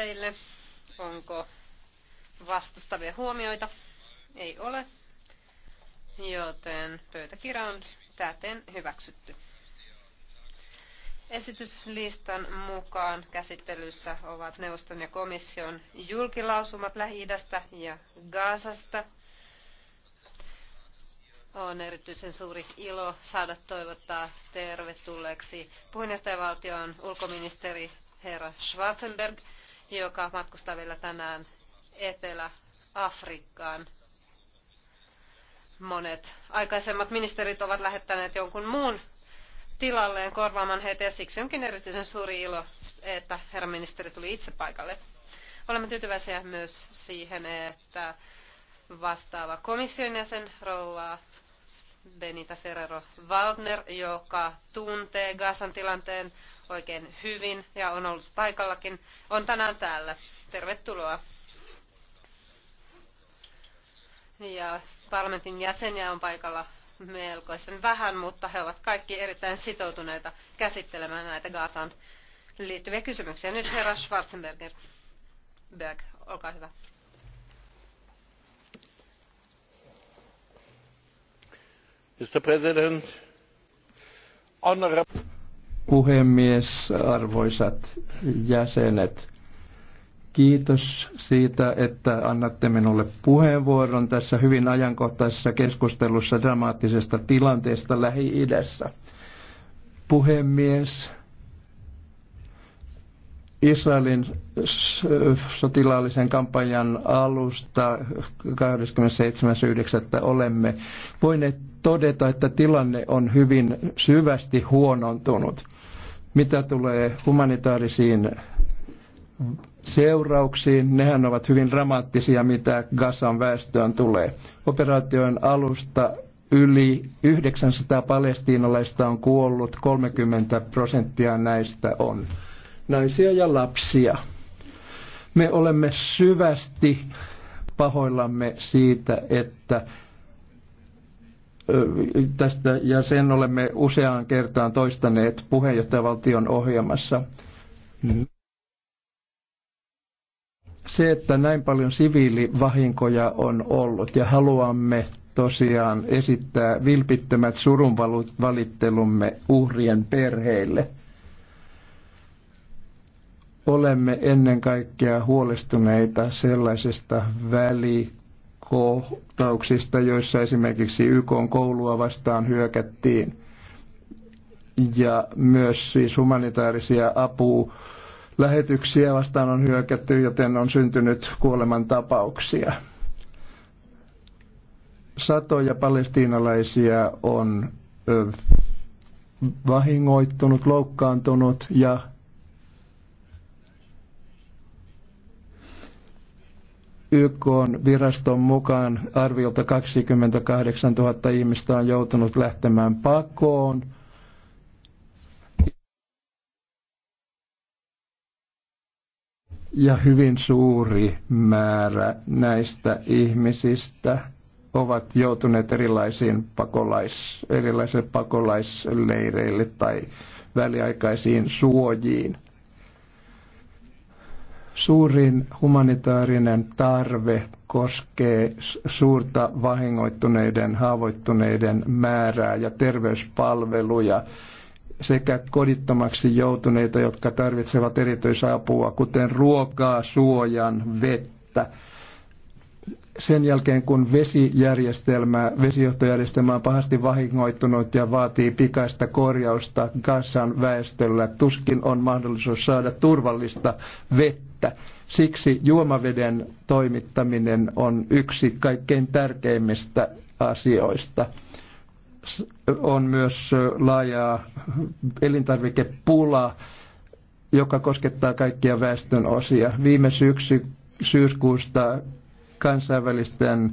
teille. Onko vastustavia huomioita? Ei ole. Joten pöytäkirja on täten hyväksytty. Esityslistan mukaan käsittelyssä ovat neuvoston ja komission julkilausumat lähi ja Gaasasta. On erityisen suuri ilo saada toivottaa tervetulleeksi puheenjohtajavaltion ulkoministeri herra Schwarzenberg joka matkustaa vielä tänään Etelä-Afrikkaan. Monet aikaisemmat ministerit ovat lähettäneet jonkun muun tilalleen korvaamaan heitä ja siksi onkin erityisen suuri ilo, että herra ministeri tuli itse paikalle. Olemme tyytyväisiä myös siihen, että vastaava komission jäsen rouva Benita Ferrero Waldner, joka tuntee Gazan tilanteen oikein hyvin ja on ollut paikallakin, on tänään täällä. Tervetuloa. Ja parlamentin jäseniä on paikalla melkoisen vähän, mutta he ovat kaikki erittäin sitoutuneita käsittelemään näitä Gazan liittyviä kysymyksiä. Nyt herra Schwarzenberger, Berg, olkaa hyvä. Puhemies, arvoisat jäsenet, kiitos siitä, että annatte minulle puheenvuoron tässä hyvin ajankohtaisessa keskustelussa dramaattisesta tilanteesta Lähi-idässä. Puhemies, Israelin sotilaallisen kampanjan alusta 27.9. olemme voineet todeta, että tilanne on hyvin syvästi huonontunut. Mitä tulee humanitaarisiin seurauksiin, nehän ovat hyvin dramaattisia, mitä Gazan väestöön tulee. Operaation alusta yli 900 palestiinalaista on kuollut, 30 prosenttia näistä on naisia ja lapsia. Me olemme syvästi pahoillamme siitä, että tästä, ja sen olemme useaan kertaan toistaneet puheenjohtajavaltion ohjelmassa. Se, että näin paljon siviilivahinkoja on ollut ja haluamme tosiaan esittää vilpittömät surunvalittelumme uhrien perheille – olemme ennen kaikkea huolestuneita sellaisesta välikohtauksista, joissa esimerkiksi YK koulua vastaan hyökättiin ja myös siis humanitaarisia apua lähetyksiä vastaan on hyökätty, joten on syntynyt kuolemantapauksia. Satoja palestiinalaisia on ö, vahingoittunut, loukkaantunut ja YK on viraston mukaan arviolta 28 000 ihmistä on joutunut lähtemään pakoon. Ja hyvin suuri määrä näistä ihmisistä ovat joutuneet erilaisiin pakolais, erilaisille pakolaisleireille tai väliaikaisiin suojiin – Suurin humanitaarinen tarve koskee suurta vahingoittuneiden, haavoittuneiden määrää ja terveyspalveluja sekä kodittomaksi joutuneita, jotka tarvitsevat erityisapua, kuten ruokaa, suojan, vettä. Sen jälkeen, kun vesijärjestelmä, vesijohtojärjestelmä on pahasti vahingoittunut ja vaatii pikaista korjausta Gassan väestöllä, tuskin on mahdollisuus saada turvallista vettä vettä. Siksi juomaveden toimittaminen on yksi kaikkein tärkeimmistä asioista. On myös laaja elintarvikepula, joka koskettaa kaikkia väestön osia. Viime syksy, syyskuusta kansainvälisten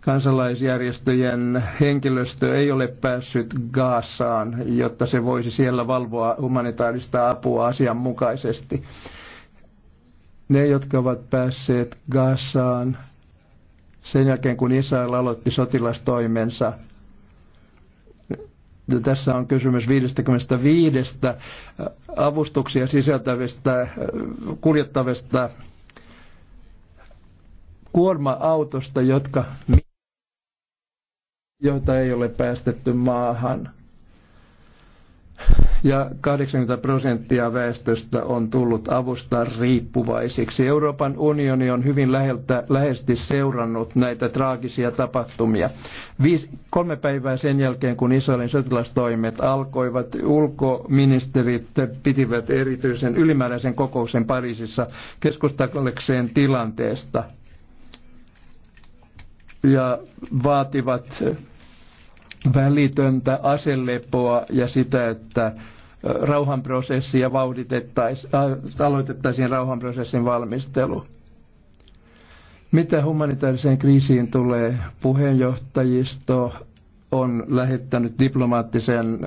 kansalaisjärjestöjen henkilöstö ei ole päässyt Gaasaan, jotta se voisi siellä valvoa humanitaarista apua asianmukaisesti. Ne, jotka ovat päässeet Gazaan sen jälkeen, kun Israel aloitti sotilastoimensa, ja tässä on kysymys 55 äh, avustuksia sisältävistä äh, kuljettavista kuorma-autosta, jotka, joita ei ole päästetty maahan ja 80 prosenttia väestöstä on tullut avusta riippuvaisiksi. Euroopan unioni on hyvin läheltä, lähesti seurannut näitä traagisia tapahtumia. Viis, kolme päivää sen jälkeen, kun Israelin sotilastoimet alkoivat, ulkoministerit pitivät erityisen ylimääräisen kokouksen Pariisissa keskustakseen tilanteesta ja vaativat välitöntä aselepoa ja sitä, että rauhanprosessia vauhditettaisiin, aloitettaisiin rauhanprosessin valmistelu. Mitä humanitaariseen kriisiin tulee, puheenjohtajisto on lähettänyt diplomaattisen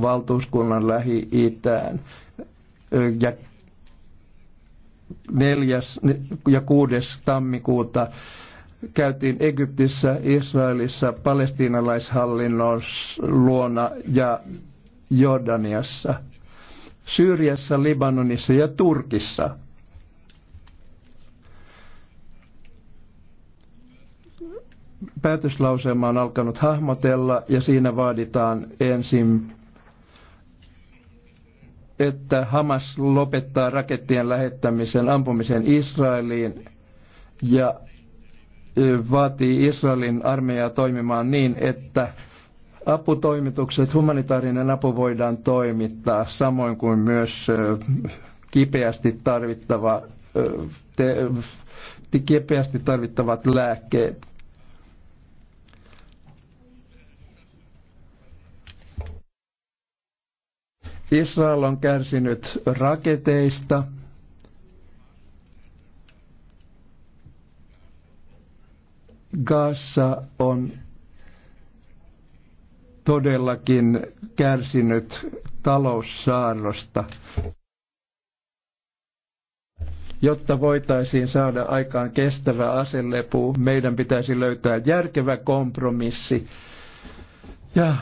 valtuuskunnan Lähi-Itään ja 4. ja 6. tammikuuta käytiin Egyptissä, Israelissa, palestiinalaishallinnon luona ja Jordaniassa, Syyriassa, Libanonissa ja Turkissa. Päätöslauseema on alkanut hahmotella ja siinä vaaditaan ensin että Hamas lopettaa rakettien lähettämisen ampumisen Israeliin ja vaatii Israelin armeijaa toimimaan niin, että aputoimitukset, humanitaarinen apu voidaan toimittaa, samoin kuin myös kipeästi tarvittava te, kipeästi tarvittavat lääkkeet. Israel on kärsinyt raketeista, Gaassa on todellakin kärsinyt taloussaarrosta. Jotta voitaisiin saada aikaan kestävä aselepu, meidän pitäisi löytää järkevä kompromissi ja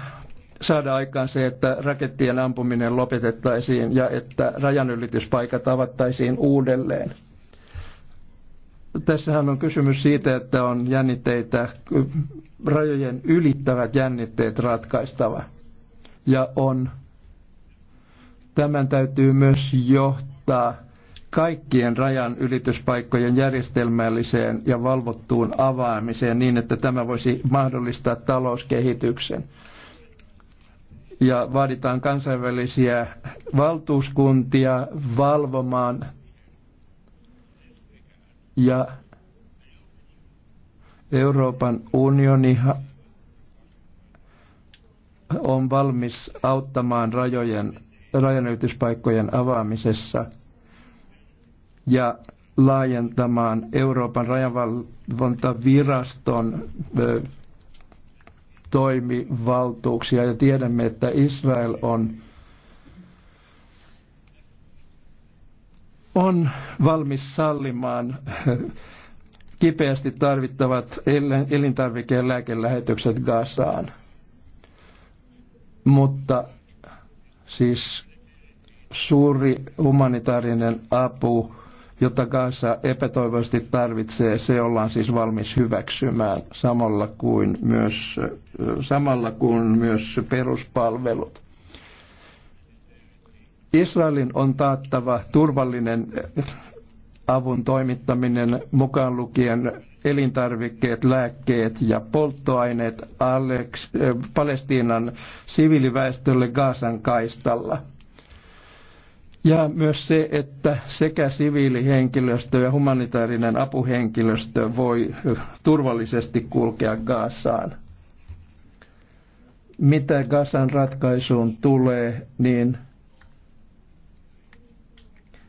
saada aikaan se, että rakettien ampuminen lopetettaisiin ja että rajanylityspaikat avattaisiin uudelleen. Tässähän on kysymys siitä, että on jännitteitä, rajojen ylittävät jännitteet ratkaistava. Ja on, tämän täytyy myös johtaa kaikkien rajan ylityspaikkojen järjestelmälliseen ja valvottuun avaamiseen niin, että tämä voisi mahdollistaa talouskehityksen. Ja vaaditaan kansainvälisiä valtuuskuntia valvomaan ja Euroopan unioni on valmis auttamaan rajojen, rajanylityspaikkojen avaamisessa ja laajentamaan Euroopan rajavalvontaviraston toimivaltuuksia. Ja tiedämme, että Israel on on valmis sallimaan kipeästi tarvittavat elintarvike- lääkelähetykset Gazaan. Mutta siis suuri humanitaarinen apu, jota Gaza epätoivoisesti tarvitsee, se ollaan siis valmis hyväksymään samalla kuin myös, samalla kuin myös peruspalvelut. Israelin on taattava turvallinen eh, avun toimittaminen mukaan lukien elintarvikkeet, lääkkeet ja polttoaineet Alex, äh, Palestiinan siviiliväestölle Gaasan kaistalla. Ja myös se, että sekä siviilihenkilöstö ja humanitaarinen apuhenkilöstö voi eh, turvallisesti kulkea Gaasaan. Mitä Gaasan ratkaisuun tulee, niin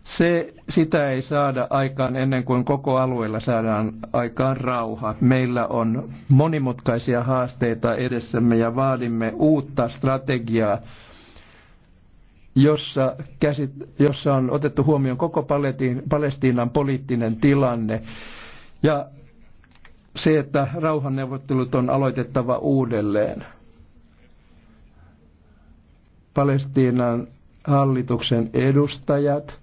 se, sitä ei saada aikaan ennen kuin koko alueella saadaan aikaan rauha. Meillä on monimutkaisia haasteita edessämme ja vaadimme uutta strategiaa, jossa, käsit, jossa on otettu huomioon koko Palestiinan poliittinen tilanne. Ja se, että rauhanneuvottelut on aloitettava uudelleen. Palestiinan hallituksen edustajat –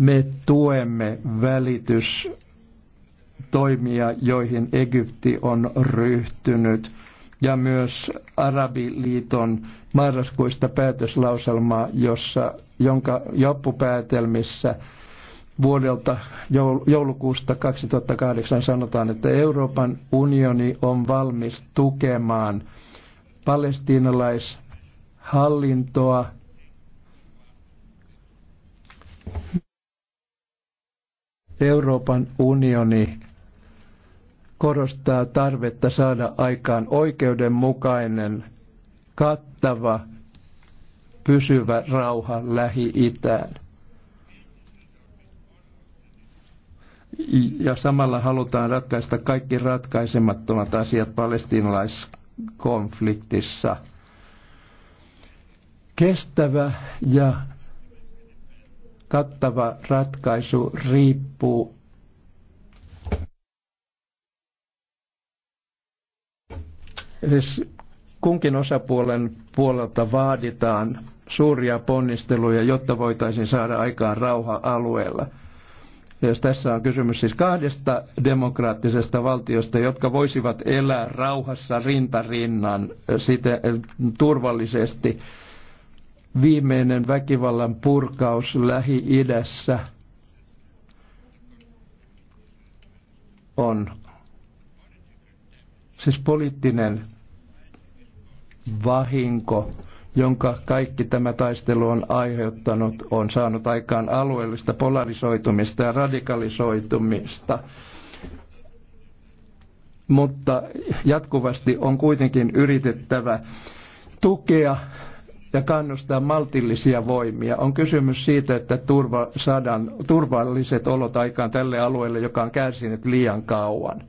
Me tuemme välitystoimia, joihin Egypti on ryhtynyt, ja myös Arabiliiton marraskuista päätöslauselmaa, jossa, jonka joppupäätelmissä vuodelta joulukuusta 2008 sanotaan, että Euroopan unioni on valmis tukemaan palestiinalaishallintoa Euroopan unioni korostaa tarvetta saada aikaan oikeudenmukainen, kattava, pysyvä rauha Lähi-Itään. Ja samalla halutaan ratkaista kaikki ratkaisemattomat asiat palestinalaiskonfliktissa. Kestävä ja kattava ratkaisu riippuu siis kunkin osapuolen puolelta vaaditaan suuria ponnisteluja, jotta voitaisiin saada aikaan rauha alueella. Ja jos tässä on kysymys siis kahdesta demokraattisesta valtiosta, jotka voisivat elää rauhassa rintarinnan sitä, turvallisesti viimeinen väkivallan purkaus Lähi-idässä on siis poliittinen vahinko, jonka kaikki tämä taistelu on aiheuttanut, on saanut aikaan alueellista polarisoitumista ja radikalisoitumista. Mutta jatkuvasti on kuitenkin yritettävä tukea ja kannustaa maltillisia voimia. On kysymys siitä, että turva saadaan turvalliset olot aikaan tälle alueelle, joka on kärsinyt liian kauan.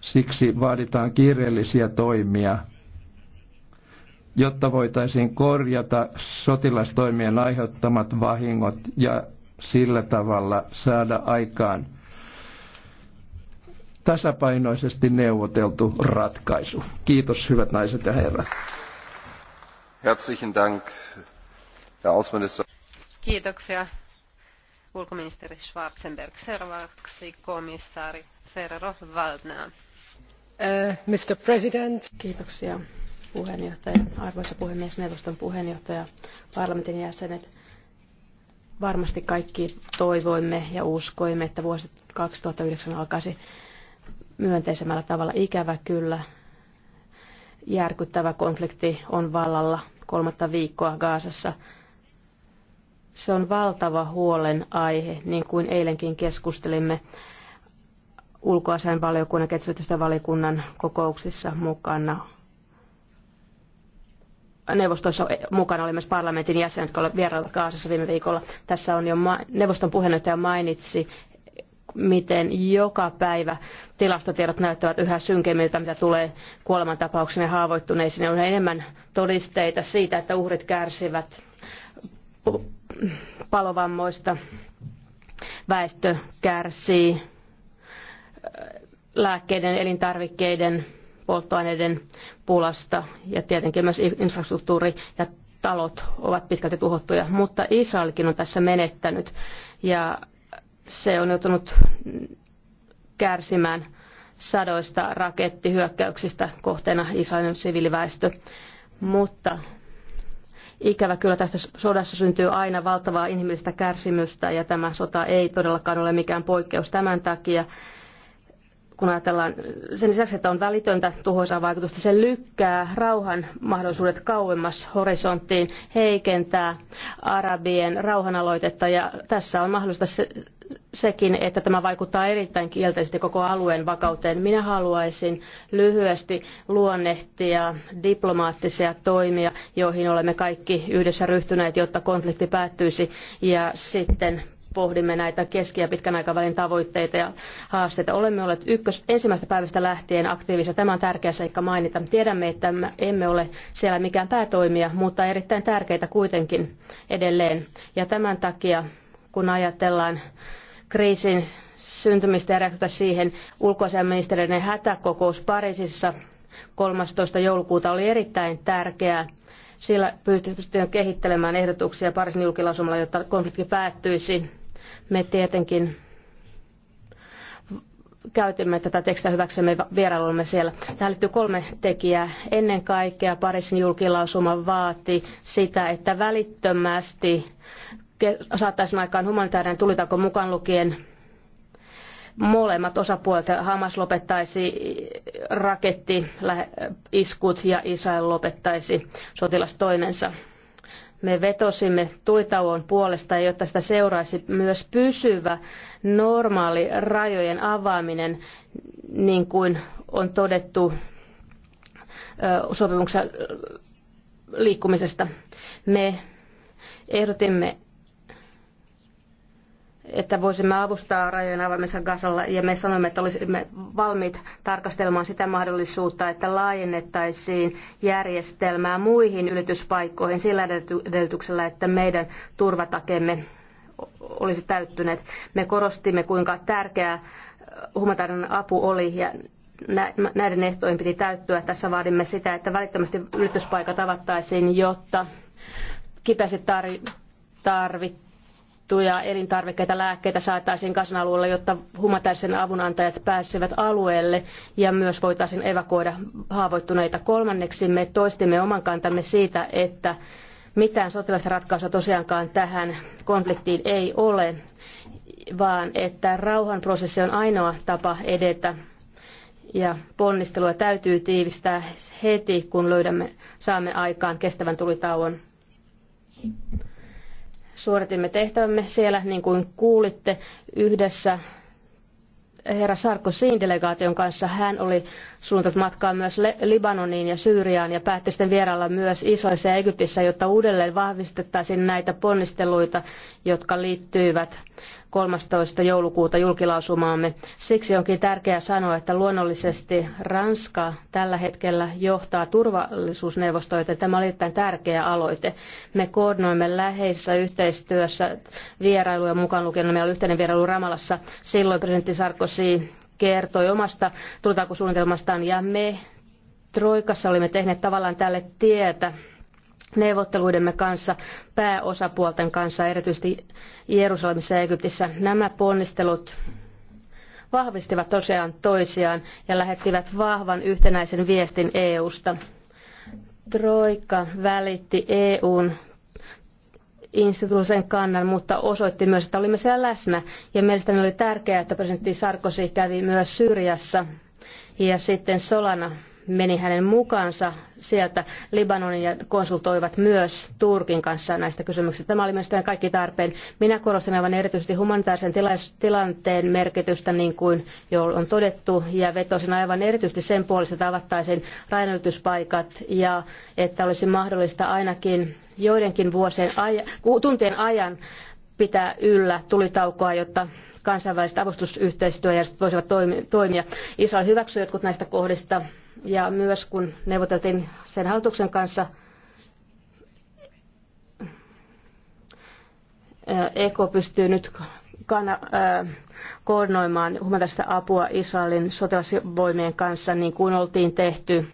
Siksi vaaditaan kiireellisiä toimia, jotta voitaisiin korjata sotilastoimien aiheuttamat vahingot ja sillä tavalla saada aikaan – tasapainoisesti neuvoteltu ratkaisu. Kiitos hyvät naiset ja herrat. Herzlichen Dank, Herr Außenminister. Kiitoksia ulkoministeri Schwarzenberg. Seuraavaksi komissaari Ferrero Waldner. Uh, Mr. President. Kiitoksia puheenjohtaja, arvoisa puhemies, neuvoston puheenjohtaja, parlamentin jäsenet. Varmasti kaikki toivoimme ja uskoimme, että vuosi 2009 alkaisi myönteisemmällä tavalla. Ikävä kyllä järkyttävä konflikti on vallalla kolmatta viikkoa Gaasassa. Se on valtava huolen aihe, niin kuin eilenkin keskustelimme ulkoasainvaliokunnan ja valiokunnan kokouksissa mukana. Neuvostossa mukana oli myös parlamentin jäsen, jotka olivat vierailla Kaasassa viime viikolla. Tässä on jo neuvoston puheenjohtaja mainitsi, miten joka päivä tilastotiedot näyttävät yhä synkemmiltä, mitä tulee kuolemantapauksiin ja haavoittuneisiin. On enemmän todisteita siitä, että uhrit kärsivät palovammoista, väestö kärsii äh, lääkkeiden, elintarvikkeiden, polttoaineiden pulasta ja tietenkin myös infrastruktuuri ja talot ovat pitkälti tuhottuja, mutta Israelkin on tässä menettänyt ja se on joutunut kärsimään sadoista rakettihyökkäyksistä kohteena Israelin siviiliväestö. Mutta ikävä kyllä tästä sodassa syntyy aina valtavaa inhimillistä kärsimystä ja tämä sota ei todellakaan ole mikään poikkeus tämän takia. Kun ajatellaan sen lisäksi, että on välitöntä tuhoisaa vaikutusta, se lykkää rauhan mahdollisuudet kauemmas horisonttiin, heikentää arabien rauhanaloitetta ja tässä on mahdollista se, sekin, että tämä vaikuttaa erittäin kielteisesti koko alueen vakauteen. Minä haluaisin lyhyesti luonnehtia diplomaattisia toimia, joihin olemme kaikki yhdessä ryhtyneet, jotta konflikti päättyisi ja sitten pohdimme näitä keski- ja pitkän aikavälin tavoitteita ja haasteita. Olemme olleet ykkös, ensimmäisestä päivästä lähtien aktiivisia. Tämä on tärkeä seikka mainita. Tiedämme, että emme ole siellä mikään päätoimija, mutta erittäin tärkeitä kuitenkin edelleen. Ja tämän takia kun ajatellaan kriisin syntymistä ja reaktiota siihen. Ulkoasiaministeriöiden hätäkokous Pariisissa 13. joulukuuta oli erittäin tärkeää. Sillä pystyttiin kehittelemään ehdotuksia Pariisin julkilausumalla, jotta konflikti päättyisi. Me tietenkin käytimme tätä tekstiä hyväksemme vierailumme siellä. Tähän liittyy kolme tekijää. Ennen kaikkea Pariisin julkilausuma vaati sitä, että välittömästi saataisiin aikaan humanitaarinen tulitako mukaan lukien molemmat osapuolet. Hamas lopettaisi rakettiiskut ja Israel lopettaisi sotilastoimensa. Me vetosimme tulitauon puolesta, jotta sitä seuraisi myös pysyvä normaali rajojen avaaminen, niin kuin on todettu sopimuksen liikkumisesta. Me ehdotimme että voisimme avustaa rajojen avaamisessa Gazalla, ja me sanoimme, että olisimme valmiit tarkastelemaan sitä mahdollisuutta, että laajennettaisiin järjestelmää muihin ylityspaikkoihin sillä edellytyksellä, että meidän turvatakemme olisi täyttyneet. Me korostimme, kuinka tärkeää humanitaarinen apu oli, ja näiden ehtojen piti täyttyä. Tässä vaadimme sitä, että välittömästi ylityspaikat avattaisiin, jotta kipeästi tarvittaisiin tuotettuja elintarvikkeita, lääkkeitä saataisiin Kasan alueelle, jotta humanitaarisen avunantajat pääsevät alueelle ja myös voitaisiin evakuoida haavoittuneita. Kolmanneksi me toistimme oman kantamme siitä, että mitään sotilaista ratkaisua tosiaankaan tähän konfliktiin ei ole, vaan että rauhanprosessi on ainoa tapa edetä ja ponnistelua täytyy tiivistää heti, kun löydämme, saamme aikaan kestävän tulitauon. Suoritimme tehtävämme siellä, niin kuin kuulitte, yhdessä herra Sarkosyin delegaation kanssa. Hän oli suunnat matkaa myös Libanoniin ja Syyriaan ja päätti sitten vierailla myös Isoissa ja Egyptissä, jotta uudelleen vahvistettaisiin näitä ponnisteluita, jotka liittyivät 13. joulukuuta julkilausumaamme. Siksi onkin tärkeää sanoa, että luonnollisesti Ranska tällä hetkellä johtaa turvallisuusneuvostoa, joten tämä oli erittäin tärkeä aloite. Me koordinoimme läheisessä yhteistyössä vierailuja mukaan lukien. Meillä oli yhteinen vierailu Ramalassa. Silloin presidentti Sarkozy kertoi omasta tulitaukosuunnitelmastaan ja me Troikassa olimme tehneet tavallaan tälle tietä neuvotteluidemme kanssa, pääosapuolten kanssa, erityisesti Jerusalemissa ja Egyptissä. Nämä ponnistelut vahvistivat tosiaan toisiaan ja lähettivät vahvan yhtenäisen viestin EUsta. Troika välitti EUn instituutioiden kannan, mutta osoitti myös, että olimme siellä läsnä. Ja mielestäni oli tärkeää, että presidentti Sarkozy kävi myös Syyriassa ja sitten Solana meni hänen mukaansa sieltä Libanonin ja konsultoivat myös Turkin kanssa näistä kysymyksistä. Tämä oli mielestäni kaikki tarpeen. Minä korostan aivan erityisesti humanitaarisen tilanteen merkitystä, niin kuin jo on todettu, ja vetosin aivan erityisesti sen puolesta, että avattaisiin rajanylityspaikat ja että olisi mahdollista ainakin joidenkin vuosien ajan, tuntien ajan pitää yllä tulitaukoa, jotta kansainväliset avustusyhteistyöjärjestöt voisivat toimia. Israel hyväksyi jotkut näistä kohdista ja myös kun neuvoteltiin sen hallituksen kanssa, eh, EK pystyy nyt eh, koordinoimaan humanitaarista apua Israelin sotilasvoimien kanssa, niin kuin oltiin tehty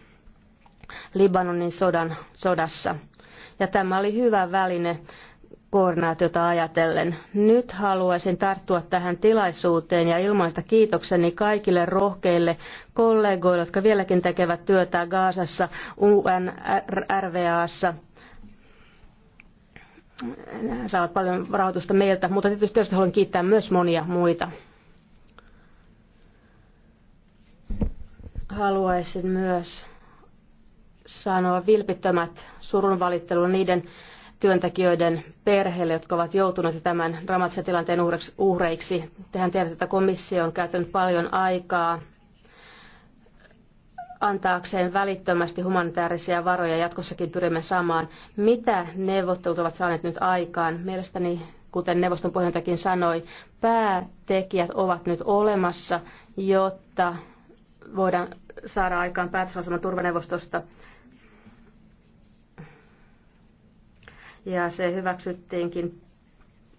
Libanonin sodan, sodassa. Ja tämä oli hyvä väline koordinaatiota ajatellen. Nyt haluaisin tarttua tähän tilaisuuteen ja ilmaista kiitokseni kaikille rohkeille kollegoille, jotka vieläkin tekevät työtä Gaasassa, UNRVAssa. Saavat paljon rahoitusta meiltä, mutta tietysti, tietysti haluan kiittää myös monia muita. Haluaisin myös sanoa vilpittömät surunvalittelun niiden työntekijöiden perheille, jotka ovat joutuneet tämän dramaattisen tilanteen uhreiksi. Tehän tiedätte, että komissio on käyttänyt paljon aikaa antaakseen välittömästi humanitaarisia varoja. Jatkossakin pyrimme samaan. Mitä neuvottelut ovat saaneet nyt aikaan? Mielestäni, kuten neuvoston puheenjohtajakin sanoi, päätekijät ovat nyt olemassa, jotta voidaan saada aikaan päätösasema turvaneuvostosta ja se hyväksyttiinkin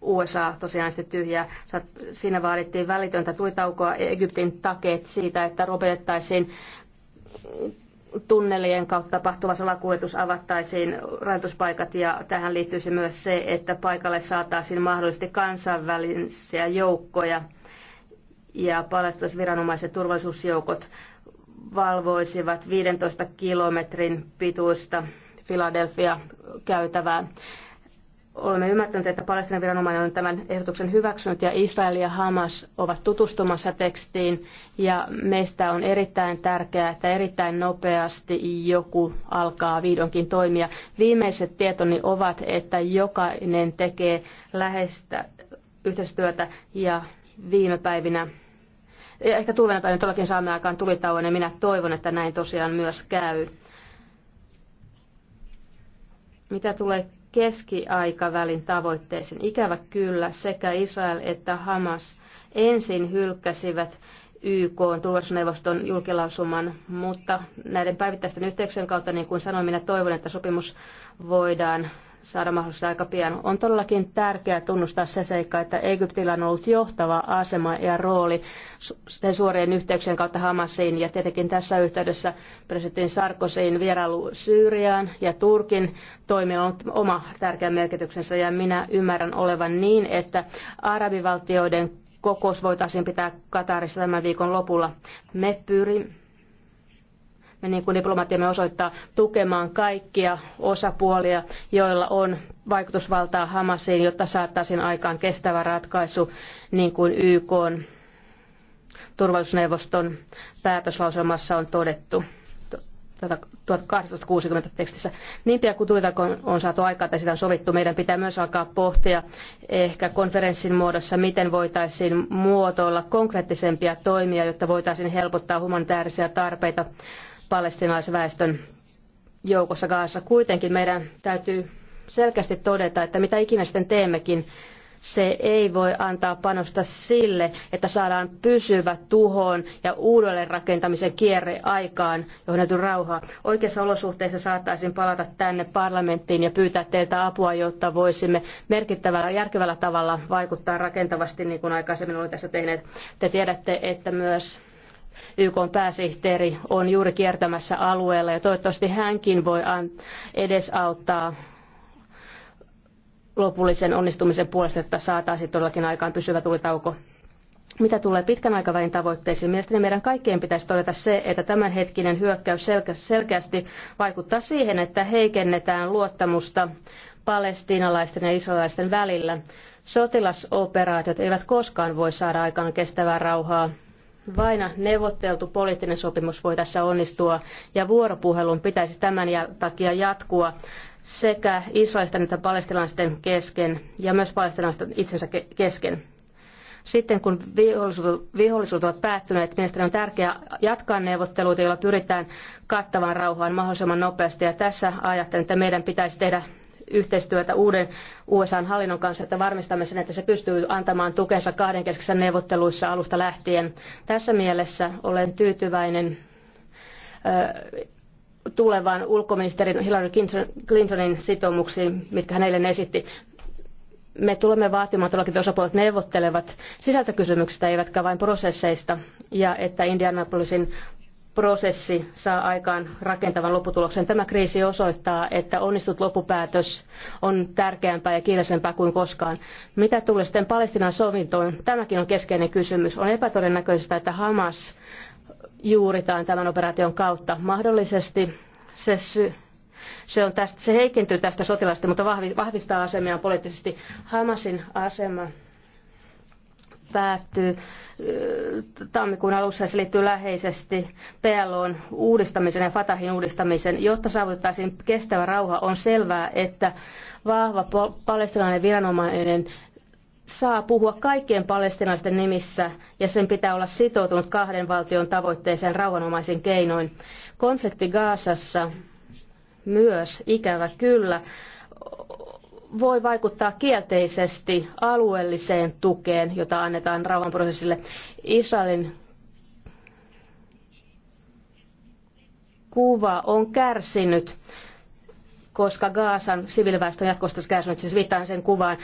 USA tosiaan sitten tyhjää. Siinä vaadittiin välitöntä tuitaukoa Egyptin takeet siitä, että lopetettaisiin tunnelien kautta tapahtuva salakuljetus avattaisiin rajoituspaikat ja tähän liittyisi myös se, että paikalle saataisiin mahdollisesti kansainvälisiä joukkoja ja palestinaisviranomaiset turvallisuusjoukot valvoisivat 15 kilometrin pituista Philadelphia-käytävää. Olemme ymmärtäneet, että Palestinan viranomainen on tämän ehdotuksen hyväksynyt ja Israel ja Hamas ovat tutustumassa tekstiin ja meistä on erittäin tärkeää, että erittäin nopeasti joku alkaa vihdoinkin toimia. Viimeiset tietoni ovat, että jokainen tekee läheistä yhteistyötä ja viime päivinä ja ehkä tulevana päivänä todellakin saamme aikaan tulitauon ja minä toivon, että näin tosiaan myös käy. Mitä tulee keskiaikavälin tavoitteeseen, ikävä kyllä sekä Israel että Hamas ensin hylkäsivät YK on turvallisuusneuvoston julkilausuman, mutta näiden päivittäisten yhteyksien kautta, niin kuin sanoin, minä toivon, että sopimus voidaan saada mahdollisesti aika pian. On todellakin tärkeää tunnustaa se seikka, että Egyptillä on ollut johtava asema ja rooli sen suorien yhteyksien kautta Hamasiin ja tietenkin tässä yhteydessä presidentin Sarkosiin vierailu Syyriaan ja Turkin toimilla on oma tärkeä merkityksensä ja minä ymmärrän olevan niin, että arabivaltioiden kokous voitaisiin pitää Katarissa tämän viikon lopulla. Me pyrimme me niin kuin diplomatiamme osoittaa tukemaan kaikkia osapuolia, joilla on vaikutusvaltaa Hamasiin, jotta saattaisiin aikaan kestävä ratkaisu niin kuin YK turvallisuusneuvoston päätöslauselmassa on todettu. 1860 tuota, tekstissä. Niin pian kuin tulitako on saatu aikaa tai sitä on sovittu, meidän pitää myös alkaa pohtia ehkä konferenssin muodossa, miten voitaisiin muotoilla konkreettisempia toimia, jotta voitaisiin helpottaa humanitaarisia tarpeita palestinaisväestön joukossa Gaassa. Kuitenkin meidän täytyy selkeästi todeta, että mitä ikinä sitten teemmekin, se ei voi antaa panosta sille, että saadaan pysyvä tuhoon ja uudelleenrakentamisen kierre aikaan, johon täytyy rauha Oikeissa olosuhteissa saattaisin palata tänne parlamenttiin ja pyytää teiltä apua, jotta voisimme merkittävällä järkevällä tavalla vaikuttaa rakentavasti, niin kuin aikaisemmin olemme tässä tehneet. Te tiedätte, että myös YK pääsihteeri on juuri kiertämässä alueella ja toivottavasti hänkin voi edesauttaa lopullisen onnistumisen puolesta, että saataisiin todellakin aikaan pysyvä tulitauko. Mitä tulee pitkän aikavälin tavoitteisiin, mielestäni meidän kaikkien pitäisi todeta se, että tämänhetkinen hyökkäys selkeästi vaikuttaa siihen, että heikennetään luottamusta palestiinalaisten ja israelaisten välillä. Sotilasoperaatiot eivät koskaan voi saada aikaan kestävää rauhaa vain neuvotteltu poliittinen sopimus voi tässä onnistua ja vuoropuhelun pitäisi tämän takia jatkua sekä israelisten että palestinaisten kesken ja myös palestinaisten itsensä kesken. Sitten kun vihollisuudet ovat päättyneet, mielestäni on tärkeää jatkaa neuvotteluita, joilla pyritään kattavaan rauhaan mahdollisimman nopeasti. Ja tässä ajattelen, että meidän pitäisi tehdä yhteistyötä uuden USA-hallinnon kanssa, että varmistamme sen, että se pystyy antamaan tukensa kahdenkeskisissä neuvotteluissa alusta lähtien. Tässä mielessä olen tyytyväinen tulevaan ulkoministerin Hillary Clintonin sitoumuksiin, mitkä hän eilen esitti me tulemme vaatimaan todellakin, että osapuolet neuvottelevat sisältökysymyksistä eivätkä vain prosesseista, ja että Indianapolisin prosessi saa aikaan rakentavan lopputuloksen. Tämä kriisi osoittaa, että onnistut loppupäätös on tärkeämpää ja kiireisempää kuin koskaan. Mitä tulee sitten Palestinan sovintoon? Tämäkin on keskeinen kysymys. On epätodennäköistä, että Hamas juuritaan tämän operaation kautta. Mahdollisesti se sy- se, on tästä, se heikentyy tästä sotilaasta, mutta vahvistaa asemiaan poliittisesti. Hamasin asema päättyy tammikuun alussa ja se liittyy läheisesti PLOn uudistamisen ja Fatahin uudistamisen. Jotta saavutettaisiin kestävä rauha, on selvää, että vahva palestinainen viranomainen saa puhua kaikkien palestinaisten nimissä ja sen pitää olla sitoutunut kahden valtion tavoitteeseen rauhanomaisin keinoin. Konflikti Gaasassa myös ikävä kyllä voi vaikuttaa kielteisesti alueelliseen tukeen, jota annetaan rauhanprosessille. Israelin kuva on kärsinyt koska Gaasan siviiliväestö on jatkuvasti kärsinyt, siis viittaan sen kuvaan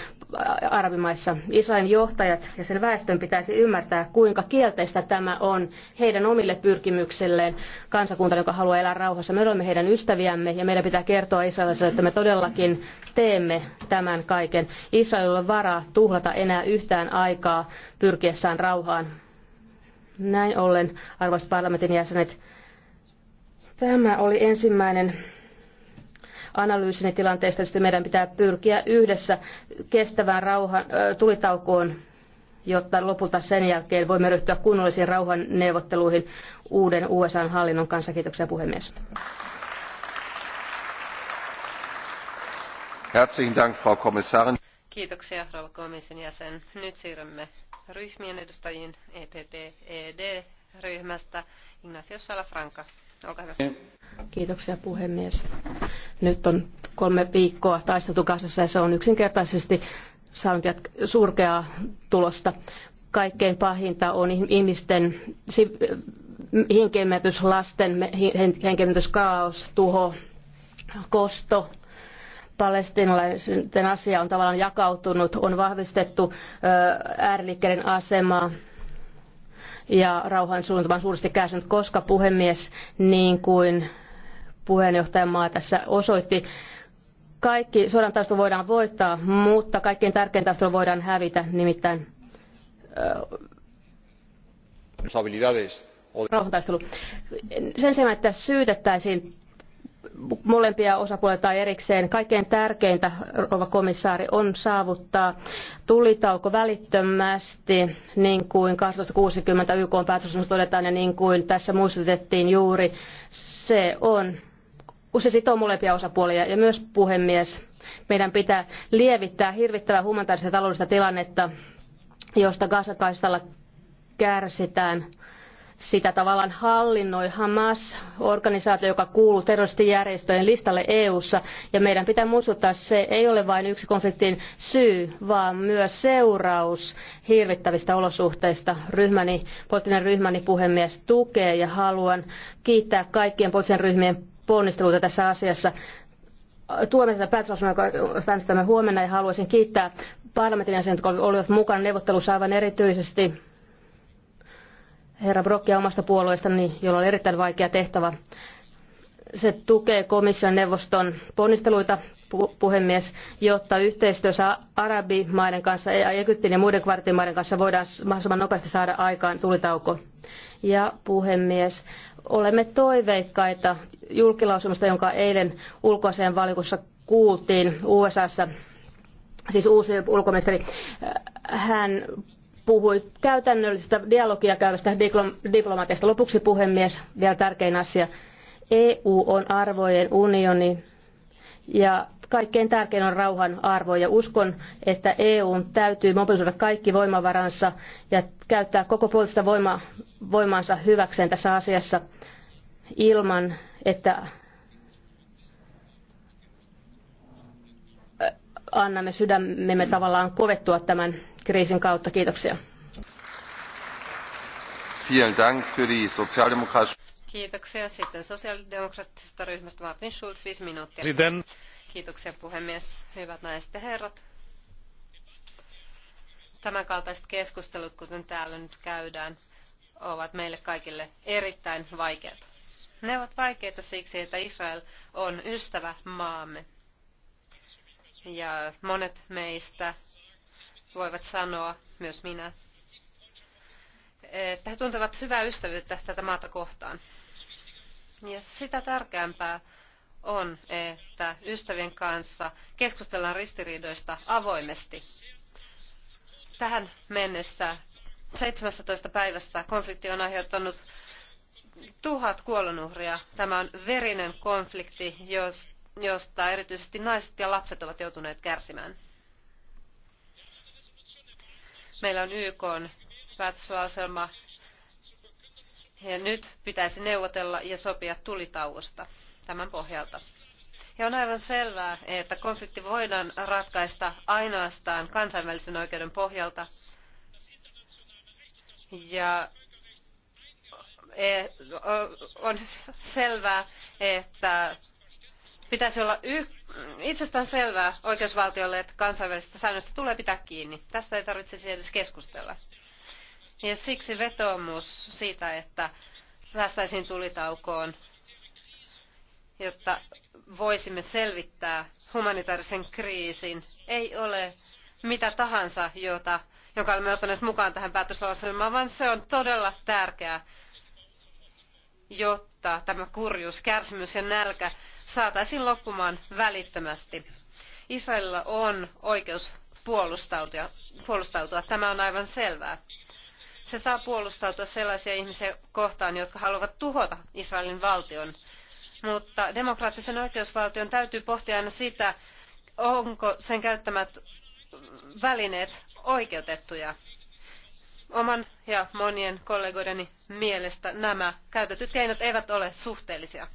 arabimaissa. Israelin johtajat ja sen väestön pitäisi ymmärtää, kuinka kielteistä tämä on heidän omille pyrkimyksilleen kansakunta, joka haluaa elää rauhassa. Me olemme heidän ystäviämme ja meidän pitää kertoa Israelille, että me todellakin teemme tämän kaiken. Israelilla on varaa tuhlata enää yhtään aikaa pyrkiessään rauhaan. Näin ollen, arvoisat parlamentin jäsenet, tämä oli ensimmäinen analyysini tilanteesta. Tietysti meidän pitää pyrkiä yhdessä kestävään rauhan, tulitaukoon jotta lopulta sen jälkeen voimme ryhtyä kunnollisiin rauhanneuvotteluihin uuden USA-hallinnon kanssa. Kiitoksia puhemies. Herzlichen Dank, Frau Kommissarin. Kiitoksia, rouva komission jäsen. Nyt siirrymme ryhmien edustajiin EPP-ED-ryhmästä. Ignacio Salafranca. Olkaa hyvä. Kiitoksia puhemies. Nyt on kolme viikkoa taisteltu kasassa ja se on yksinkertaisesti saanut surkeaa tulosta. Kaikkein pahinta on ihmisten henkenmetys, lasten henkenmetys, kaos, tuho, kosto, palestinalaisten asia on tavallaan jakautunut, on vahvistettu ääriliikkeiden asemaa, ja rauhan suunnitelman suuresti kärsinyt, koska puhemies, niin kuin puheenjohtajamaa tässä osoitti, kaikki sodan taistelu voidaan voittaa, mutta kaikkein tärkein taistelu voidaan hävitä, nimittäin äh, rauhantaistelu. Sen sijaan, että syytettäisiin molempia osapuolia tai erikseen. Kaikkein tärkeintä, rouva komissaari, on saavuttaa tulitauko välittömästi, niin kuin 1260 YK päätöksessä todetaan ja niin kuin tässä muistutettiin juuri. Se on, se sitoo molempia osapuolia ja myös puhemies. Meidän pitää lievittää hirvittävää humanitaarista ja taloudellista tilannetta, josta Gaza-kaistalla kärsitään sitä tavallaan hallinnoi Hamas, organisaatio, joka kuuluu terroristijärjestöjen listalle EU:ssa, ja meidän pitää muistuttaa, että se ei ole vain yksi konfliktin syy, vaan myös seuraus hirvittävistä olosuhteista. Ryhmäni, poliittinen ryhmäni puhemies tukee ja haluan kiittää kaikkien poliittisen ryhmien ponnisteluita tässä asiassa tuomme tätä päätöslauselmaa, joka äänestämme huomenna, ja haluaisin kiittää parlamentin jäsenet, jotka olivat mukana neuvottelussa aivan erityisesti herra Brokkia omasta puolueestani, jolla on erittäin vaikea tehtävä. Se tukee komission neuvoston ponnisteluita, puhemies, jotta yhteistyössä arabimaiden kanssa ja Egyptin ja muiden kvartimaiden kanssa voidaan mahdollisimman nopeasti saada aikaan tulitauko. Ja puhemies, olemme toiveikkaita julkilausumasta, jonka eilen ulkoiseen valikussa kuultiin USAssa siis uusi ulkoministeri, hän puhui käytännöllisestä dialogia käyvästä diplomatiasta. Lopuksi puhemies, vielä tärkein asia. EU on arvojen unioni ja kaikkein tärkein on rauhan arvo ja uskon, että EU täytyy mobilisoida kaikki voimavaransa ja käyttää koko puolesta voima, voimansa hyväkseen tässä asiassa ilman, että annamme sydämemme tavallaan kovettua tämän kriisin kautta. Kiitoksia. Kiitoksia. Sitten sosiaalidemokraattisesta ryhmästä Martin Schulz, viisi minuuttia. Sitten. Kiitoksia puhemies. Hyvät naiset ja herrat. Tämänkaltaiset keskustelut, kuten täällä nyt käydään, ovat meille kaikille erittäin vaikeat. Ne ovat vaikeita siksi, että Israel on ystävä maamme. Ja monet meistä voivat sanoa, myös minä, että he tuntevat syvää ystävyyttä tätä maata kohtaan. Ja sitä tärkeämpää on, että ystävien kanssa keskustellaan ristiriidoista avoimesti. Tähän mennessä 17 päivässä konflikti on aiheuttanut tuhat kuolonuhria. Tämä on verinen konflikti, josta erityisesti naiset ja lapset ovat joutuneet kärsimään. Meillä on YK päätöslauselma ja nyt pitäisi neuvotella ja sopia tulitauosta tämän pohjalta. Ja on aivan selvää, että konflikti voidaan ratkaista ainoastaan kansainvälisen oikeuden pohjalta ja e, on selvää, että pitäisi olla yksi itsestään selvää oikeusvaltiolle, että kansainvälisistä säännöistä tulee pitää kiinni. Tästä ei tarvitsisi edes keskustella. Ja siksi vetoomus siitä, että päästäisiin tulitaukoon, jotta voisimme selvittää humanitaarisen kriisin, ei ole mitä tahansa, jota, jonka olemme ottaneet mukaan tähän päätöslauselmaan, vaan se on todella tärkeää jotta tämä kurjuus, kärsimys ja nälkä saataisiin loppumaan välittömästi. Israelilla on oikeus puolustautua, puolustautua. Tämä on aivan selvää. Se saa puolustautua sellaisia ihmisiä kohtaan, jotka haluavat tuhota Israelin valtion. Mutta demokraattisen oikeusvaltion täytyy pohtia aina sitä, onko sen käyttämät välineet oikeutettuja oman ja monien kollegoideni mielestä nämä käytetyt keinot eivät ole suhteellisia.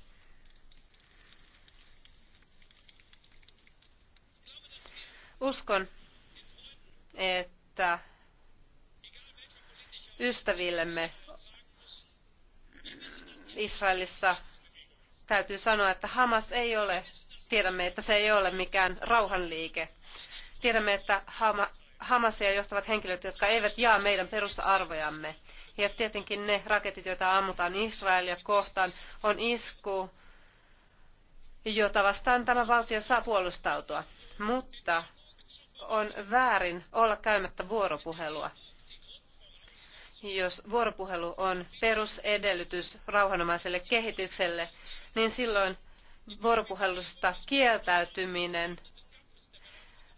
Uskon, että ystävillemme Israelissa täytyy sanoa, että Hamas ei ole, tiedämme, että se ei ole mikään rauhanliike. Tiedämme, että Hamas Hamasia johtavat henkilöt, jotka eivät jaa meidän perusarvojamme. Ja tietenkin ne raketit, joita ammutaan Israelia kohtaan, on isku, jota vastaan tämä valtio saa puolustautua. Mutta on väärin olla käymättä vuoropuhelua. Jos vuoropuhelu on perusedellytys rauhanomaiselle kehitykselle, niin silloin vuoropuhelusta kieltäytyminen –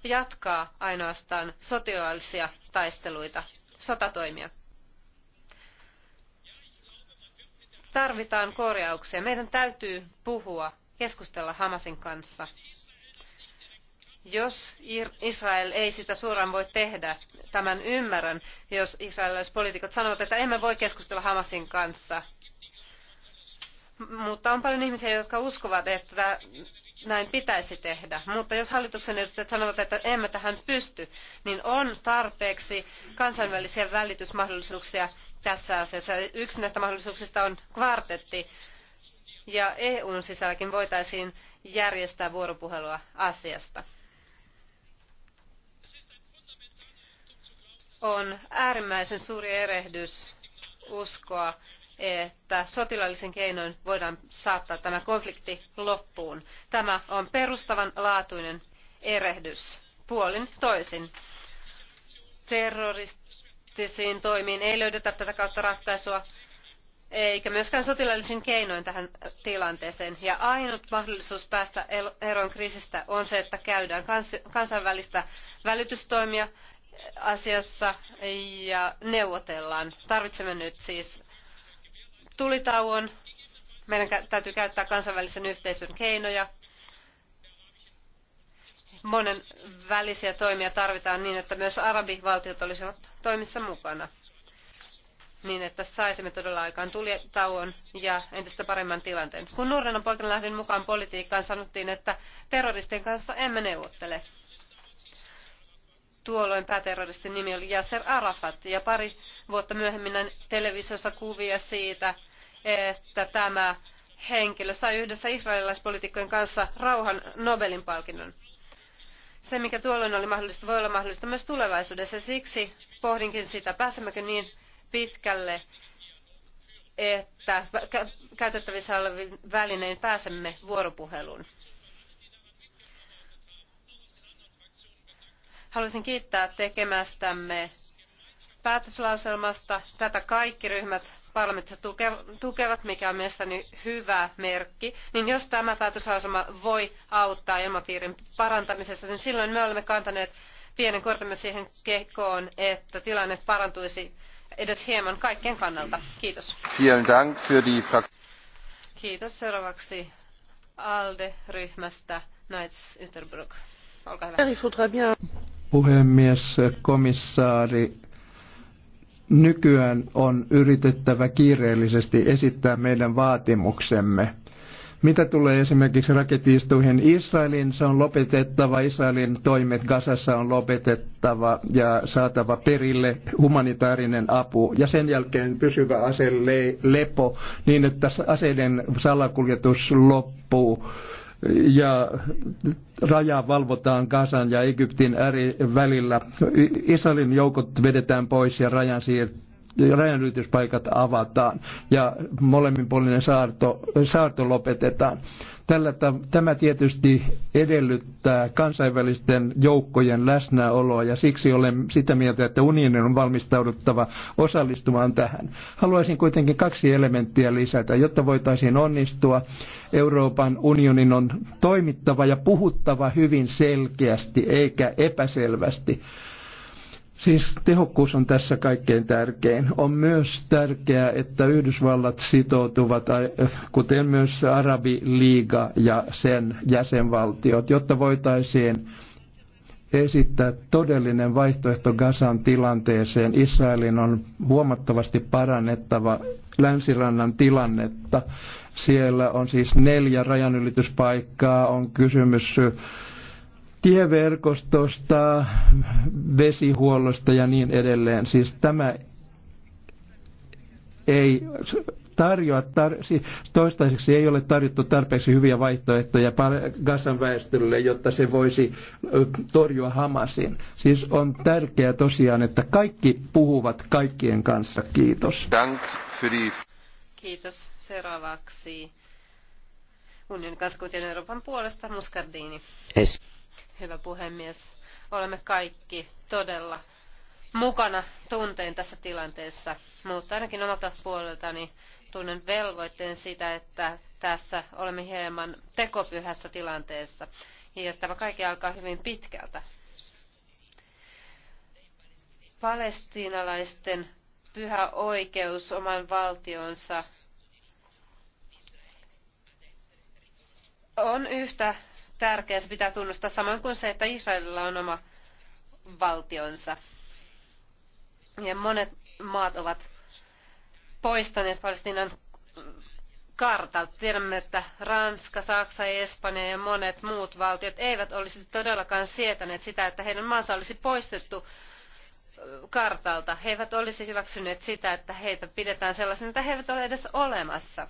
jatkaa ainoastaan sotilaallisia taisteluita, sotatoimia. Tarvitaan korjauksia. Meidän täytyy puhua, keskustella Hamasin kanssa. Jos Israel ei sitä suoraan voi tehdä, tämän ymmärrän, jos israelilaiset poliitikot sanovat, että emme voi keskustella Hamasin kanssa. Mutta on paljon ihmisiä, jotka uskovat, että näin pitäisi tehdä. Mutta jos hallituksen edustajat sanovat, että emme tähän pysty, niin on tarpeeksi kansainvälisiä välitysmahdollisuuksia tässä asiassa. Yksi näistä mahdollisuuksista on kvartetti, ja EUn sisälläkin voitaisiin järjestää vuoropuhelua asiasta. On äärimmäisen suuri erehdys uskoa, että sotilaallisen keinoin voidaan saattaa tämä konflikti loppuun. Tämä on perustavanlaatuinen erehdys puolin toisin. Terroristisiin toimiin ei löydetä tätä kautta ratkaisua, eikä myöskään sotilaallisin keinoin tähän tilanteeseen. Ja ainut mahdollisuus päästä eroon kriisistä on se, että käydään kansainvälistä välitystoimia asiassa ja neuvotellaan. Tarvitsemme nyt siis tulitauon. Meidän täytyy käyttää kansainvälisen yhteisön keinoja. Monen välisiä toimia tarvitaan niin, että myös arabivaltiot olisivat toimissa mukana. Niin, että saisimme todella aikaan tulitauon ja entistä paremman tilanteen. Kun nuorena poikana lähdin mukaan politiikkaan, sanottiin, että terroristien kanssa emme neuvottele Tuolloin pääterroristin nimi oli Yasser Arafat ja pari vuotta myöhemmin näin televisiossa kuvia siitä, että tämä henkilö sai yhdessä israelilaispolitiikkojen kanssa rauhan Nobelin palkinnon. Se, mikä tuolloin oli mahdollista, voi olla mahdollista myös tulevaisuudessa. Siksi pohdinkin sitä, pääsemmekö niin pitkälle, että käytettävissä olevin välinein pääsemme vuoropuheluun. Haluaisin kiittää tekemästämme päätöslauselmasta. Tätä kaikki ryhmät parlamentissa tukevat, mikä on mielestäni hyvä merkki, niin jos tämä päätöslauselma voi auttaa ilmapiirin parantamisessa, niin silloin me olemme kantaneet pienen kortemme siihen kekoon, että tilanne parantuisi edes hieman kaikkien kannalta. Kiitos. Kiitos. Seuraavaksi ALDE-ryhmästä Knights Ytterbrück. Olkaa hyvä puhemies, komissaari, nykyään on yritettävä kiireellisesti esittää meidän vaatimuksemme. Mitä tulee esimerkiksi raketiistuihin Israelin, se on lopetettava, Israelin toimet Gaza:ssa on lopetettava ja saatava perille humanitaarinen apu ja sen jälkeen pysyvä lepo niin, että aseiden salakuljetus loppuu ja raja valvotaan Gazan ja Egyptin äri välillä. Israelin joukot vedetään pois ja rajan siirtyy rajanylityspaikat avataan ja molemminpuolinen saarto, saarto lopetetaan. Tällä, tämä tietysti edellyttää kansainvälisten joukkojen läsnäoloa ja siksi olen sitä mieltä, että unionin on valmistauduttava osallistumaan tähän. Haluaisin kuitenkin kaksi elementtiä lisätä. Jotta voitaisiin onnistua, Euroopan unionin on toimittava ja puhuttava hyvin selkeästi eikä epäselvästi. Siis tehokkuus on tässä kaikkein tärkein. On myös tärkeää, että Yhdysvallat sitoutuvat, äh, kuten myös Arabiliiga ja sen jäsenvaltiot, jotta voitaisiin esittää todellinen vaihtoehto Gazan tilanteeseen. Israelin on huomattavasti parannettava länsirannan tilannetta. Siellä on siis neljä rajanylityspaikkaa, on kysymys tieverkostosta, vesihuollosta ja niin edelleen. Siis tämä ei tarjoa, tar, siis toistaiseksi ei ole tarjottu tarpeeksi hyviä vaihtoehtoja Gazan väestölle, jotta se voisi torjua Hamasin. Siis on tärkeää tosiaan, että kaikki puhuvat kaikkien kanssa. Kiitos. Kiitos. Seuraavaksi unionin kansakuntien Euroopan puolesta Muscardini. Es hyvä puhemies. Olemme kaikki todella mukana tunteen tässä tilanteessa, mutta ainakin omalta puoleltani tunnen velvoitteen sitä, että tässä olemme hieman tekopyhässä tilanteessa ja tämä kaikki alkaa hyvin pitkältä. Palestiinalaisten pyhä oikeus oman valtionsa on yhtä tärkeä, se pitää tunnustaa samoin kuin se, että Israelilla on oma valtionsa. Ja monet maat ovat poistaneet Palestinan kartalta. Tiedämme, että Ranska, Saksa, Espanja ja monet muut valtiot eivät olisi todellakaan sietäneet sitä, että heidän maansa olisi poistettu kartalta. He eivät olisi hyväksyneet sitä, että heitä pidetään sellaisena, että he eivät ole edes olemassa.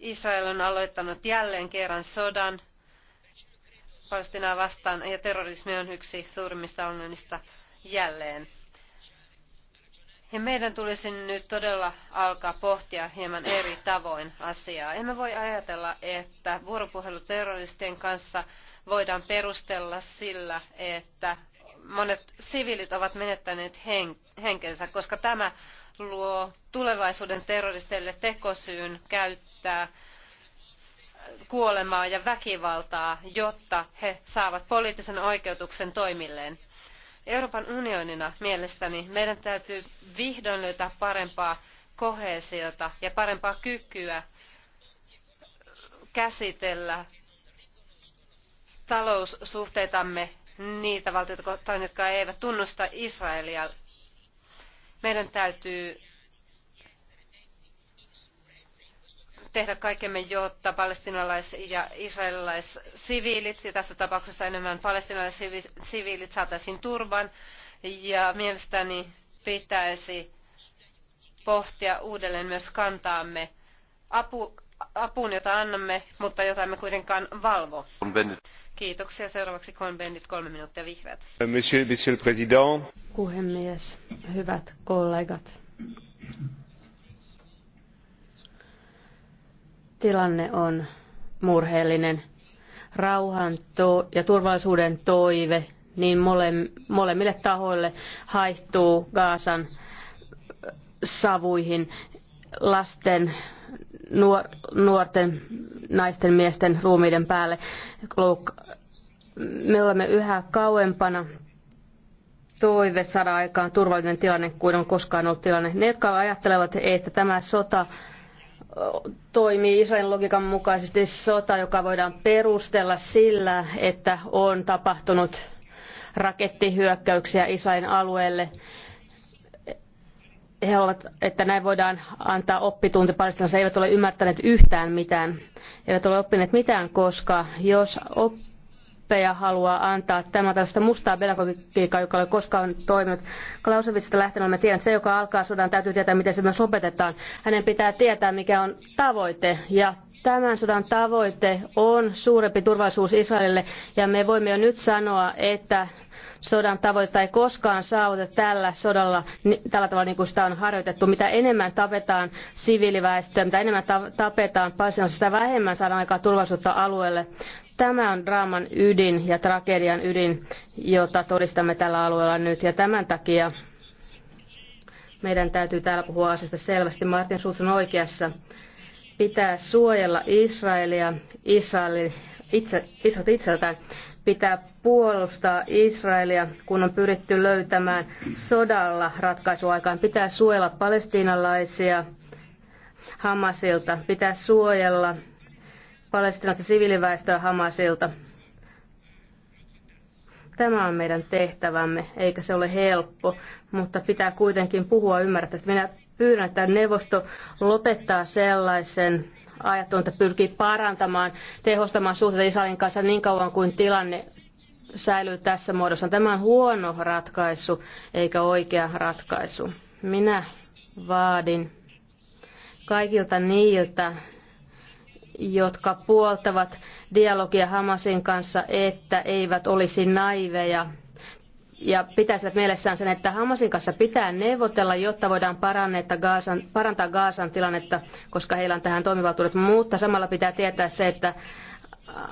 Israel on aloittanut jälleen kerran sodan Palestinaa vastaan ja terrorismi on yksi suurimmista ongelmista jälleen. Ja meidän tulisi nyt todella alkaa pohtia hieman eri tavoin asiaa. Emme voi ajatella, että vuoropuhelu terroristien kanssa voidaan perustella sillä, että monet siviilit ovat menettäneet henkensä, koska tämä luo tulevaisuuden terroristeille tekosyyn käyttää välttää kuolemaa ja väkivaltaa, jotta he saavat poliittisen oikeutuksen toimilleen. Euroopan unionina mielestäni meidän täytyy vihdoin löytää parempaa koheesiota ja parempaa kykyä käsitellä taloussuhteitamme niitä valtioita kohtaan, jotka eivät tunnusta Israelia. Meidän täytyy tehdä kaikkemme, jotta palestinalais- ja israelilais-siviilit, ja tässä tapauksessa enemmän palestinalais-siviilit saataisiin turvan. Ja mielestäni pitäisi pohtia uudelleen myös kantaamme apu, apuun, jota annamme, mutta jota emme kuitenkaan valvo. Kiitoksia. Seuraavaksi Bendit kolme minuuttia vihreät. Monsieur, monsieur le Président. Puhemies, hyvät kollegat. Tilanne on murheellinen. Rauhan ja turvallisuuden toive niin molemmille tahoille haihtuu Gaasan äh, savuihin lasten, nuorten, naisten, miesten ruumiiden päälle. Me olemme yhä kauempana toive saada aikaan turvallinen tilanne kuin on koskaan ollut tilanne. Ne, jotka ajattelevat, että tämä sota toimii Israelin logiikan mukaisesti sota, joka voidaan perustella sillä, että on tapahtunut rakettihyökkäyksiä Israelin alueelle. He haluavat, että näin voidaan antaa oppitunti palestinassa. He eivät ole ymmärtäneet yhtään mitään, he eivät ole oppineet mitään, koska jos oppeja haluaa antaa. Tämä on tällaista mustaa pedagogiikkaa, joka ei ole koskaan toiminut. Klausovitsista lähtien olemme tienneet, että se, joka alkaa sodan, täytyy tietää, miten se myös lopetetaan. Hänen pitää tietää, mikä on tavoite ja Tämän sodan tavoite on suurempi turvallisuus Israelille ja me voimme jo nyt sanoa, että sodan tavoitetta ei koskaan saavuteta tällä sodalla tällä tavalla niin kuin sitä on harjoitettu. Mitä enemmän tapetaan siviiliväestöä, mitä enemmän tapetaan palestinaisia, sitä vähemmän saadaan aikaa turvallisuutta alueelle. Tämä on draaman ydin ja tragedian ydin, jota todistamme tällä alueella nyt. Ja tämän takia meidän täytyy täällä puhua asiasta selvästi. Martin Schulz on oikeassa. Pitää suojella Israelia, Israelin itse, Israel itseltään. Pitää puolustaa Israelia, kun on pyritty löytämään sodalla ratkaisuaikaan. Pitää suojella palestiinalaisia Hamasilta. Pitää suojella palestinaista siviiliväestöä Hamasilta. Tämä on meidän tehtävämme, eikä se ole helppo, mutta pitää kuitenkin puhua ymmärtää. Minä pyydän, että neuvosto lopettaa sellaisen ajattelun, että pyrkii parantamaan, tehostamaan suhteita Israelin kanssa niin kauan kuin tilanne säilyy tässä muodossa. Tämä on huono ratkaisu eikä oikea ratkaisu. Minä vaadin kaikilta niiltä, jotka puoltavat dialogia Hamasin kanssa, että eivät olisi naiveja ja pitäisivät mielessään sen, että Hamasin kanssa pitää neuvotella, jotta voidaan Gaasan, parantaa Gaasan tilannetta, koska heillä on tähän toimivaltuudet, mutta samalla pitää tietää se, että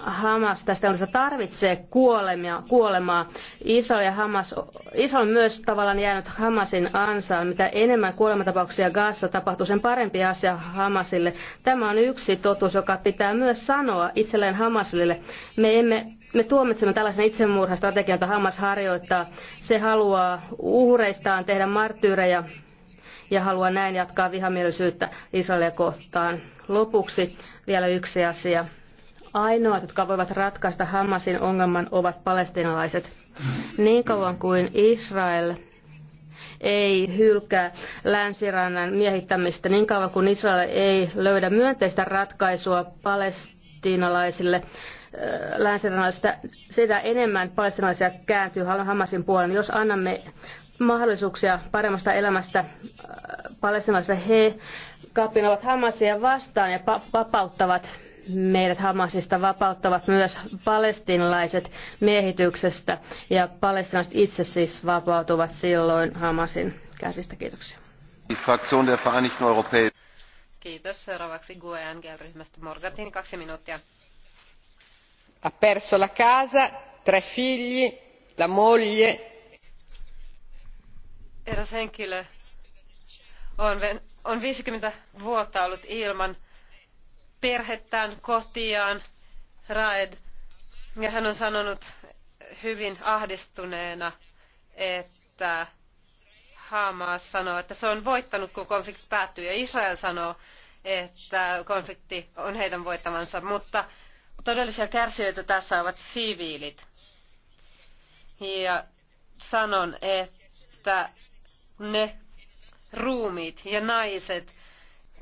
Hamas tästä on, tarvitsee kuolemia, kuolemaa. Iso ja Hamas, iso on myös tavallaan jäänyt Hamasin ansaan. Mitä enemmän kuolematapauksia Gaassa tapahtuu, sen parempi asia Hamasille. Tämä on yksi totuus, joka pitää myös sanoa itselleen Hamasille. Me emme me tuomitsemme tällaisen itsemurhastrategian, jota Hamas harjoittaa. Se haluaa uhreistaan tehdä marttyyrejä ja haluaa näin jatkaa vihamielisyyttä Israelia kohtaan. Lopuksi vielä yksi asia Ainoat, jotka voivat ratkaista Hamasin ongelman, ovat palestinalaiset. Niin kauan kuin Israel ei hylkää länsirannan miehittämistä, niin kauan kuin Israel ei löydä myönteistä ratkaisua palestinalaisille, äh, länsirannalaisista, sitä enemmän palestinalaisia kääntyy Hamasin puoleen. Jos annamme mahdollisuuksia paremmasta elämästä äh, palestinalaisille, he kapinoivat Hamasia vastaan ja vapauttavat meidät Hamasista vapauttavat myös palestinalaiset miehityksestä ja palestinaiset itse siis vapautuvat silloin Hamasin käsistä. Kiitoksia. Kiitos. Seuraavaksi GUE-NGL-ryhmästä Morgatin kaksi minuuttia. Ha perso la casa, tre figli, la moglie. Eräs henkilö on, on 50 vuotta ollut ilman perhettään, kotiaan, Raed. Ja hän on sanonut hyvin ahdistuneena, että Hamas sanoo, että se on voittanut, kun konflikti päättyy. Ja Israel sanoo, että konflikti on heidän voittamansa, mutta todellisia kärsijöitä tässä ovat siviilit. Ja sanon, että ne ruumiit ja naiset,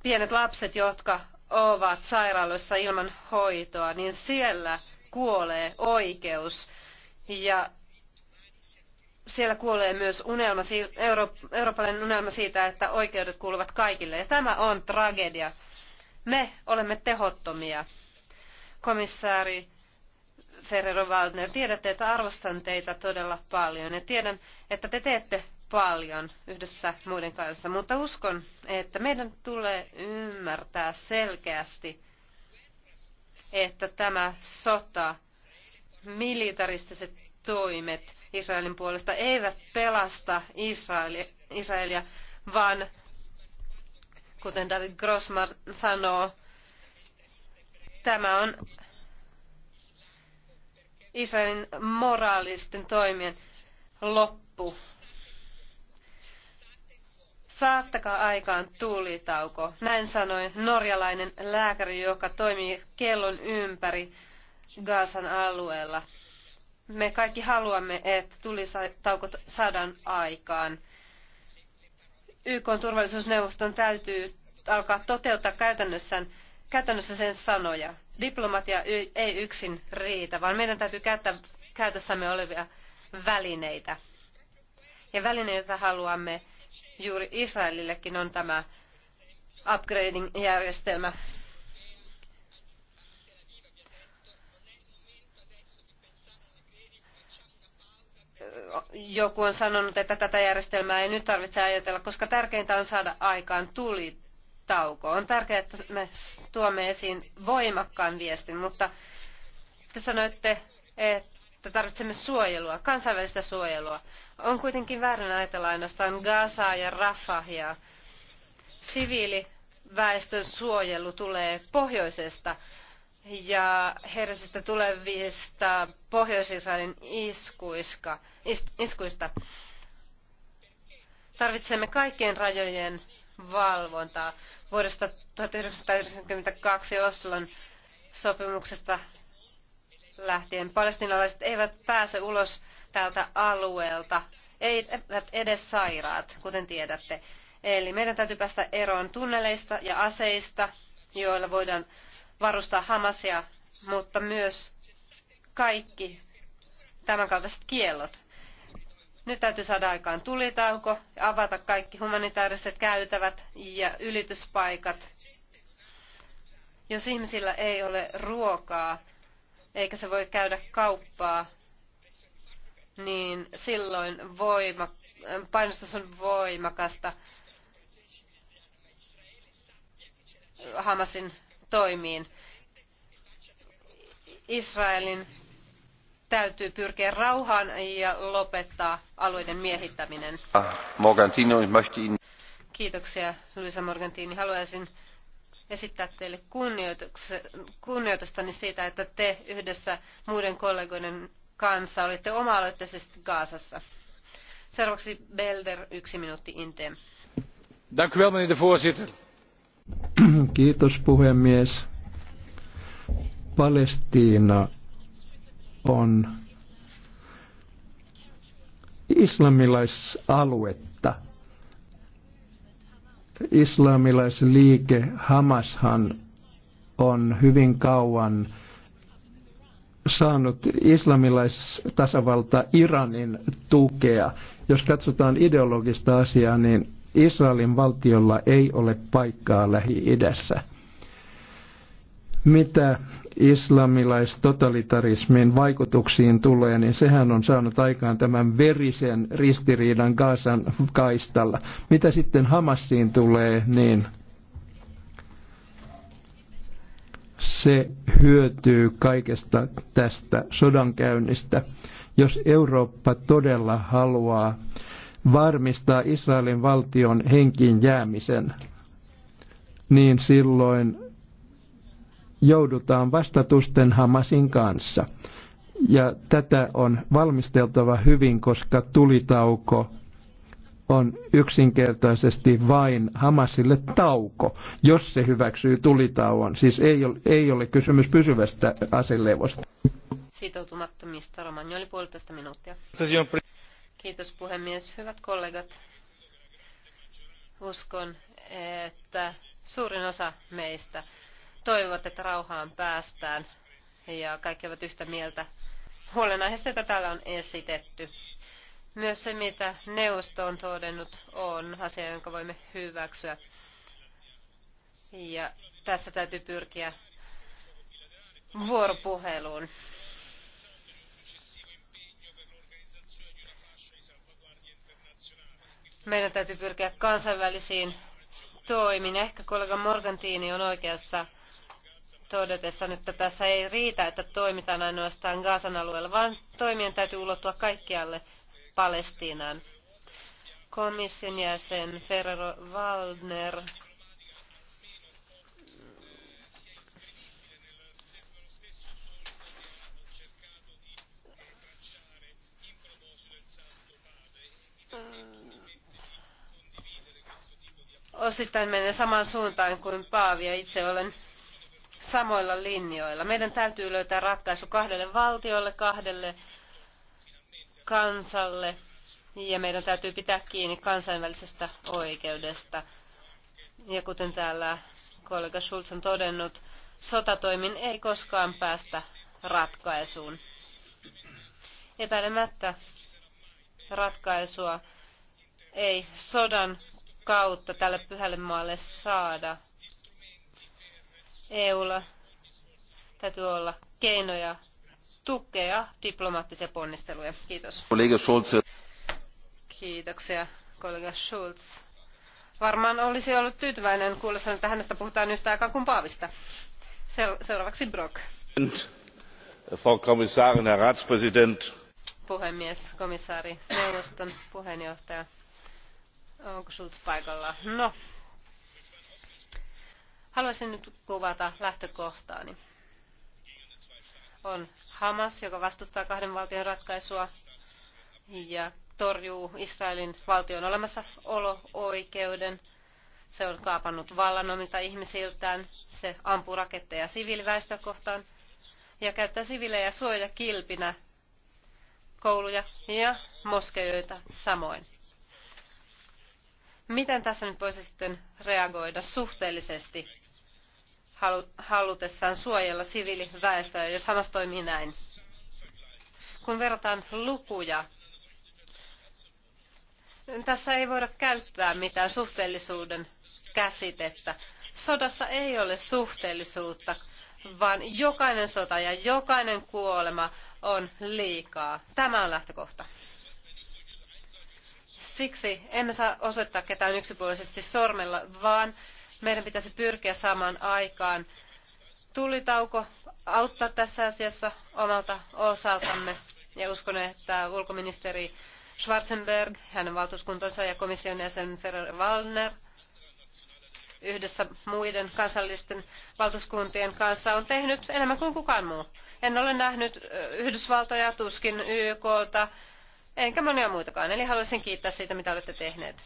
pienet lapset, jotka ovat sairaaloissa ilman hoitoa, niin siellä kuolee oikeus. Ja siellä kuolee myös unelma, euro, eurooppalainen unelma siitä, että oikeudet kuuluvat kaikille. Ja tämä on tragedia. Me olemme tehottomia. Komissaari Ferrero Waldner, tiedätte, että arvostan teitä todella paljon ja tiedän, että te teette paljon yhdessä muiden kanssa, mutta uskon, että meidän tulee ymmärtää selkeästi, että tämä sota, militaristiset toimet Israelin puolesta eivät pelasta Israelia, Israelia vaan kuten David Grossman sanoo, tämä on Israelin moraalisten toimien loppu saattakaa aikaan tuulitauko. Näin sanoi norjalainen lääkäri, joka toimii kellon ympäri Gaasan alueella. Me kaikki haluamme, että tulitauko saadaan aikaan. YK turvallisuusneuvoston täytyy alkaa toteuttaa käytännössä, käytännössä sen sanoja. Diplomatia ei yksin riitä, vaan meidän täytyy käyttää käytössämme olevia välineitä. Ja välineitä haluamme Juuri Israelillekin on tämä upgrading-järjestelmä joku on sanonut, että tätä järjestelmää ei nyt tarvitse ajatella, koska tärkeintä on saada aikaan tulitauko. On tärkeää, että me tuomme esiin voimakkaan viestin, mutta te sanoitte, että tarvitsemme suojelua, kansainvälistä suojelua. On kuitenkin väärin ajatella ainoastaan Gazaa ja Rafahia. Siviiliväestön suojelu tulee pohjoisesta ja heräsistä tulevista Pohjois-Israelin iskuista. iskuista. Tarvitsemme kaikkien rajojen valvontaa. Vuodesta 1992 Oslon sopimuksesta lähtien palestinalaiset eivät pääse ulos tältä alueelta, eivät edes sairaat, kuten tiedätte. Eli meidän täytyy päästä eroon tunneleista ja aseista, joilla voidaan varustaa Hamasia, mutta myös kaikki tämänkaltaiset kiellot. Nyt täytyy saada aikaan tulitauko ja avata kaikki humanitaariset käytävät ja ylityspaikat. Jos ihmisillä ei ole ruokaa, eikä se voi käydä kauppaa, niin silloin voima, painostus on voimakasta Hamasin toimiin. Israelin täytyy pyrkiä rauhaan ja lopettaa alueiden miehittäminen. Kiitoksia, Luisa Morgantini. Haluaisin esittää teille kunnioitustani siitä, että te yhdessä muiden kollegoiden kanssa olitte oma-aloitteisesti Gaasassa. Seuraavaksi Belder, yksi minuutti Intem. Kiitos puhemies. Palestiina on islamilaisaluetta islamilaisliike Hamashan on hyvin kauan saanut islamilaistasavalta Iranin tukea. Jos katsotaan ideologista asiaa, niin Israelin valtiolla ei ole paikkaa Lähi-idässä. Mitä islamilaistotalitarismin vaikutuksiin tulee, niin sehän on saanut aikaan tämän verisen ristiriidan Gaasan kaistalla. Mitä sitten Hamassiin tulee, niin se hyötyy kaikesta tästä sodankäynnistä. Jos Eurooppa todella haluaa varmistaa Israelin valtion henkiin jäämisen, niin silloin joudutaan vastatusten Hamasin kanssa. Ja tätä on valmisteltava hyvin, koska tulitauko on yksinkertaisesti vain Hamasille tauko, jos se hyväksyy tulitauon. Siis ei ole, ei ole kysymys pysyvästä aselevosta. Sitoutumattomista Romani oli puolitoista minuuttia. Kiitos puhemies. Hyvät kollegat, uskon, että suurin osa meistä toivovat, että rauhaan päästään ja kaikki ovat yhtä mieltä huolenaiheesta, jota täällä on esitetty. Myös se, mitä neuvosto on todennut, on asia, jonka voimme hyväksyä. Ja tässä täytyy pyrkiä vuoropuheluun. Meidän täytyy pyrkiä kansainvälisiin toimiin. Ehkä kollega Morgantini on oikeassa todetessaan, että tässä ei riitä, että toimitaan ainoastaan Gaasan alueella, vaan toimien täytyy ulottua kaikkialle Palestiinaan. Komission jäsen Ferrero Waldner osittain menen saman suuntaan kuin Paavi ja itse olen samoilla linjoilla. Meidän täytyy löytää ratkaisu kahdelle valtiolle, kahdelle kansalle ja meidän täytyy pitää kiinni kansainvälisestä oikeudesta. Ja kuten täällä kollega Schulz on todennut, sotatoimin ei koskaan päästä ratkaisuun. Epäilemättä ratkaisua ei sodan kautta tälle pyhälle maalle saada. EUlla täytyy olla keinoja tukea diplomaattisia ponnisteluja. Kiitos. Kollega Schulz. Kiitoksia, kollega Schulz. Varmaan olisi ollut tyytyväinen kuullessaan, että hänestä puhutaan yhtä aikaa kuin Paavista. Seuraavaksi Brock. Frau Kommissarin, Herr Ratspräsident. Puhemies, komissaari, neuvoston puheenjohtaja. Onko Schulz paikalla? No, Haluaisin nyt kuvata lähtökohtaani. On Hamas, joka vastustaa kahden valtion ratkaisua ja torjuu Israelin valtion olemassaolo-oikeuden. Se on kaapannut vallan omilta ihmisiltään, se ampuu raketteja siviiliväestöä kohtaan ja käyttää siviilejä suoja kilpinä kouluja ja moskeijoita samoin. Miten tässä nyt voisi sitten reagoida suhteellisesti halutessaan suojella siviiliväestöä, jos Hamas toimii näin. Kun verrataan lukuja, niin tässä ei voida käyttää mitään suhteellisuuden käsitettä. Sodassa ei ole suhteellisuutta, vaan jokainen sota ja jokainen kuolema on liikaa. Tämä on lähtökohta. Siksi emme saa osoittaa ketään yksipuolisesti sormella, vaan meidän pitäisi pyrkiä saamaan aikaan tulitauko auttaa tässä asiassa omalta osaltamme. Ja uskon, että ulkoministeri Schwarzenberg, hänen valtuuskuntansa ja komission jäsen Ferrer Wallner yhdessä muiden kansallisten valtuuskuntien kanssa on tehnyt enemmän kuin kukaan muu. En ole nähnyt Yhdysvaltoja, tuskin YKta, enkä monia muitakaan. Eli haluaisin kiittää siitä, mitä olette tehneet.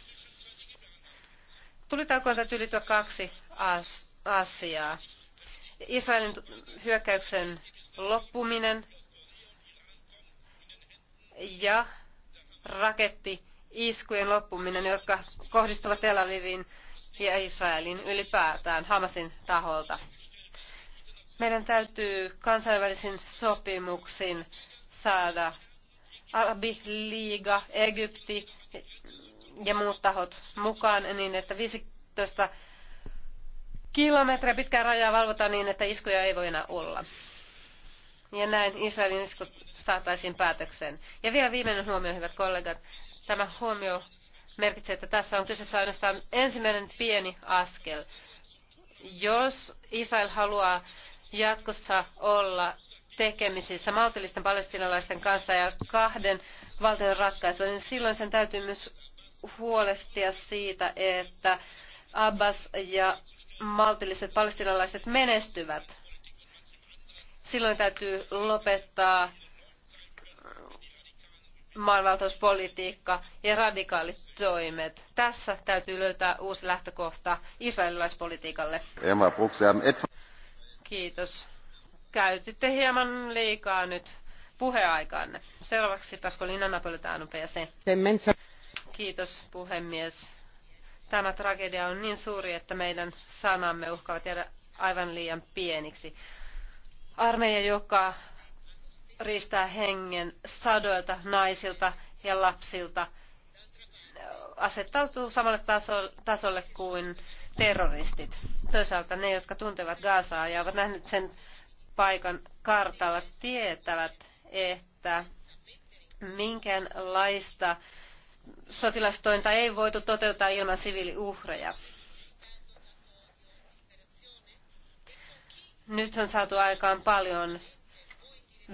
Tulitaukoilta tylityä kaksi asiaa. Israelin hyökkäyksen loppuminen ja raketti iskujen loppuminen, jotka kohdistuvat Tel Aviviin ja Israelin ylipäätään Hamasin taholta. Meidän täytyy kansainvälisin sopimuksin saada Liiga, Egypti ja muut tahot mukaan niin, että 15 kilometriä pitkää rajaa valvotaan niin, että iskuja ei voi enää olla. Ja näin Israelin iskut saataisiin päätökseen. Ja vielä viimeinen huomio, hyvät kollegat. Tämä huomio merkitsee, että tässä on kyseessä ainoastaan ensimmäinen pieni askel. Jos Israel haluaa jatkossa olla tekemisissä maltillisten palestinalaisten kanssa ja kahden valtion ratkaisua, niin silloin sen täytyy myös huolestia siitä, että Abbas ja maltilliset palestinalaiset menestyvät. Silloin täytyy lopettaa maailmanvaltauspolitiikka ja radikaalit toimet. Tässä täytyy löytää uusi lähtökohta israelilaispolitiikalle. Kiitos. Käytitte hieman liikaa nyt puheaikaanne. Seuraavaksi Paskolina Napolitano, PC. Kiitos puhemies. Tämä tragedia on niin suuri, että meidän sanamme uhkaavat jäädä aivan liian pieniksi. Armeija, joka riistää hengen sadoilta naisilta ja lapsilta, asettautuu samalle tasolle kuin terroristit. Toisaalta ne, jotka tuntevat Gazaa ja ovat nähneet sen paikan kartalla, tietävät, että minkäänlaista sotilastointa ei voitu toteuttaa ilman siviiliuhreja. Nyt on saatu aikaan paljon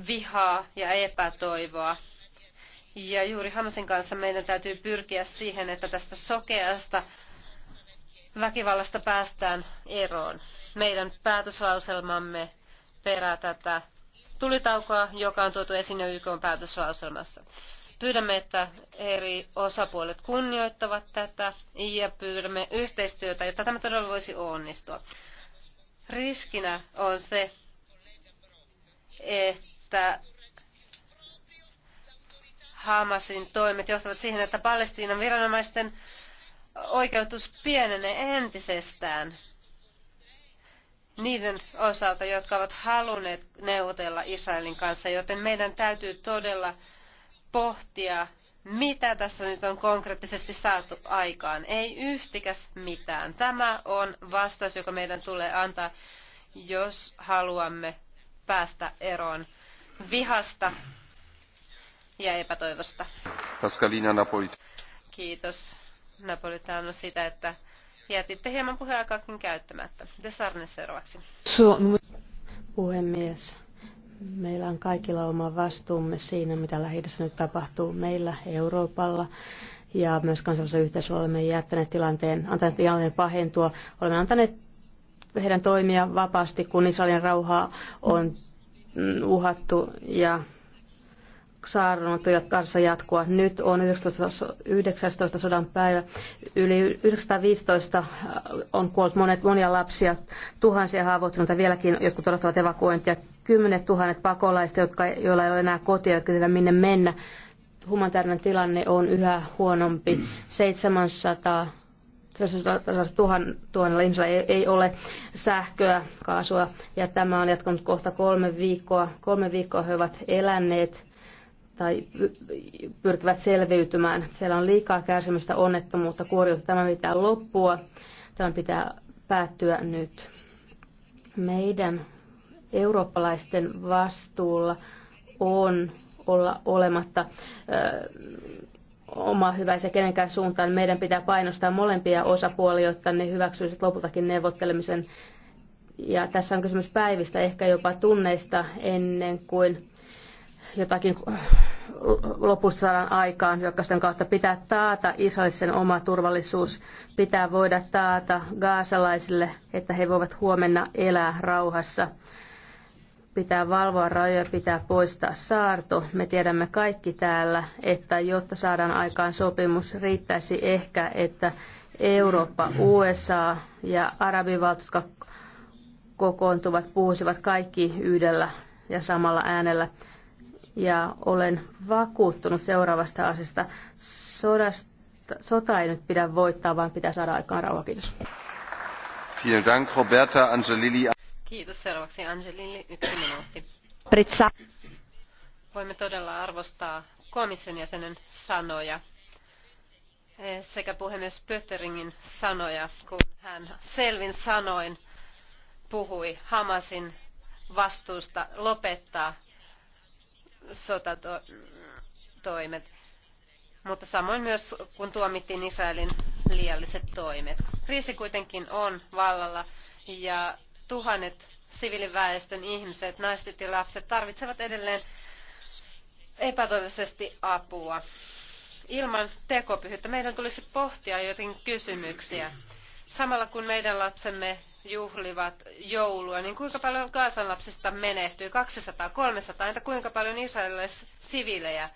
vihaa ja epätoivoa. Ja juuri Hamasin kanssa meidän täytyy pyrkiä siihen, että tästä sokeasta väkivallasta päästään eroon. Meidän päätöslauselmamme perää tätä tulitaukoa, joka on tuotu esiin jo YK päätöslauselmassa. Pyydämme, että eri osapuolet kunnioittavat tätä ja pyydämme yhteistyötä, jotta tämä todella voisi onnistua. Riskinä on se, että Hamasin toimet johtavat siihen, että Palestiinan viranomaisten oikeutus pienenee entisestään niiden osalta, jotka ovat halunneet neuvotella Israelin kanssa, joten meidän täytyy todella pohtia, mitä tässä nyt on konkreettisesti saatu aikaan. Ei yhtikäs mitään. Tämä on vastaus, joka meidän tulee antaa, jos haluamme päästä eroon vihasta ja epätoivosta. Pascalina Napolit. Kiitos Napolitano sitä, että jätitte hieman puheaikaakin käyttämättä. Desarne seuraavaksi. Puhemies Meillä on kaikilla oma vastuumme siinä, mitä lähi nyt tapahtuu meillä Euroopalla ja myös kansallisella yhteisöllä olemme jättäneet tilanteen, antaneet tilanteen pahentua. Olemme antaneet heidän toimia vapaasti, kun Israelin rauhaa on mm, uhattu ja saarnot kanssa jatkua. Nyt on 19, 19 sodan päivä. Yli 915 äh, on kuollut monet, monia lapsia, tuhansia haavoittuneita vieläkin, jotkut odottavat evakuointia kymmenet tuhannet pakolaista, jotka, joilla ei ole enää kotia, jotka tiedä minne mennä. Humanitaarinen tilanne on yhä huonompi. 700 tuhannella ihmisellä ei, ei ole sähköä, kaasua, ja tämä on jatkunut kohta kolme viikkoa. Kolme viikkoa he ovat eläneet tai pyrkivät selviytymään. Siellä on liikaa kärsimystä, onnettomuutta, kuoriutta. Tämä pitää loppua. Tämä pitää päättyä nyt. Meidän eurooppalaisten vastuulla on olla olematta ö, oma hyvänsä kenenkään suuntaan. Meidän pitää painostaa molempia osapuolia, jotta ne hyväksyisivät lopultakin neuvottelemisen. Ja tässä on kysymys päivistä, ehkä jopa tunneista ennen kuin jotakin lopusta saadaan aikaan, joka sen kautta pitää taata Israelin oma turvallisuus, pitää voida taata gaasalaisille, että he voivat huomenna elää rauhassa Pitää valvoa rajoja, pitää poistaa saarto. Me tiedämme kaikki täällä, että jotta saadaan aikaan sopimus, riittäisi ehkä, että Eurooppa, USA ja arabivaltiot, jotka kokoontuvat, puhuisivat kaikki yhdellä ja samalla äänellä. Ja olen vakuuttunut seuraavasta asiasta. Sodasta, sota ei nyt pidä voittaa, vaan pitää saada aikaan rauha. Kiitos. Vielen Dank, Roberta Angelilli. Kiitos. Seuraavaksi Angelini, yksi minuutti. Pritsa. Voimme todella arvostaa komission jäsenen sanoja eh, sekä puhemies Pötteringin sanoja, kun hän selvin sanoin puhui Hamasin vastuusta lopettaa sotatoimet, mutta samoin myös kun tuomittiin Israelin liialliset toimet. Kriisi kuitenkin on vallalla ja tuhannet siviiliväestön ihmiset, naiset ja lapset tarvitsevat edelleen epätoivoisesti apua. Ilman tekopyhyyttä meidän tulisi pohtia jotenkin kysymyksiä. Samalla kun meidän lapsemme juhlivat joulua, niin kuinka paljon Kaasan lapsista menehtyy? 200, 300, entä kuinka paljon Israelissa siviilejä?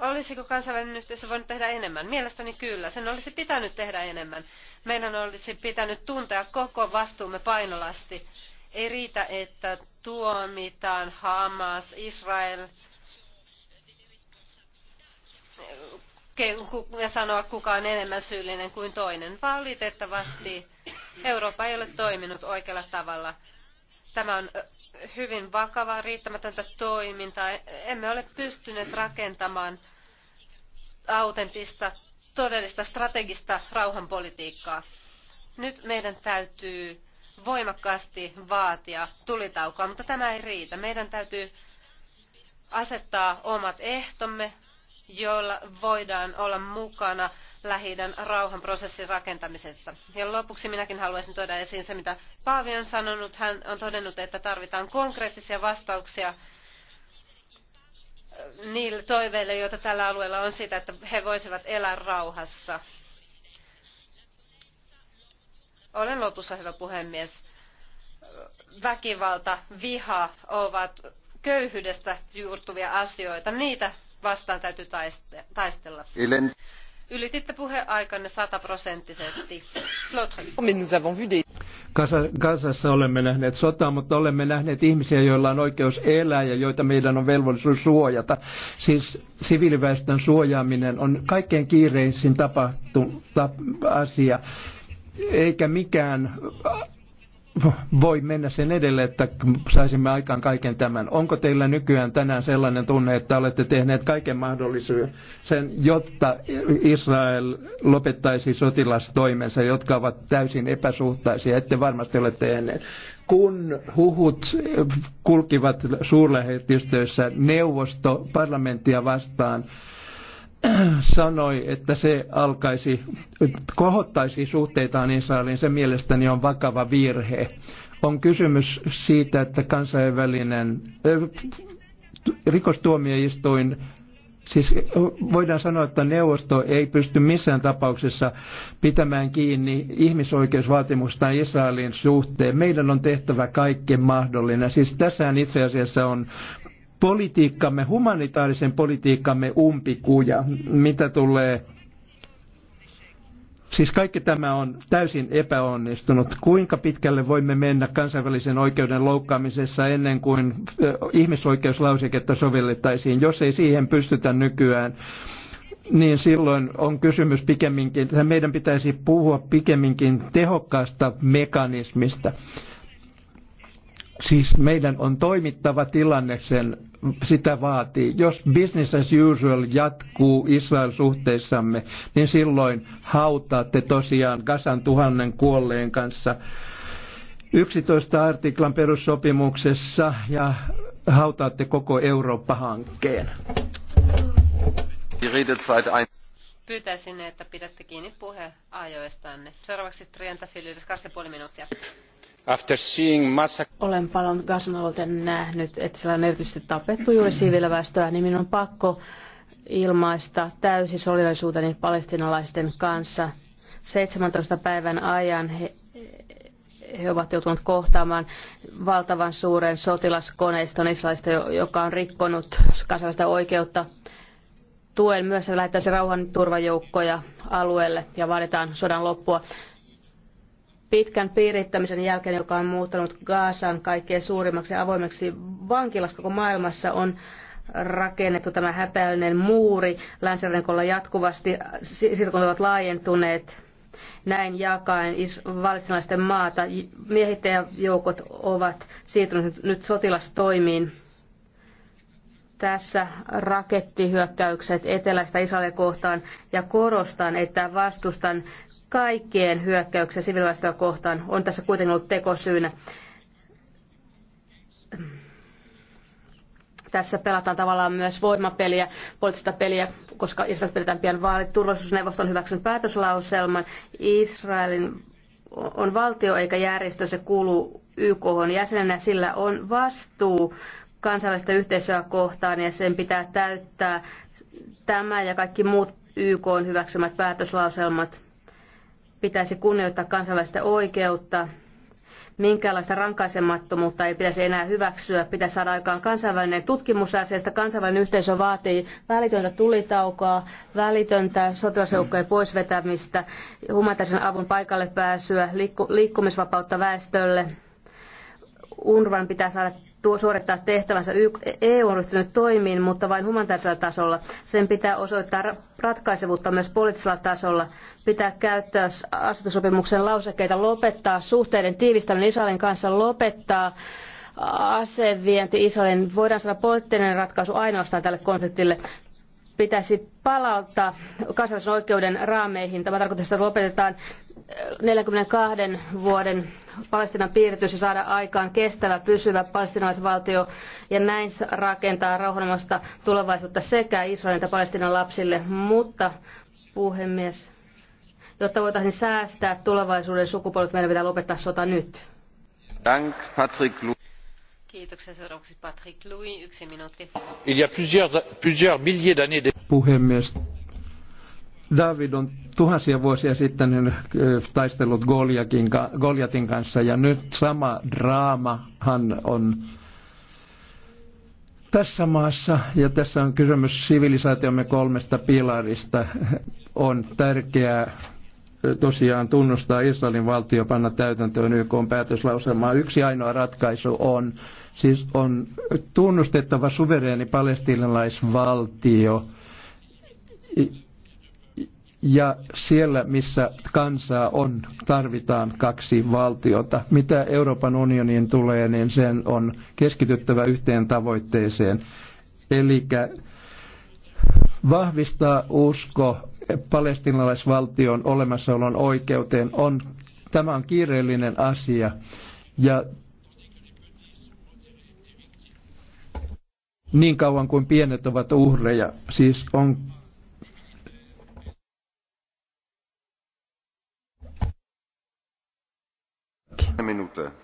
Olisiko kansainvälinen yhteisö voinut tehdä enemmän? Mielestäni kyllä. Sen olisi pitänyt tehdä enemmän. Meidän olisi pitänyt tuntea koko vastuumme painolasti. Ei riitä, että tuomitaan Hamas, Israel ja sanoa kuka on enemmän syyllinen kuin toinen. Valitettavasti Eurooppa ei ole toiminut oikealla tavalla. Tämä on hyvin vakavaa, riittämätöntä toimintaa. Emme ole pystyneet rakentamaan autentista, todellista strategista rauhanpolitiikkaa. Nyt meidän täytyy voimakkaasti vaatia tulitaukoa, mutta tämä ei riitä. Meidän täytyy asettaa omat ehtomme, joilla voidaan olla mukana lähi rauhanprosessin rakentamisessa. Ja lopuksi minäkin haluaisin tuoda esiin se, mitä Paavi on sanonut. Hän on todennut, että tarvitaan konkreettisia vastauksia niille toiveille, joita tällä alueella on siitä, että he voisivat elää rauhassa. Olen lopussa, hyvä puhemies. Väkivalta, viha ovat köyhyydestä juurtuvia asioita. Niitä vastaan täytyy taistella. Ylititte puheaikanne sataprosenttisesti. Kasassa olemme nähneet sotaa, mutta olemme nähneet ihmisiä, joilla on oikeus elää ja joita meidän on velvollisuus suojata. Siis siviiliväestön suojaaminen on kaikkein kiireisin tapahtu, asia eikä mikään voi mennä sen edelle, että saisimme aikaan kaiken tämän. Onko teillä nykyään tänään sellainen tunne, että olette tehneet kaiken mahdollisuuden, sen, jotta Israel lopettaisi sotilastoimensa, jotka ovat täysin epäsuhtaisia? Ette varmasti ole tehneet. Kun huhut kulkivat suurlähetystöissä neuvosto parlamenttia vastaan, sanoi, että se alkaisi, kohottaisi suhteitaan Israeliin, se mielestäni on vakava virhe. On kysymys siitä, että kansainvälinen rikostuomioistuin Siis voidaan sanoa, että neuvosto ei pysty missään tapauksessa pitämään kiinni ihmisoikeusvaatimustaan Israelin suhteen. Meidän on tehtävä kaikki mahdollinen. Siis tässä itse asiassa on politiikkamme, humanitaarisen politiikkamme umpikuja, mitä tulee Siis kaikki tämä on täysin epäonnistunut. Kuinka pitkälle voimme mennä kansainvälisen oikeuden loukkaamisessa ennen kuin ihmisoikeuslauseketta sovellettaisiin, jos ei siihen pystytä nykyään? Niin silloin on kysymys pikemminkin, että meidän pitäisi puhua pikemminkin tehokkaasta mekanismista. Siis meidän on toimittava tilanne sen sitä vaatii. Jos business as usual jatkuu Israel suhteissamme, niin silloin hautaatte tosiaan Gasan tuhannen kuolleen kanssa 11 artiklan perussopimuksessa ja hautaatte koko Eurooppa-hankkeen. Pyytäisin, että pidätte kiinni ajoistanne. Seuraavaksi Trienta Filius, 2,5 minuuttia. Olen paljon Gazan alueelta nähnyt, että siellä on erityisesti tapettu juuri siviiliväestöä, niin minun on pakko ilmaista täysi solidaisuuteni palestinalaisten kanssa. 17 päivän ajan he, he ovat joutuneet kohtaamaan valtavan suuren sotilaskoneiston Israelista, joka on rikkonut kansainvälistä oikeutta. Tuen myös, että lähettäisiin rauhanturvajoukkoja alueelle ja vaaditaan sodan loppua pitkän piirittämisen jälkeen, joka on muuttanut Gaasan kaikkein suurimmaksi ja avoimeksi vankilaksi koko maailmassa, on rakennettu tämä häpeällinen muuri länsirankolla jatkuvasti, kun ovat laajentuneet näin jakaen valstinaisten maata. Miehittäjäjoukot ovat siirtyneet nyt sotilastoimiin. Tässä rakettihyökkäykset eteläistä Israelia kohtaan ja korostan, että vastustan kaikkien hyökkäyksiä siviiliväestöä kohtaan on tässä kuitenkin ollut tekosyynä. Tässä pelataan tavallaan myös voimapeliä, poliittista peliä, koska Israelissa pidetään pian vaalit. Turvallisuusneuvosto on hyväksynyt päätöslauselman. Israelin on valtio eikä järjestö, se kuuluu YK on jäsenenä, sillä on vastuu kansainvälistä yhteisöä kohtaan ja sen pitää täyttää tämä ja kaikki muut YK on hyväksymät päätöslauselmat pitäisi kunnioittaa kansalaisten oikeutta. Minkäänlaista rankaisemattomuutta ei pitäisi enää hyväksyä. Pitäisi saada aikaan kansainvälinen tutkimus asiasta. Kansainvälinen yhteisö vaatii välitöntä tulitaukoa, välitöntä sotilasjoukkojen poisvetämistä, humanitaarisen avun paikalle pääsyä, liikkumisvapautta väestölle. UNRWAn pitää saada tuo suorittaa tehtävänsä. EU on ryhtynyt toimiin, mutta vain humanitaarisella tasolla. Sen pitää osoittaa ratkaisevuutta myös poliittisella tasolla. Pitää käyttää asetusopimuksen lausekkeita, lopettaa suhteiden tiivistäminen Israelin kanssa, lopettaa asevienti Israelin. Voidaan saada poliittinen ratkaisu ainoastaan tälle konfliktille pitäisi palauttaa kansallisen oikeuden raameihin. Tämä tarkoittaa, että lopetetaan 42 vuoden Palestinan piiritys ja saada aikaan kestävä, pysyvä palestinaisvaltio ja näin rakentaa rauhanomaista tulevaisuutta sekä Israelin että Palestinan lapsille. Mutta, puhemies, jotta voitaisiin säästää tulevaisuuden sukupolvet, meidän pitää lopettaa sota nyt. Dank, Patrick Kiitoksia. Seuraavaksi Patrick Louis, yksi minuutti. Il y a plusieurs, plusieurs milliers d'années de... Puhemies, David on tuhansia vuosia sitten taistellut Goliatin kanssa ja nyt sama draamahan on tässä maassa, ja tässä on kysymys sivilisaatiomme kolmesta pilarista, on tärkeää tosiaan tunnustaa Israelin valtio, panna täytäntöön YK päätöslauselmaa. Yksi ainoa ratkaisu on, siis on tunnustettava suvereeni palestiinalaisvaltio, ja siellä, missä kansaa on, tarvitaan kaksi valtiota. Mitä Euroopan unioniin tulee, niin sen on keskityttävä yhteen tavoitteeseen, eli vahvistaa usko palestinalaisvaltion olemassaolon oikeuteen. On, tämä on kiireellinen asia ja niin kauan kuin pienet ovat uhreja, siis on arvoisa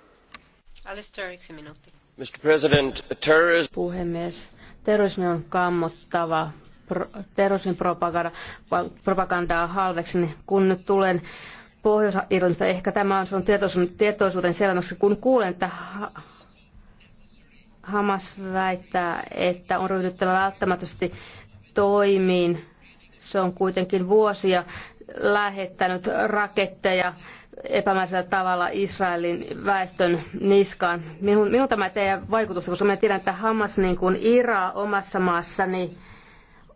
Puhemies, terrorismi on kammottava pro, terrorismin propaganda, propagandaa halveksin, niin kun nyt tulen Pohjois-Irlannista. Ehkä tämä on sinun tietoisuuden, tietoisuuden kun kuulen, että Hamas väittää, että on ryhdyttävä välttämättömästi toimiin. Se on kuitenkin vuosia lähettänyt raketteja epämääräisellä tavalla Israelin väestön niskaan. Minun, minun tämä teidän vaikutusta, koska minä tiedän, että Hamas niin kuin Ira omassa maassani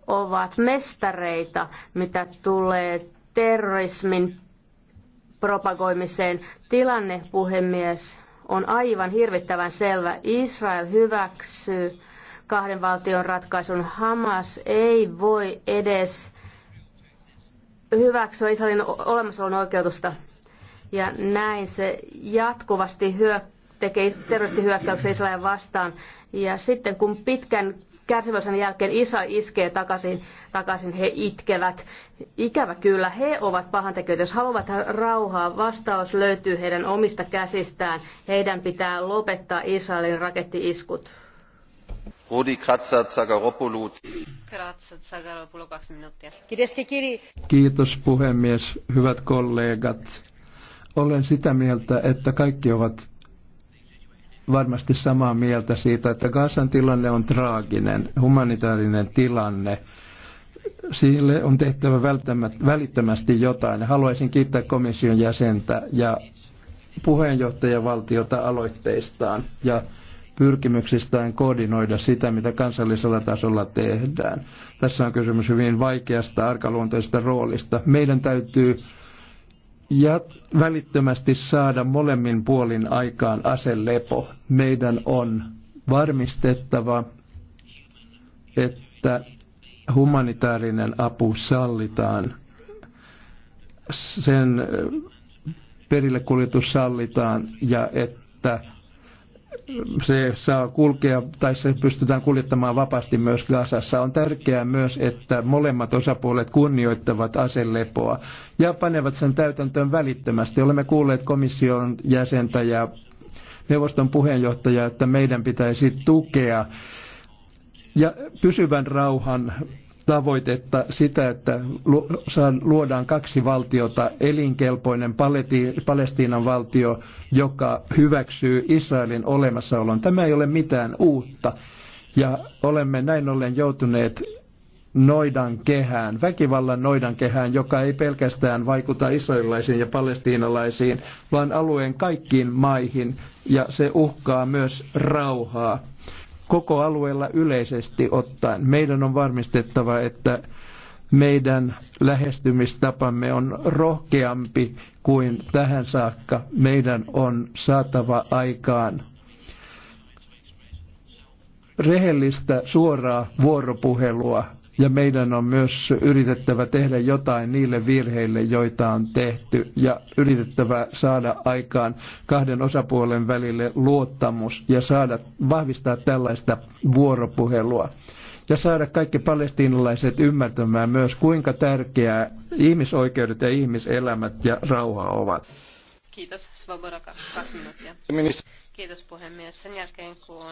ovat mestareita, mitä tulee terrorismin propagoimiseen. Tilanne, puhemies, on aivan hirvittävän selvä. Israel hyväksyy kahden valtion ratkaisun. Hamas ei voi edes hyväksyä Israelin olemassaolon oikeutusta ja näin se jatkuvasti hyö, tekee terroristihyökkäyksiä Israelia vastaan. Ja sitten kun pitkän kärsivällisen jälkeen isä iskee takaisin, takaisin, he itkevät. Ikävä kyllä, he ovat pahantekijöitä. Jos haluavat rauhaa, vastaus löytyy heidän omista käsistään. Heidän pitää lopettaa Israelin rakettiiskut. Rudi Kratsa Zagaropoulou. Kratsa Zagaropoulou, kaksi minuuttia. Kiitos puhemies, hyvät kollegat. Olen sitä mieltä, että kaikki ovat varmasti samaa mieltä siitä, että Gazan tilanne on traaginen, humanitaarinen tilanne. Sille on tehtävä välittömästi jotain. Haluaisin kiittää komission jäsentä ja puheenjohtajavaltiota aloitteistaan ja pyrkimyksistään koordinoida sitä, mitä kansallisella tasolla tehdään. Tässä on kysymys hyvin vaikeasta, arkaluonteisesta roolista. Meidän täytyy ja välittömästi saada molemmin puolin aikaan aselepo. Meidän on varmistettava, että humanitaarinen apu sallitaan, sen perille kuljetus sallitaan ja että se saa kulkea tai se pystytään kuljettamaan vapaasti myös Gazassa. On tärkeää myös, että molemmat osapuolet kunnioittavat aselepoa ja panevat sen täytäntöön välittömästi. Olemme kuulleet komission jäsentä ja neuvoston puheenjohtajaa, että meidän pitäisi tukea ja pysyvän rauhan tavoitetta sitä, että luodaan kaksi valtiota, elinkelpoinen Palestiinan valtio, joka hyväksyy Israelin olemassaolon. Tämä ei ole mitään uutta ja olemme näin ollen joutuneet noidan kehään, väkivallan noidan kehään, joka ei pelkästään vaikuta israelilaisiin ja palestiinalaisiin, vaan alueen kaikkiin maihin ja se uhkaa myös rauhaa koko alueella yleisesti ottaen. Meidän on varmistettava, että meidän lähestymistapamme on rohkeampi kuin tähän saakka. Meidän on saatava aikaan rehellistä, suoraa vuoropuhelua ja meidän on myös yritettävä tehdä jotain niille virheille, joita on tehty ja yritettävä saada aikaan kahden osapuolen välille luottamus ja saada vahvistaa tällaista vuoropuhelua ja saada kaikki palestiinalaiset ymmärtämään myös, kuinka tärkeää ihmisoikeudet ja ihmiselämät ja rauha ovat. Kiitos, Svoboda, kaksi minuuttia. Kiitos puhemies. Sen jälkeen kun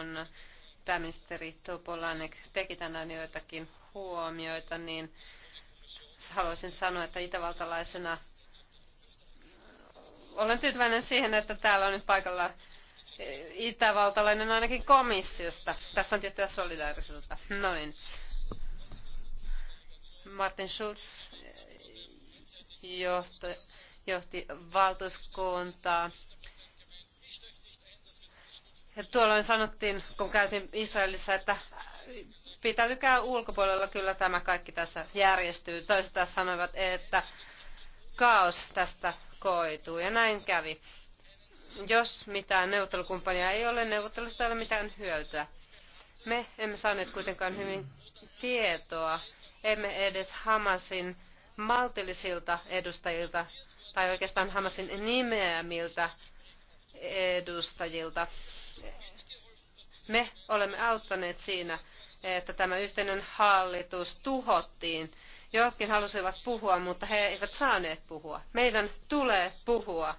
pääministeri Topolanek teki tänään joitakin huomioita, niin haluaisin sanoa, että itävaltalaisena olen tyytyväinen siihen, että täällä on nyt paikalla itävaltalainen ainakin komissiosta. Tässä on tiettyä solidaarisuutta. No niin. Martin Schulz johti, johti valtuuskuntaa. Ja tuolloin sanottiin, kun käytiin Israelissa, että pitäytykää ulkopuolella, kyllä tämä kaikki tässä järjestyy. Toiset taas sanovat, että kaos tästä koituu, ja näin kävi. Jos mitään neuvottelukumppania ei ole, neuvottelusta ei ole mitään hyötyä. Me emme saaneet kuitenkaan hyvin tietoa, emme edes Hamasin maltillisilta edustajilta, tai oikeastaan Hamasin nimeämiltä edustajilta. Me olemme auttaneet siinä, että tämä yhteinen hallitus tuhottiin. Jotkin halusivat puhua, mutta he eivät saaneet puhua. Meidän tulee puhua.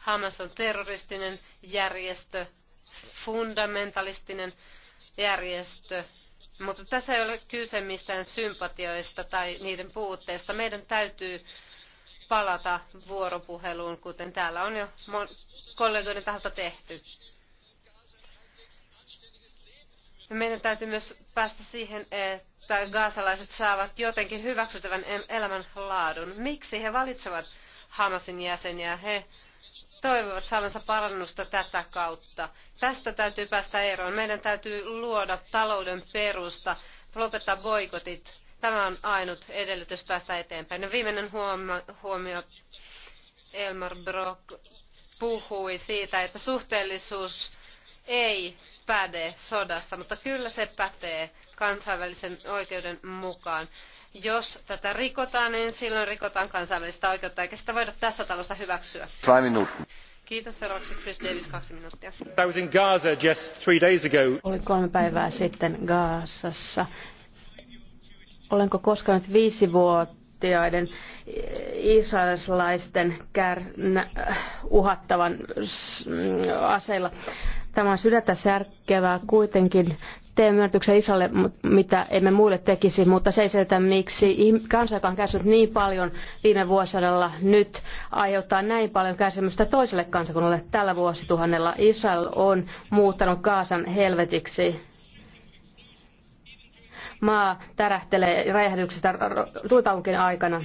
Hamas on terroristinen järjestö, fundamentalistinen järjestö, mutta tässä ei ole kyse mistään sympatioista tai niiden puutteesta. Meidän täytyy palata vuoropuheluun, kuten täällä on jo kollegoiden taholta tehty. Meidän täytyy myös päästä siihen, että gaasalaiset saavat jotenkin hyväksyttävän elämänlaadun. Miksi he valitsevat Hamasin jäseniä? He toivovat saavansa parannusta tätä kautta. Tästä täytyy päästä eroon. Meidän täytyy luoda talouden perusta, lopettaa boikotit. Tämä on ainut edellytys päästä eteenpäin. Ja viimeinen huomio, huomio Elmar Brock puhui siitä, että suhteellisuus ei päde sodassa, mutta kyllä se pätee kansainvälisen oikeuden mukaan. Jos tätä rikotaan, niin silloin rikotaan kansainvälistä oikeutta, eikä sitä voida tässä talossa hyväksyä. Kiitos. Seuraavaksi Chris Davis, kaksi minuuttia. I was in Gaza just three days ago. Olin kolme päivää sitten Gaasassa. Olenko koskaan nyt viisi vuotiaiden israelilaisten kär, uhattavan aseilla Tämä on sydäntä särkevää kuitenkin teemme myönnytyksen isolle, mitä emme muille tekisi, mutta se ei selitä, miksi kansa, joka on kärsinyt niin paljon viime vuosisadalla, nyt aiheuttaa näin paljon kärsimystä toiselle kansakunnalle tällä vuosituhannella. Israel on muuttanut Kaasan helvetiksi. Maa tärähtelee räjähdyksestä tulitauonkin aikana.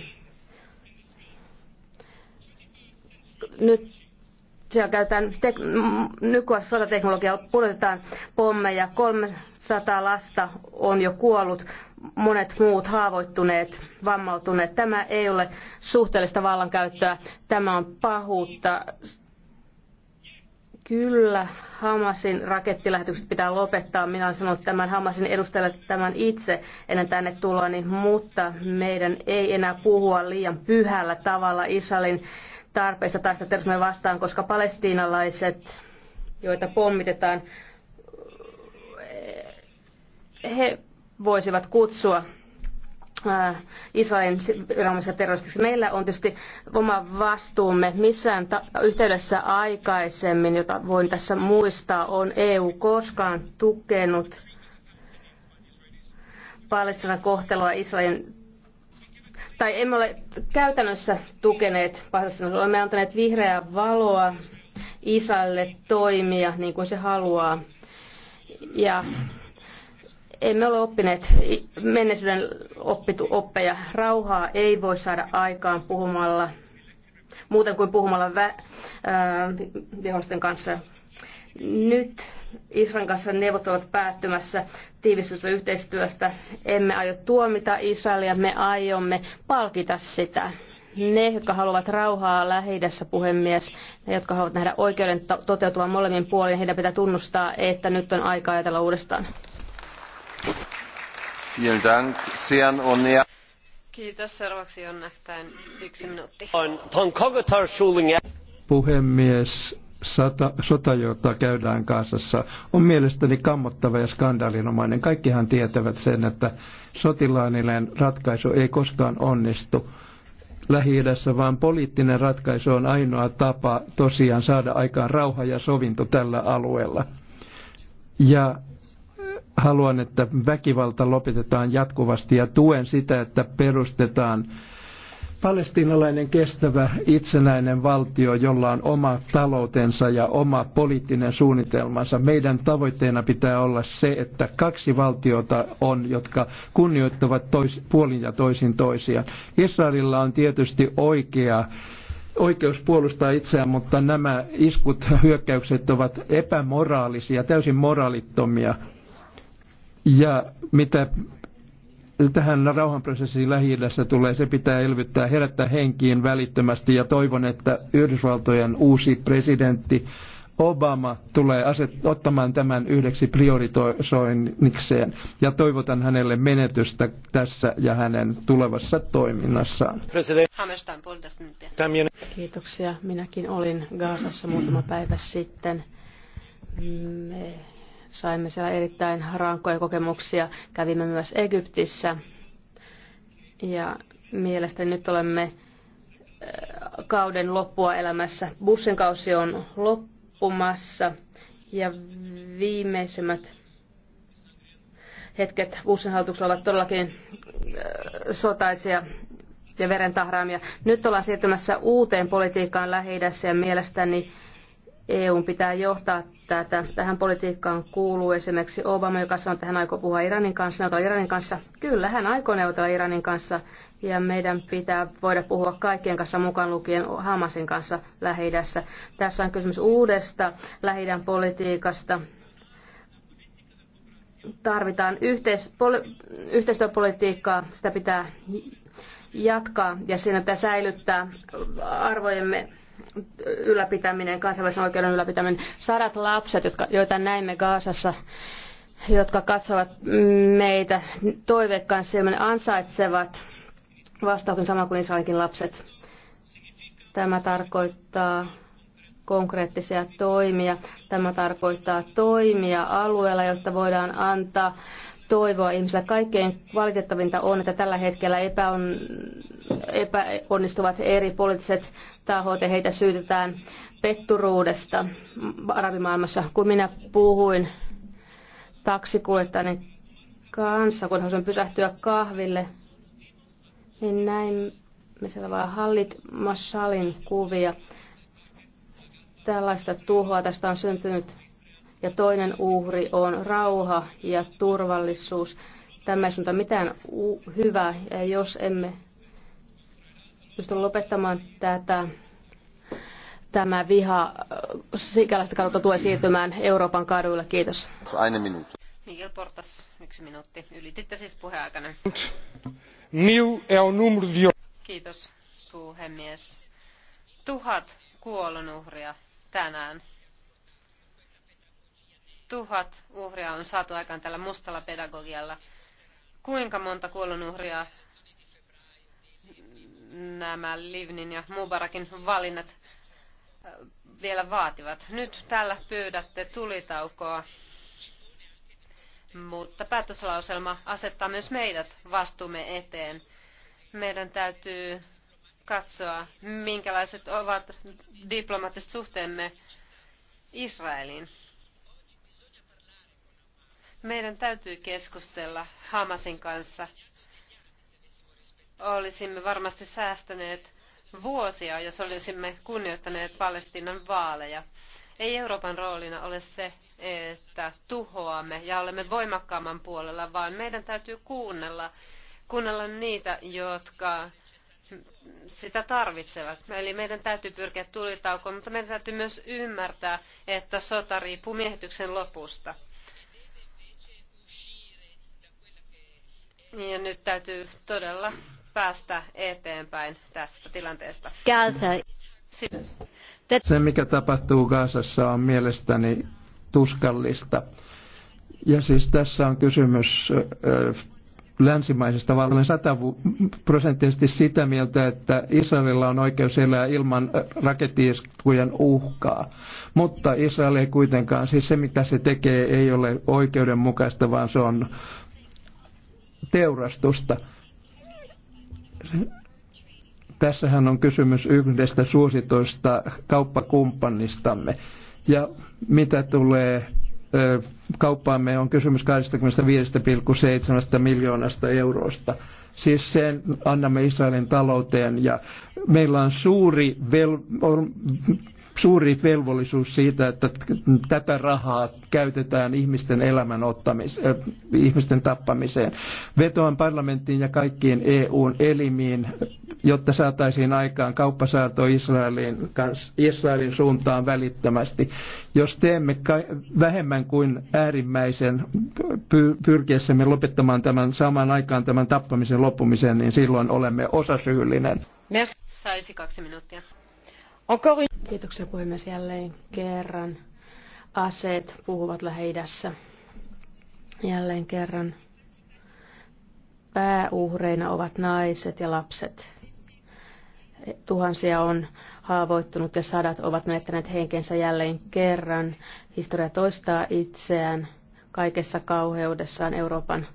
Nyt siellä käytetään tek- nykyistä sotateknologiaa, pudotetaan pommeja, 300 lasta on jo kuollut, monet muut haavoittuneet, vammautuneet. Tämä ei ole suhteellista vallankäyttöä, tämä on pahuutta. Kyllä, Hamasin rakettilähetykset pitää lopettaa. Minä olen sanonut tämän Hamasin edustajalle tämän itse ennen tänne tuloani, niin, mutta meidän ei enää puhua liian pyhällä tavalla Israelin tarpeesta taistella terrorismia vastaan, koska palestiinalaiset, joita pommitetaan, he voisivat kutsua äh, Israelin viranomaisia terroristiksi. Meillä on tietysti oma vastuumme missään yhteydessä aikaisemmin, jota voin tässä muistaa, on EU koskaan tukenut Palestinan kohtelua Israelin tai emme ole käytännössä tukeneet Palestiinaa. Olemme antaneet vihreää valoa isälle toimia niin kuin se haluaa. Ja emme ole oppineet menneisyyden oppitu oppeja. Rauhaa ei voi saada aikaan puhumalla, muuten kuin puhumalla vä, kanssa. Nyt Israelin kanssa neuvottelut päättymässä tiivistystä yhteistyöstä. Emme aio tuomita Israelia, me aiomme palkita sitä. Ne, jotka haluavat rauhaa lähi puhemies, ne, jotka haluavat nähdä oikeuden toteutuvan molemmin puolin, heidän pitää tunnustaa, että nyt on aika ajatella uudestaan. Kiitos. Seuraavaksi on nähtäen yksi minuutti. Puhemies, sata, sota, jota käydään kansassa, on mielestäni kammottava ja skandaalinomainen. Kaikkihan tietävät sen, että sotilaaninen ratkaisu ei koskaan onnistu lähi vaan poliittinen ratkaisu on ainoa tapa tosiaan saada aikaan rauha ja sovinto tällä alueella. Ja äh, haluan, että väkivalta lopetetaan jatkuvasti ja tuen sitä, että perustetaan palestinalainen kestävä itsenäinen valtio, jolla on oma taloutensa ja oma poliittinen suunnitelmansa. Meidän tavoitteena pitää olla se, että kaksi valtiota on, jotka kunnioittavat tois, puolin ja toisin toisiaan. Israelilla on tietysti oikea oikeus puolustaa itseään, mutta nämä iskut, ja hyökkäykset ovat epämoraalisia, täysin moraalittomia. Ja mitä tähän rauhanprosessiin lähi tulee, se pitää elvyttää, herättää henkiin välittömästi ja toivon, että Yhdysvaltojen uusi presidentti Obama tulee aset, ottamaan tämän yhdeksi prioritoinnikseen ja toivotan hänelle menetystä tässä ja hänen tulevassa toiminnassaan. Kiitoksia. Minäkin olin Gaasassa muutama päivä sitten. Me Saimme siellä erittäin rankkoja kokemuksia. Kävimme myös Egyptissä. Ja mielestäni nyt olemme eh, kauden loppua elämässä. Bussin kausi on loppumassa ja viimeisimmät hetket Bussin hallituksella ovat todellakin eh, sotaisia ja verentahraamia. Nyt ollaan siirtymässä uuteen politiikkaan lähi ja mielestäni EUn pitää johtaa tätä. Tähän politiikkaan kuuluu esimerkiksi Obama, joka sanoi, että hän aikoo puhua Iranin kanssa, neuvotella Iranin kanssa. Kyllä, hän aikoo neuvotella Iranin kanssa ja meidän pitää voida puhua kaikkien kanssa, mukaan lukien Hamasin kanssa lähi Tässä on kysymys uudesta lähi politiikasta. Tarvitaan yhteis- yhteistyöpolitiikkaa, sitä pitää jatkaa ja siinä pitää säilyttää arvojemme ylläpitäminen, kansainvälisen oikeuden ylläpitäminen. Sadat lapset, jotka, joita näimme Gaasassa, jotka katsovat meitä toiveikkaan silmän ansaitsevat vastauksen sama kuin Israelin lapset. Tämä tarkoittaa konkreettisia toimia. Tämä tarkoittaa toimia alueella, jotta voidaan antaa toivoa ihmisille. Kaikkein valitettavinta on, että tällä hetkellä epäon, epäonnistuvat eri poliittiset tahot ja heitä syytetään petturuudesta arabimaailmassa. Kun minä puhuin taksikuljettajan kanssa, kun halusin pysähtyä kahville, niin näin me siellä vaan Hallit Mashalin kuvia. Tällaista tuhoa tästä on syntynyt ja toinen uhri on rauha ja turvallisuus. Tämä ei suunta mitään hyvää ja jos emme pystyn lopettamaan tätä tämä viha sikäläistä kautta tulee siirtymään Euroopan kaduille. Kiitos. Aine minuutti. Miguel Portas, yksi minuutti. Ylititte siis puheaikana. Mil Kiitos, puhemies. Tuhat kuolonuhria tänään. Tuhat uhria on saatu aikaan tällä mustalla pedagogialla. Kuinka monta kuolonuhria nämä Livnin ja Mubarakin valinnat äh, vielä vaativat. Nyt tällä pyydätte tulitaukoa, mutta päätöslauselma asettaa myös meidät vastuumme eteen. Meidän täytyy katsoa, minkälaiset ovat diplomaattiset suhteemme Israeliin. Meidän täytyy keskustella Hamasin kanssa olisimme varmasti säästäneet vuosia, jos olisimme kunnioittaneet Palestiinan vaaleja. Ei Euroopan roolina ole se, että tuhoamme ja olemme voimakkaamman puolella, vaan meidän täytyy kuunnella, kuunnella niitä, jotka sitä tarvitsevat. Eli meidän täytyy pyrkiä tulitaukoon, mutta meidän täytyy myös ymmärtää, että sota riippuu miehityksen lopusta. Ja nyt täytyy todella päästä eteenpäin tästä tilanteesta. Gaza. Se, mikä tapahtuu Gaasassa, on mielestäni tuskallista. Ja siis tässä on kysymys länsimaisesta vallan sataprosenttisesti sitä mieltä, että Israelilla on oikeus elää ilman rakettiiskujen uhkaa. Mutta Israel ei kuitenkaan, siis se mitä se tekee ei ole oikeudenmukaista, vaan se on teurastusta. Tässähän on kysymys yhdestä suositoista kauppakumppanistamme. Ja mitä tulee kauppaamme, on kysymys 25,7 miljoonasta eurosta. Siis sen annamme Israelin talouteen ja meillä on suuri vel- on suuri velvollisuus siitä, että tätä rahaa käytetään ihmisten elämän ottamiseen, äh, ihmisten tappamiseen. Vetoan parlamenttiin ja kaikkiin EUn elimiin, jotta saataisiin aikaan kauppasaarto Israelin, kanssa Israelin suuntaan välittömästi. Jos teemme vähemmän kuin äärimmäisen py- pyrkiessämme lopettamaan tämän saman aikaan tämän tappamisen loppumisen, niin silloin olemme osasyyllinen. Merci. Saifi kaksi minuuttia. Encore Kiitoksia puhemies jälleen kerran. Aseet puhuvat lähi Jälleen kerran pääuhreina ovat naiset ja lapset. Tuhansia on haavoittunut ja sadat ovat menettäneet henkensä jälleen kerran. Historia toistaa itseään kaikessa kauheudessaan Euroopan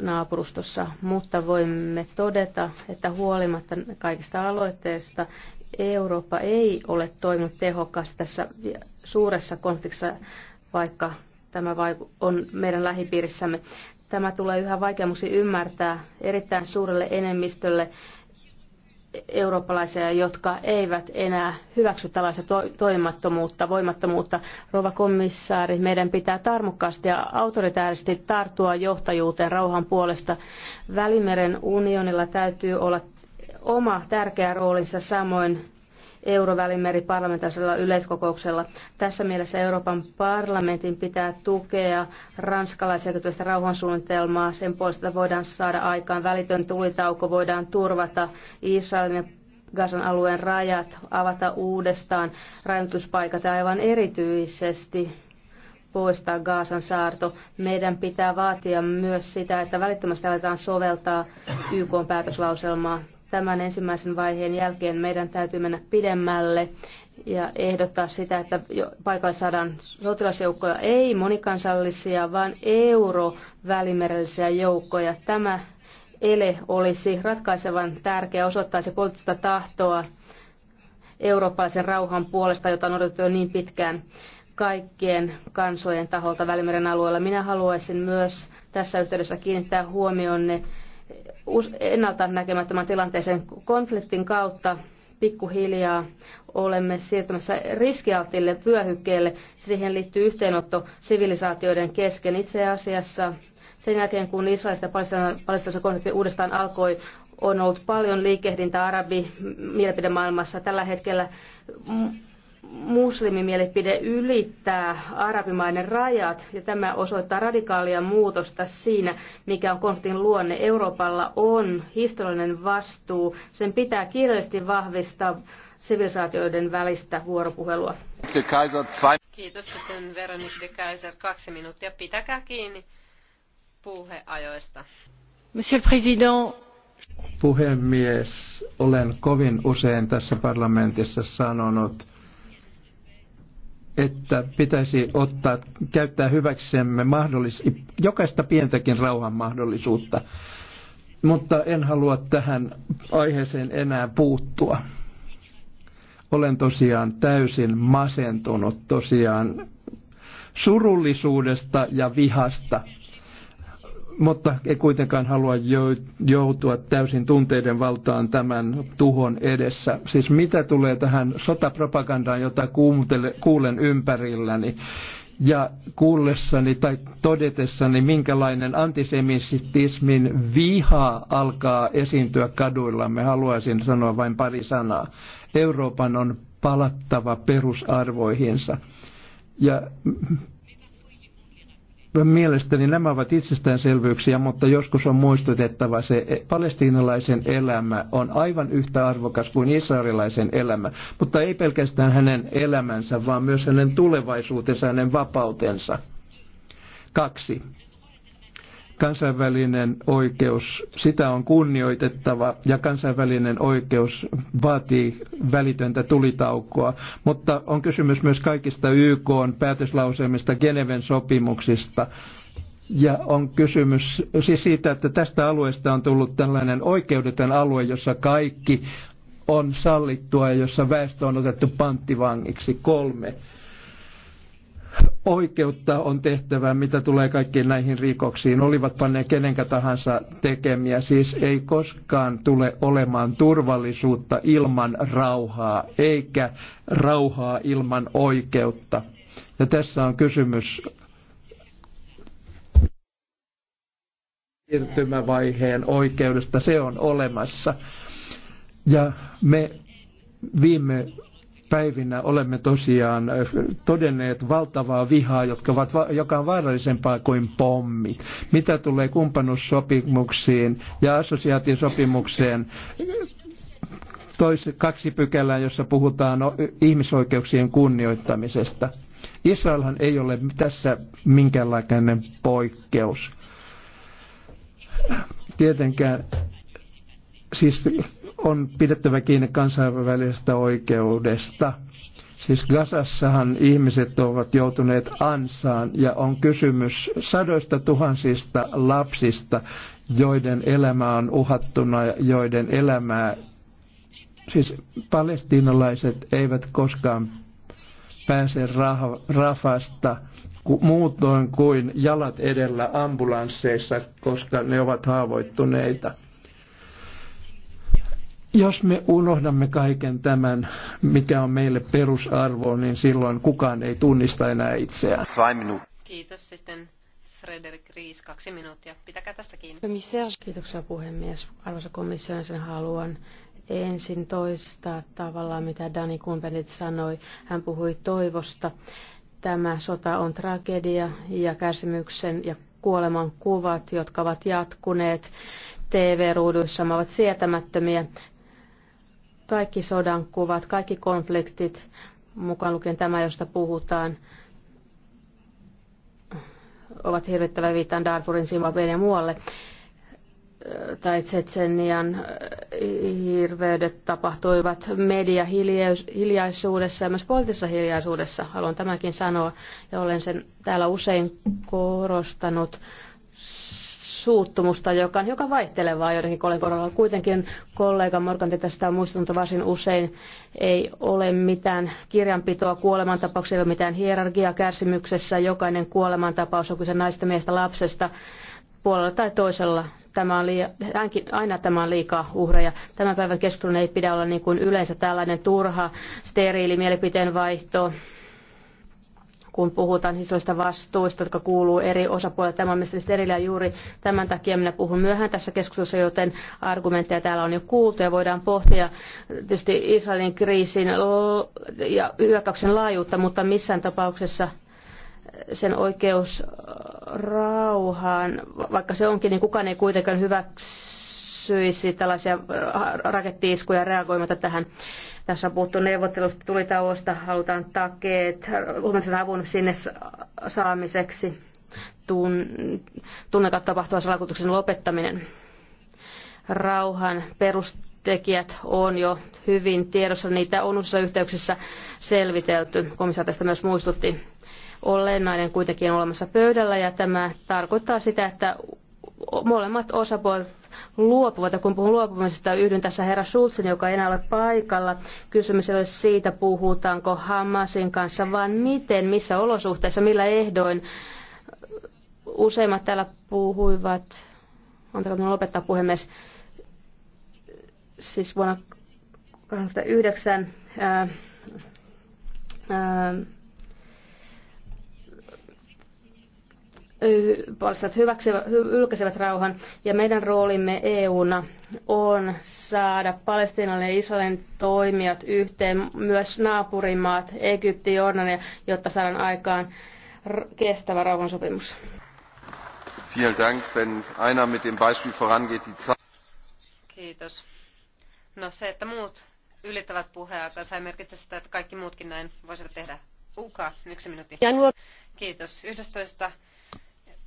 naapurustossa, mutta voimme todeta, että huolimatta kaikista aloitteista Eurooppa ei ole toiminut tehokkaasti tässä suuressa konfliktissa, vaikka tämä on meidän lähipiirissämme. Tämä tulee yhä vaikeammaksi ymmärtää erittäin suurelle enemmistölle eurooppalaisia, jotka eivät enää hyväksy tällaista to- voimattomuutta. Rova komissaari, meidän pitää tarmokkaasti ja autoritäärisesti tarttua johtajuuteen rauhan puolesta. Välimeren unionilla täytyy olla oma tärkeä roolinsa samoin Eurovälimeri parlamentaarisella yleiskokouksella. Tässä mielessä Euroopan parlamentin pitää tukea ranskalaisia rauhansuunnitelmaa sen puolesta, voidaan saada aikaan välitön tulitauko, voidaan turvata Israelin ja Gazan alueen rajat, avata uudestaan rajoituspaikat ja aivan erityisesti poistaa Gaasan saarto. Meidän pitää vaatia myös sitä, että välittömästi aletaan soveltaa YK päätöslauselmaa Tämän ensimmäisen vaiheen jälkeen meidän täytyy mennä pidemmälle ja ehdottaa sitä, että paikalle saadaan sotilasjoukkoja, ei monikansallisia, vaan eurovälimerellisiä joukkoja. Tämä ele olisi ratkaisevan tärkeä, osoittaisi poliittista tahtoa eurooppalaisen rauhan puolesta, jota on odotettu jo niin pitkään kaikkien kansojen taholta Välimeren alueella. Minä haluaisin myös tässä yhteydessä kiinnittää huomionne ennalta näkemättömän tilanteeseen konfliktin kautta pikkuhiljaa olemme siirtymässä riskialtille vyöhykkeelle. Siihen liittyy yhteenotto sivilisaatioiden kesken. Itse asiassa sen jälkeen, kun Israelista palestinaisen konflikti uudestaan alkoi, on ollut paljon liikehdintää arabi mielipidemaailmassa. Tällä hetkellä muslimimielipide ylittää arabimainen rajat ja tämä osoittaa radikaalia muutosta siinä, mikä on konfliktin luonne. Euroopalla on historiallinen vastuu. Sen pitää kiireellisesti vahvistaa sivilisaatioiden välistä vuoropuhelua. Kiitos sitten Veronique de Kaiser. Kaksi minuuttia. Pitäkää kiinni puheajoista. Monsieur le Président, puhemies, olen kovin usein tässä parlamentissa sanonut, että pitäisi ottaa, käyttää hyväksemme mahdollis- jokaista pientäkin rauhan mahdollisuutta. Mutta en halua tähän aiheeseen enää puuttua. Olen tosiaan täysin masentunut tosiaan surullisuudesta ja vihasta mutta ei kuitenkaan halua joutua täysin tunteiden valtaan tämän tuhon edessä. Siis mitä tulee tähän sotapropagandaan, jota kuulen ympärilläni, ja kuullessani tai todetessani, minkälainen antisemitismin viha alkaa esiintyä kaduillamme, haluaisin sanoa vain pari sanaa. Euroopan on palattava perusarvoihinsa. Ja Mielestäni nämä ovat itsestäänselvyyksiä, mutta joskus on muistutettava se, palestiinalaisen elämä on aivan yhtä arvokas kuin israelilaisen elämä, mutta ei pelkästään hänen elämänsä, vaan myös hänen tulevaisuutensa, hänen vapautensa. Kaksi. Kansainvälinen oikeus, sitä on kunnioitettava ja kansainvälinen oikeus vaatii välitöntä tulitaukoa, mutta on kysymys myös kaikista YK päätöslauselmista, Geneven sopimuksista, ja on kysymys siis siitä, että tästä alueesta on tullut tällainen oikeudeton alue, jossa kaikki on sallittua ja jossa väestö on otettu panttivangiksi. Kolme oikeutta on tehtävä, mitä tulee kaikkiin näihin rikoksiin, olivatpa ne kenenkä tahansa tekemiä. Siis ei koskaan tule olemaan turvallisuutta ilman rauhaa, eikä rauhaa ilman oikeutta. Ja tässä on kysymys siirtymävaiheen oikeudesta, se on olemassa. Ja me viime päivinä olemme tosiaan äh, todenneet valtavaa vihaa, jotka ovat, joka on vaarallisempaa kuin pommi. Mitä tulee kumppanuussopimuksiin ja assosiaatiosopimukseen, toisi kaksi pykälää, jossa puhutaan ihmisoikeuksien kunnioittamisesta. Israelhan ei ole tässä minkäänlainen poikkeus. Tietenkään, siis on pidettävä kiinni kansainvälisestä oikeudesta. Siis Gazassahan ihmiset ovat joutuneet ansaan ja on kysymys sadoista tuhansista lapsista, joiden elämä on uhattuna ja joiden elämää, siis palestiinalaiset eivät koskaan pääse rafasta muutoin kuin jalat edellä ambulansseissa, koska ne ovat haavoittuneita. Jos me unohdamme kaiken tämän, mikä on meille perusarvo, niin silloin kukaan ei tunnista enää itseään. Kiitos sitten Frederik Ries, kaksi minuuttia. Pitäkää tästä kiinni. Kiitoksia puhemies. Arvoisa komission sen haluan ensin toistaa tavallaan, mitä Dani Kumpenit sanoi. Hän puhui toivosta. Tämä sota on tragedia ja kärsimyksen ja kuoleman kuvat, jotka ovat jatkuneet TV-ruuduissa, ovat sietämättömiä. Kaikki sodan kuvat, kaikki konfliktit, mukaan lukien tämä, josta puhutaan, ovat hirvittävä viittaan Darfurin, Zimbabween ja muualle tai Tsetsenian äh, hirveydet tapahtuivat media hiljaisuudessa ja myös poliittisessa hiljaisuudessa, haluan tämänkin sanoa, ja olen sen täällä usein korostanut suuttumusta, joka on hiukan vaihtelevaa joidenkin kollegoilla. Kuitenkin kollega Morganti tästä on muistunut varsin usein. Ei ole mitään kirjanpitoa kuolemantapauksessa, ei ole mitään hierarkiaa kärsimyksessä. Jokainen kuolemantapaus on kyse naista, miestä, lapsesta puolella tai toisella. Tämä on liia, aina tämä on liikaa uhreja. Tämän päivän keskustelun ei pidä olla niin kuin yleensä tällainen turha, steriili mielipiteen vaihto, kun puhutaan isoista vastuista, jotka kuuluu eri osapuolille. Tämä on mielestäni erillään juuri tämän takia minä puhun myöhään tässä keskustelussa, joten argumentteja täällä on jo kuultu ja voidaan pohtia tietysti Israelin kriisin ja hyökkäyksen laajuutta, mutta missään tapauksessa sen oikeus rauhaan, vaikka se onkin, niin kukaan ei kuitenkaan hyväksyisi tällaisia äh, rakettiiskuja reagoimatta tähän. Tässä on puhuttu neuvottelusta tulitauosta, halutaan takeet, huomattavasti avun sinne saamiseksi, tun, tunnekautta tapahtuvan salakutuksen lopettaminen. Rauhan perustekijät on jo hyvin tiedossa, niitä on useissa yhteyksissä selvitelty. Komissaari tästä myös muistutti olennainen kuitenkin on olemassa pöydällä ja tämä tarkoittaa sitä, että molemmat osapuolet luopuvat. Ja kun puhun luopumisesta, yhdyn tässä herra Schulzin, joka ei enää ole paikalla. Kysymys ei ole siitä, puhutaanko Hamasin kanssa, vaan miten, missä olosuhteissa, millä ehdoin. Useimmat täällä puhuivat, antakaa minun lopettaa puhemies, siis vuonna 2009 ää, ää, puolustajat hylkäsivät rauhan ja meidän roolimme EUna on saada Palestiinalle ja Israelin toimijat yhteen, myös naapurimaat, Egypti, Jordania, jotta saadaan aikaan kestävä rauhansopimus. Kiitos. No se, että muut ylittävät puheaikaa, sai merkitse sitä, että kaikki muutkin näin voisivat tehdä. Uka, yksi minuutti. Kiitos. 11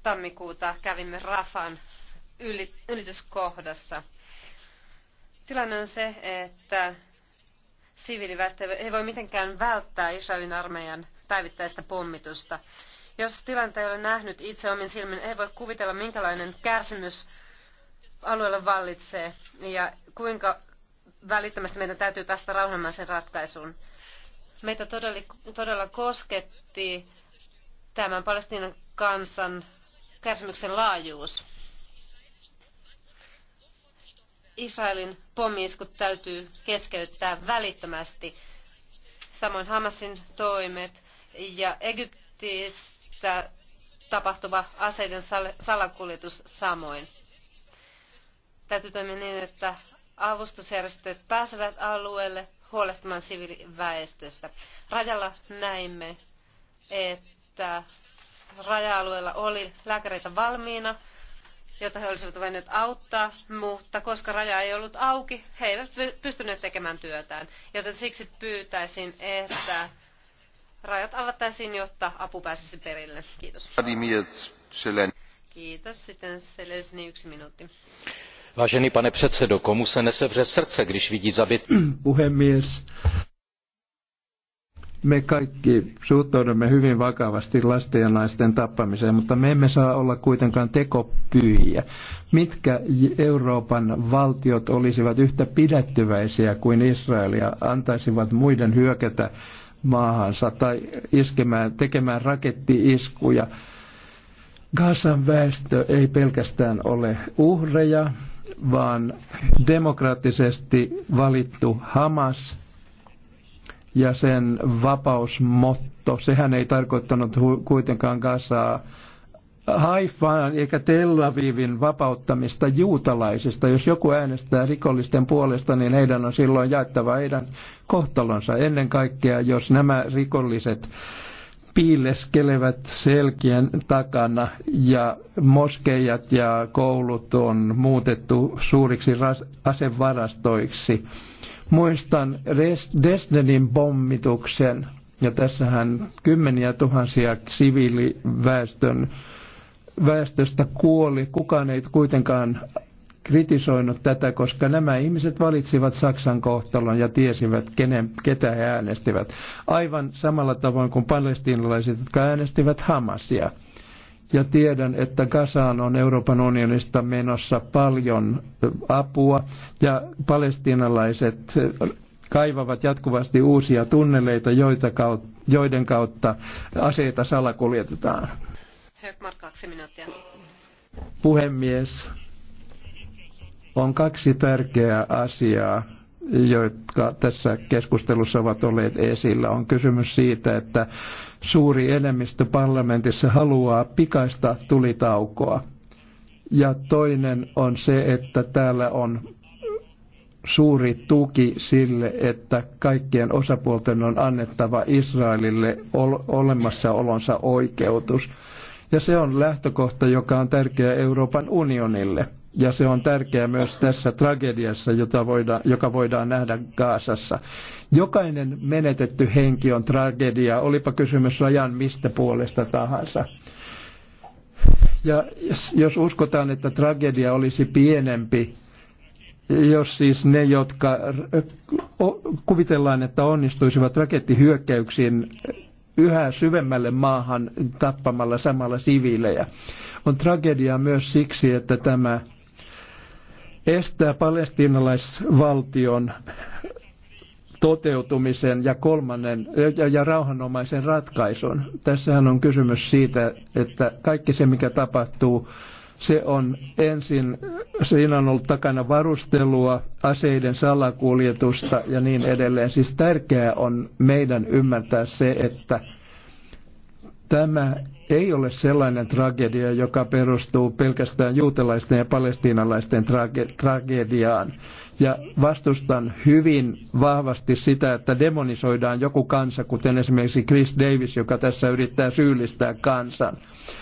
tammikuuta kävimme Rafan ylityskohdassa. Tilanne on se, että siviiliväestö ei voi mitenkään välttää Israelin armeijan päivittäistä pommitusta. Jos tilanteen ei ole nähnyt itse omin silmin, ei voi kuvitella minkälainen kärsimys alueella vallitsee ja kuinka välittömästi meidän täytyy päästä rauhanomaisen ratkaisuun. Meitä todella, todella kosketti tämän Palestiinan kansan kärsimyksen laajuus. Israelin pommiiskut täytyy keskeyttää välittömästi. Samoin Hamasin toimet ja Egyptistä tapahtuva aseiden salakuljetus samoin. Täytyy toimia niin, että avustusjärjestöt pääsevät alueelle huolehtimaan siviiliväestöstä. Rajalla näimme, että raja-alueella oli lääkäreitä valmiina, jota he olisivat voineet auttaa, mutta koska raja ei ollut auki, he eivät pystyneet tekemään työtään. Joten siksi pyytäisin, että rajat avattaisiin, jotta apu pääsisi perille. Kiitos. Kiitos. Sitten Selesni yksi minuutti. Vážený pane předsedo, komu se nese vře srdce, když vidí zabit... Puhemies, me kaikki suhtaudumme hyvin vakavasti lasten ja naisten tappamiseen, mutta me emme saa olla kuitenkaan tekopyhiä. Mitkä Euroopan valtiot olisivat yhtä pidättyväisiä kuin Israel ja antaisivat muiden hyökätä maahansa tai iskemään, tekemään rakettiiskuja? Gazan väestö ei pelkästään ole uhreja, vaan demokraattisesti valittu Hamas – ja sen vapausmotto, sehän ei tarkoittanut kuitenkaan kasaa Haifaan eikä Tel Avivin vapauttamista juutalaisista. Jos joku äänestää rikollisten puolesta, niin heidän on silloin jaettava heidän kohtalonsa. Ennen kaikkea, jos nämä rikolliset piileskelevät selkien takana ja moskeijat ja koulut on muutettu suuriksi asevarastoiksi Muistan Dresdenin pommituksen, ja tässähän kymmeniä tuhansia siviiliväestön väestöstä kuoli. Kukaan ei kuitenkaan kritisoinut tätä, koska nämä ihmiset valitsivat Saksan kohtalon ja tiesivät, kenen, ketä he äänestivät. Aivan samalla tavoin kuin palestiinalaiset, jotka äänestivät Hamasia ja tiedän, että Gazaan on Euroopan unionista menossa paljon apua ja palestiinalaiset kaivavat jatkuvasti uusia tunneleita, joita kautta, joiden kautta aseita salakuljetetaan. Hökmark, kaksi minuuttia. Puhemies, on kaksi tärkeää asiaa, jotka tässä keskustelussa ovat olleet esillä. On kysymys siitä, että suuri enemmistö parlamentissa haluaa pikaista tulitaukoa. Ja toinen on se, että täällä on suuri tuki sille, että kaikkien osapuolten on annettava Israelille olemassaolonsa oikeutus. Ja se on lähtökohta, joka on tärkeä Euroopan unionille ja se on tärkeää myös tässä tragediassa, jota voida, joka voidaan nähdä Gaasassa. Jokainen menetetty henki on tragedia, olipa kysymys rajan mistä puolesta tahansa. Ja jos uskotaan, että tragedia olisi pienempi, jos siis ne, jotka kuvitellaan, että onnistuisivat rakettihyökkäyksiin yhä syvemmälle maahan tappamalla samalla siviilejä. On tragedia myös siksi, että tämä estää palestiinalaisvaltion toteutumisen ja, kolmannen, ja, ja rauhanomaisen ratkaisun. Tässähän on kysymys siitä, että kaikki se mikä tapahtuu, se on ensin, siinä on ollut takana varustelua, aseiden salakuljetusta ja niin edelleen. Siis tärkeää on meidän ymmärtää se, että tämä ei ole sellainen tragedia, joka perustuu pelkästään juutalaisten ja palestiinalaisten trage- tragediaan. Ja vastustan hyvin vahvasti sitä, että demonisoidaan joku kansa, kuten esimerkiksi Chris Davis, joka tässä yrittää syyllistää kansan.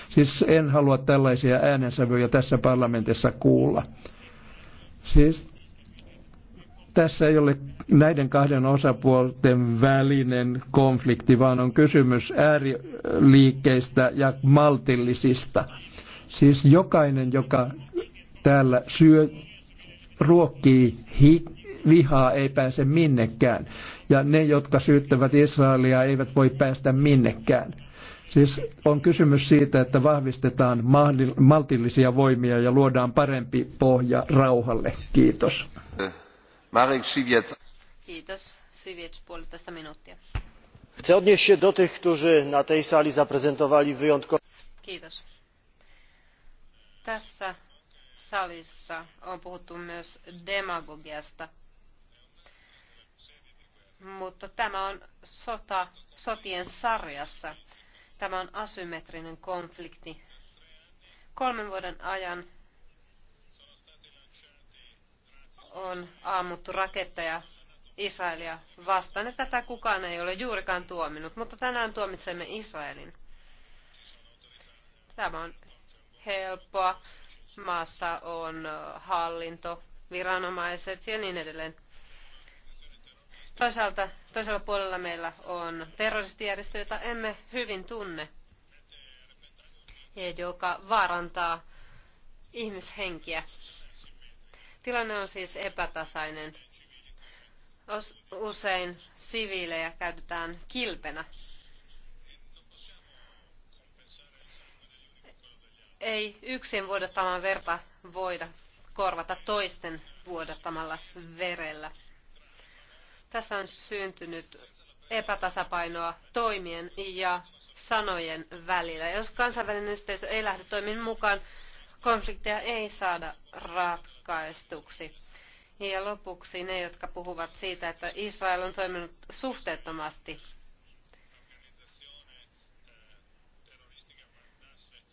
Siis en halua tällaisia äänensävyjä tässä parlamentissa kuulla. Siis tässä ei ole näiden kahden osapuolten välinen konflikti, vaan on kysymys ääriliikkeistä ja maltillisista. Siis jokainen, joka täällä syö, ruokkii vihaa, ei pääse minnekään. Ja ne, jotka syyttävät Israelia, eivät voi päästä minnekään. Siis on kysymys siitä, että vahvistetaan maltillisia voimia ja luodaan parempi pohja rauhalle. Kiitos. Marek Siviec. Chcę odnieść się do tych, którzy na tej sali zaprezentowali wyjątkowo... Kiitos. Tässä salissa on puhuttu myös demagogiasta, mutta tämä on sota sotien sarjassa. Tämä on asymmetrinen konflikti. Kolmen vuoden ajan on ammuttu raketteja Israelia vastaan. että tätä kukaan ei ole juurikaan tuominut, mutta tänään tuomitsemme Israelin. Tämä on helppoa. Maassa on hallinto, viranomaiset ja niin edelleen. Toisaalta, toisella puolella meillä on terroristijärjestö, jota emme hyvin tunne ja joka vaarantaa ihmishenkiä. Tilanne on siis epätasainen Usein siviilejä käytetään kilpenä. Ei yksin vuodattamaan verta voida korvata toisten vuodattamalla verellä. Tässä on syntynyt epätasapainoa toimien ja sanojen välillä. Jos kansainvälinen yhteisö ei lähde toimin mukaan, konflikteja ei saada ratkaistuksi. Ja lopuksi ne, jotka puhuvat siitä, että Israel on toiminut suhteettomasti.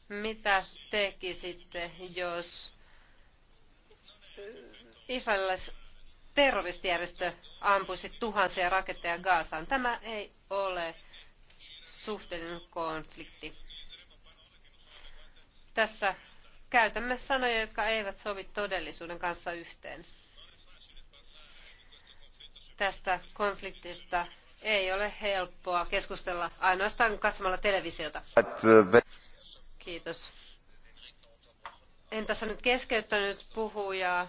Mitä tekisitte, jos israelilais terroristijärjestö ampuisi tuhansia raketteja Gaasaan? Tämä ei ole suhteellinen konflikti. Tässä käytämme sanoja, jotka eivät sovi todellisuuden kanssa yhteen. Tästä konfliktista ei ole helppoa keskustella ainoastaan katsomalla televisiota. Kiitos. En tässä nyt keskeyttänyt puhujaa,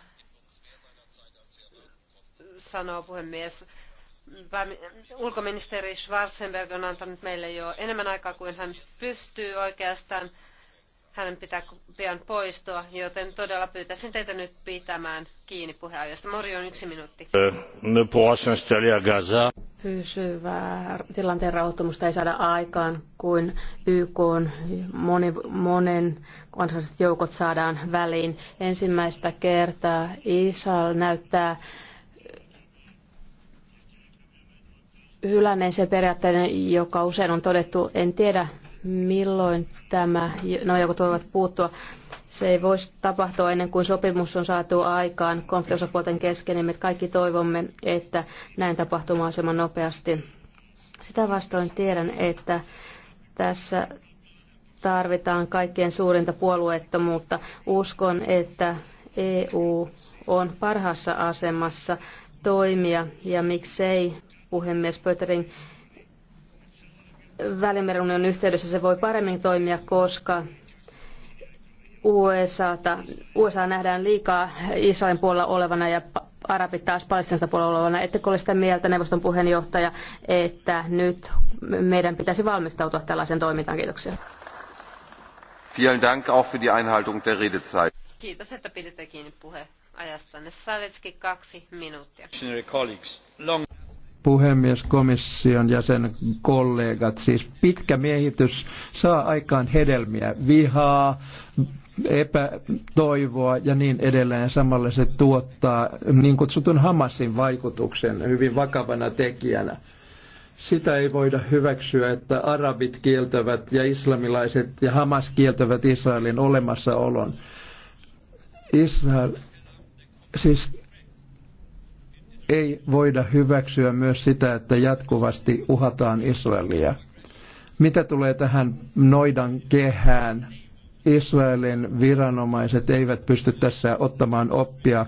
sanoo puhemies. Ulkoministeri Schwarzenberg on antanut meille jo enemmän aikaa kuin hän pystyy oikeastaan. Hänen pitää pian poistua, joten todella pyytäisin teitä nyt pitämään kiinni puheenjohtajasta. Mori on yksi minuutti. Pysyvää tilanteen rauhoittumusta ei saada aikaan, kuin YK on moni, monen kansalliset joukot saadaan väliin. Ensimmäistä kertaa Israel näyttää hylänneen se periaatteen, joka usein on todettu, en tiedä milloin tämä, no joku toivat puuttua. Se ei voisi tapahtua ennen kuin sopimus on saatu aikaan konfliktiosapuolten kesken, niin me kaikki toivomme, että näin tapahtuu mahdollisimman nopeasti. Sitä vastoin tiedän, että tässä tarvitaan kaikkien suurinta puolueettomuutta. Uskon, että EU on parhaassa asemassa toimia, ja miksei puhemies Pöterin Välimeren Välimerunion yhteydessä se voi paremmin toimia, koska USAta, USA nähdään liikaa Israelin puolella olevana ja arabit taas palestinasta puolella olevana. Ettekö ole sitä mieltä, neuvoston puheenjohtaja, että nyt meidän pitäisi valmistautua tällaiseen toimintaan? Kiitoksia. Vielen Dank auch für die Einhaltung der Redezeit. Kiitos, että piditte kiinni puheenajastanne. Saletski kaksi minuuttia puhemies, komission jäsen, kollegat. Siis pitkä miehitys saa aikaan hedelmiä, vihaa, epätoivoa ja niin edelleen. samalla se tuottaa niin kutsutun Hamasin vaikutuksen hyvin vakavana tekijänä. Sitä ei voida hyväksyä, että arabit kieltävät ja islamilaiset ja Hamas kieltävät Israelin olemassaolon. Israel, siis ei voida hyväksyä myös sitä, että jatkuvasti uhataan Israelia. Mitä tulee tähän noidan kehään, Israelin viranomaiset eivät pysty tässä ottamaan oppia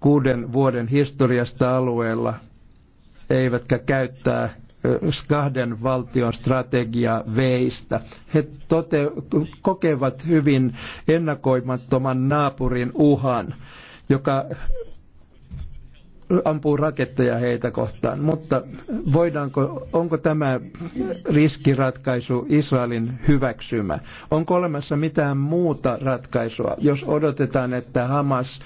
kuuden vuoden historiasta alueella, eivätkä käyttää kahden valtion strategia veistä. He tote, kokevat hyvin ennakoimattoman naapurin uhan, joka ampuu raketteja heitä kohtaan. Mutta voidaanko, onko tämä riskiratkaisu Israelin hyväksymä? Onko olemassa mitään muuta ratkaisua, jos odotetaan, että Hamas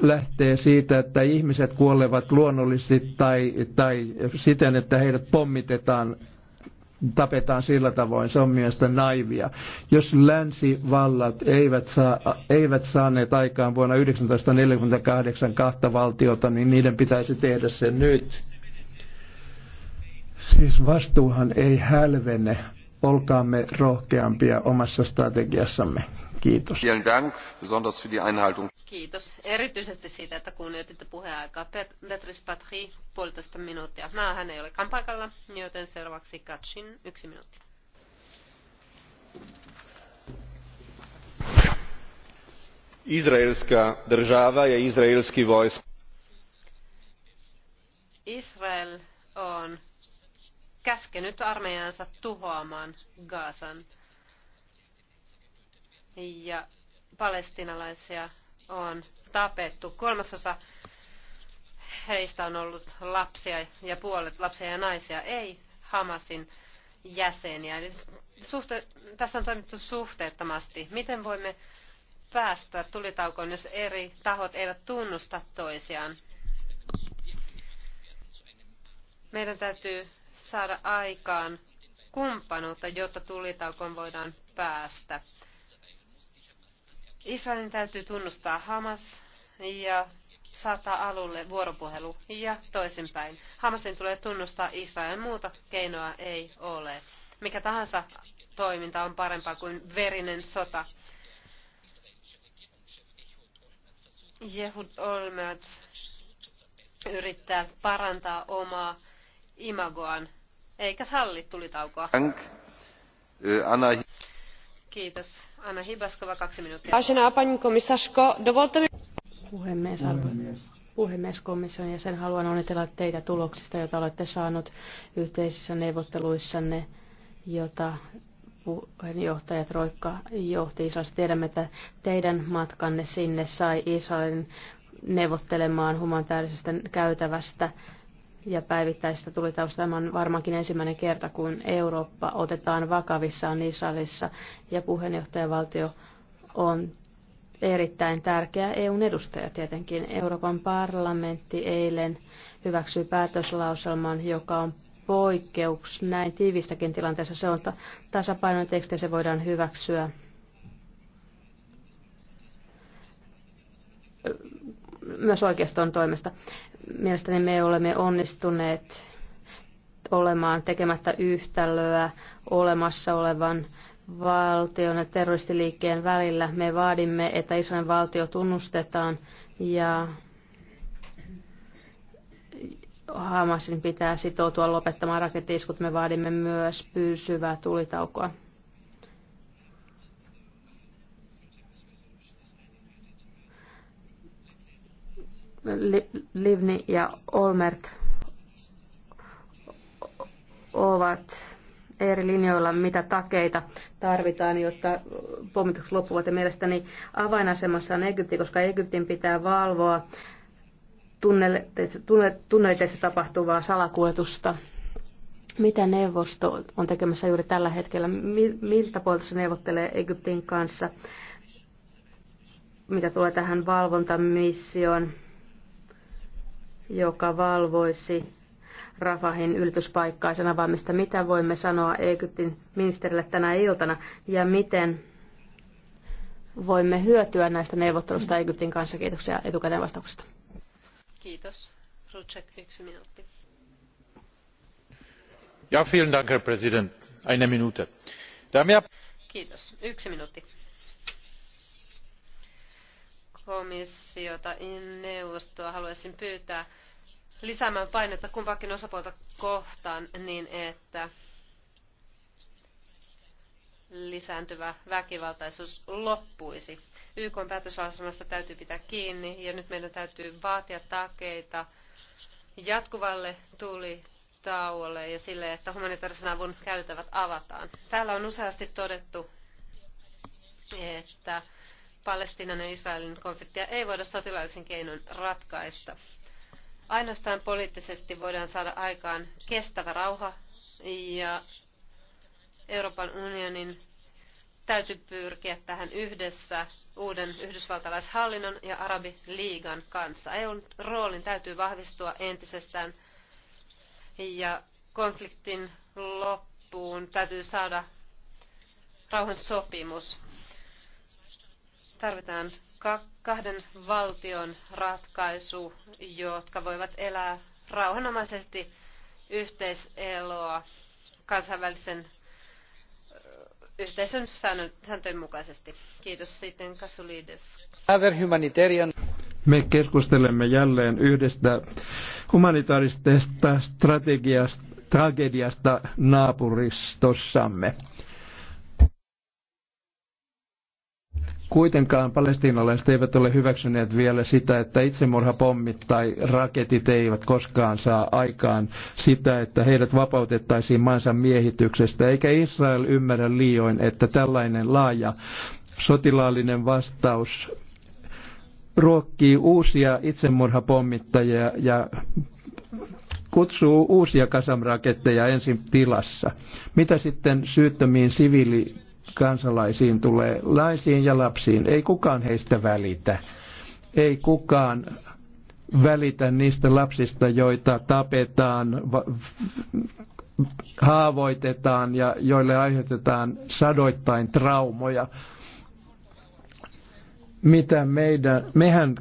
lähtee siitä, että ihmiset kuolevat luonnollisesti tai, tai siten, että heidät pommitetaan tapetaan sillä tavoin, se on mielestäni naivia. Jos länsivallat eivät, saa, eivät saaneet aikaan vuonna 1948 kahta valtiota, niin niiden pitäisi tehdä se nyt. Siis vastuuhan ei hälvene, olkaamme rohkeampia omassa strategiassamme. Kiitos. Kiitos erityisesti siitä, että kunnioititte puheenaikaa. Petris Patri, puolitoista minuuttia. No, hän ei olekaan paikalla, joten seuraavaksi Katsin yksi minuutti. Izraelska država ja izraelski vojska. Israel on käskenyt armeijansa tuhoamaan Gaasan ja palestinalaisia on tapettu. Kolmasosa heistä on ollut lapsia ja puolet lapsia ja naisia, ei Hamasin jäseniä. Eli suhte, tässä on toimittu suhteettomasti. Miten voimme päästä tulitaukoon, jos eri tahot eivät tunnusta toisiaan? Meidän täytyy saada aikaan kumppanuutta, jotta tulitaukoon voidaan päästä. Israelin täytyy tunnustaa Hamas ja saattaa alulle vuoropuhelu ja toisinpäin. Hamasin tulee tunnustaa Israelin muuta keinoa ei ole. Mikä tahansa toiminta on parempaa kuin verinen sota. Jehud Olmert yrittää parantaa omaa imagoaan, eikä salli tulitaukoa. Eh, Kiitos. Anna Hibaskova, kaksi minuuttia. Vážená paní komisařko, dovolte mi... Puhemies, puhemies komission jäsen, haluan onnitella teitä tuloksista, joita olette saanut yhteisissä neuvotteluissanne, jota puheenjohtaja Troikka johti Israelissa. Tiedämme, että teidän matkanne sinne sai Israelin neuvottelemaan humanitaarisesta käytävästä ja päivittäisestä tulitausta. Tämä on varmaankin ensimmäinen kerta, kun Eurooppa otetaan vakavissaan Israelissa ja puheenjohtajavaltio on erittäin tärkeä EUn edustaja tietenkin. Euroopan parlamentti eilen hyväksyi päätöslauselman, joka on poikkeus näin tiivistäkin tilanteessa. Se on tasapainoinen teksti se voidaan hyväksyä myös oikeiston toimesta. Mielestäni me olemme onnistuneet olemaan tekemättä yhtälöä olemassa olevan valtion ja terroristiliikkeen välillä. Me vaadimme, että Israelin valtio tunnustetaan ja Hamasin pitää sitoutua lopettamaan rakettiiskut. Me vaadimme myös pysyvää tulitaukoa. Livni ja Olmert ovat eri linjoilla, mitä takeita tarvitaan, jotta pommitukset loppuvat. Ja mielestäni avainasemassa on Egypti, koska Egyptin pitää valvoa tunneliteissa tapahtuvaa salakuljetusta. Mitä neuvosto on tekemässä juuri tällä hetkellä? Miltä puolta se neuvottelee Egyptin kanssa? Mitä tulee tähän valvontamissioon? joka valvoisi Rafahin ylityspaikkaa sen avaamista. Mitä voimme sanoa Egyptin ministerille tänä iltana ja miten voimme hyötyä näistä neuvottelusta Egyptin kanssa? Kiitoksia etukäteen vastauksesta. Kiitos. Rutsek, yksi minuutti. Ja, vielen Dank, Herr Präsident. Eine Minute. Damia... Kiitos. Yksi minuutti komissiota in neuvostoa haluaisin pyytää lisäämään painetta kumpaakin osapuolta kohtaan niin, että lisääntyvä väkivaltaisuus loppuisi. YK päätöslauselmasta täytyy pitää kiinni ja nyt meidän täytyy vaatia takeita jatkuvalle tuli tauolle ja sille, että humanitaarisen avun käytävät avataan. Täällä on useasti todettu, että Palestinan ja Israelin konfliktia ei voida sotilaallisin keinoin ratkaista. Ainoastaan poliittisesti voidaan saada aikaan kestävä rauha ja Euroopan unionin täytyy pyrkiä tähän yhdessä uuden yhdysvaltalaishallinnon ja Arabiliigan kanssa. EUn roolin täytyy vahvistua entisestään ja konfliktin loppuun täytyy saada rauhan sopimus. Tarvitaan kahden valtion ratkaisu, jotka voivat elää rauhanomaisesti yhteiseloa kansainvälisen yhteisön sääntöjen mukaisesti. Kiitos sitten Kasulides. Me keskustelemme jälleen yhdestä humanitaarisesta strategiasta, tragediasta naapuristossamme. Kuitenkaan palestiinalaiset eivät ole hyväksyneet vielä sitä, että itsemurhapommit tai raketit eivät koskaan saa aikaan sitä, että heidät vapautettaisiin maansa miehityksestä, eikä Israel ymmärrä liioin, että tällainen laaja sotilaallinen vastaus ruokkii uusia itsemurhapommittajia ja kutsuu uusia kasamraketteja ensin tilassa. Mitä sitten syyttömiin siviili kansalaisiin tulee, laisiin ja lapsiin. Ei kukaan heistä välitä. Ei kukaan välitä niistä lapsista, joita tapetaan, haavoitetaan ja joille aiheutetaan sadoittain traumoja. Mitä meidän, mehän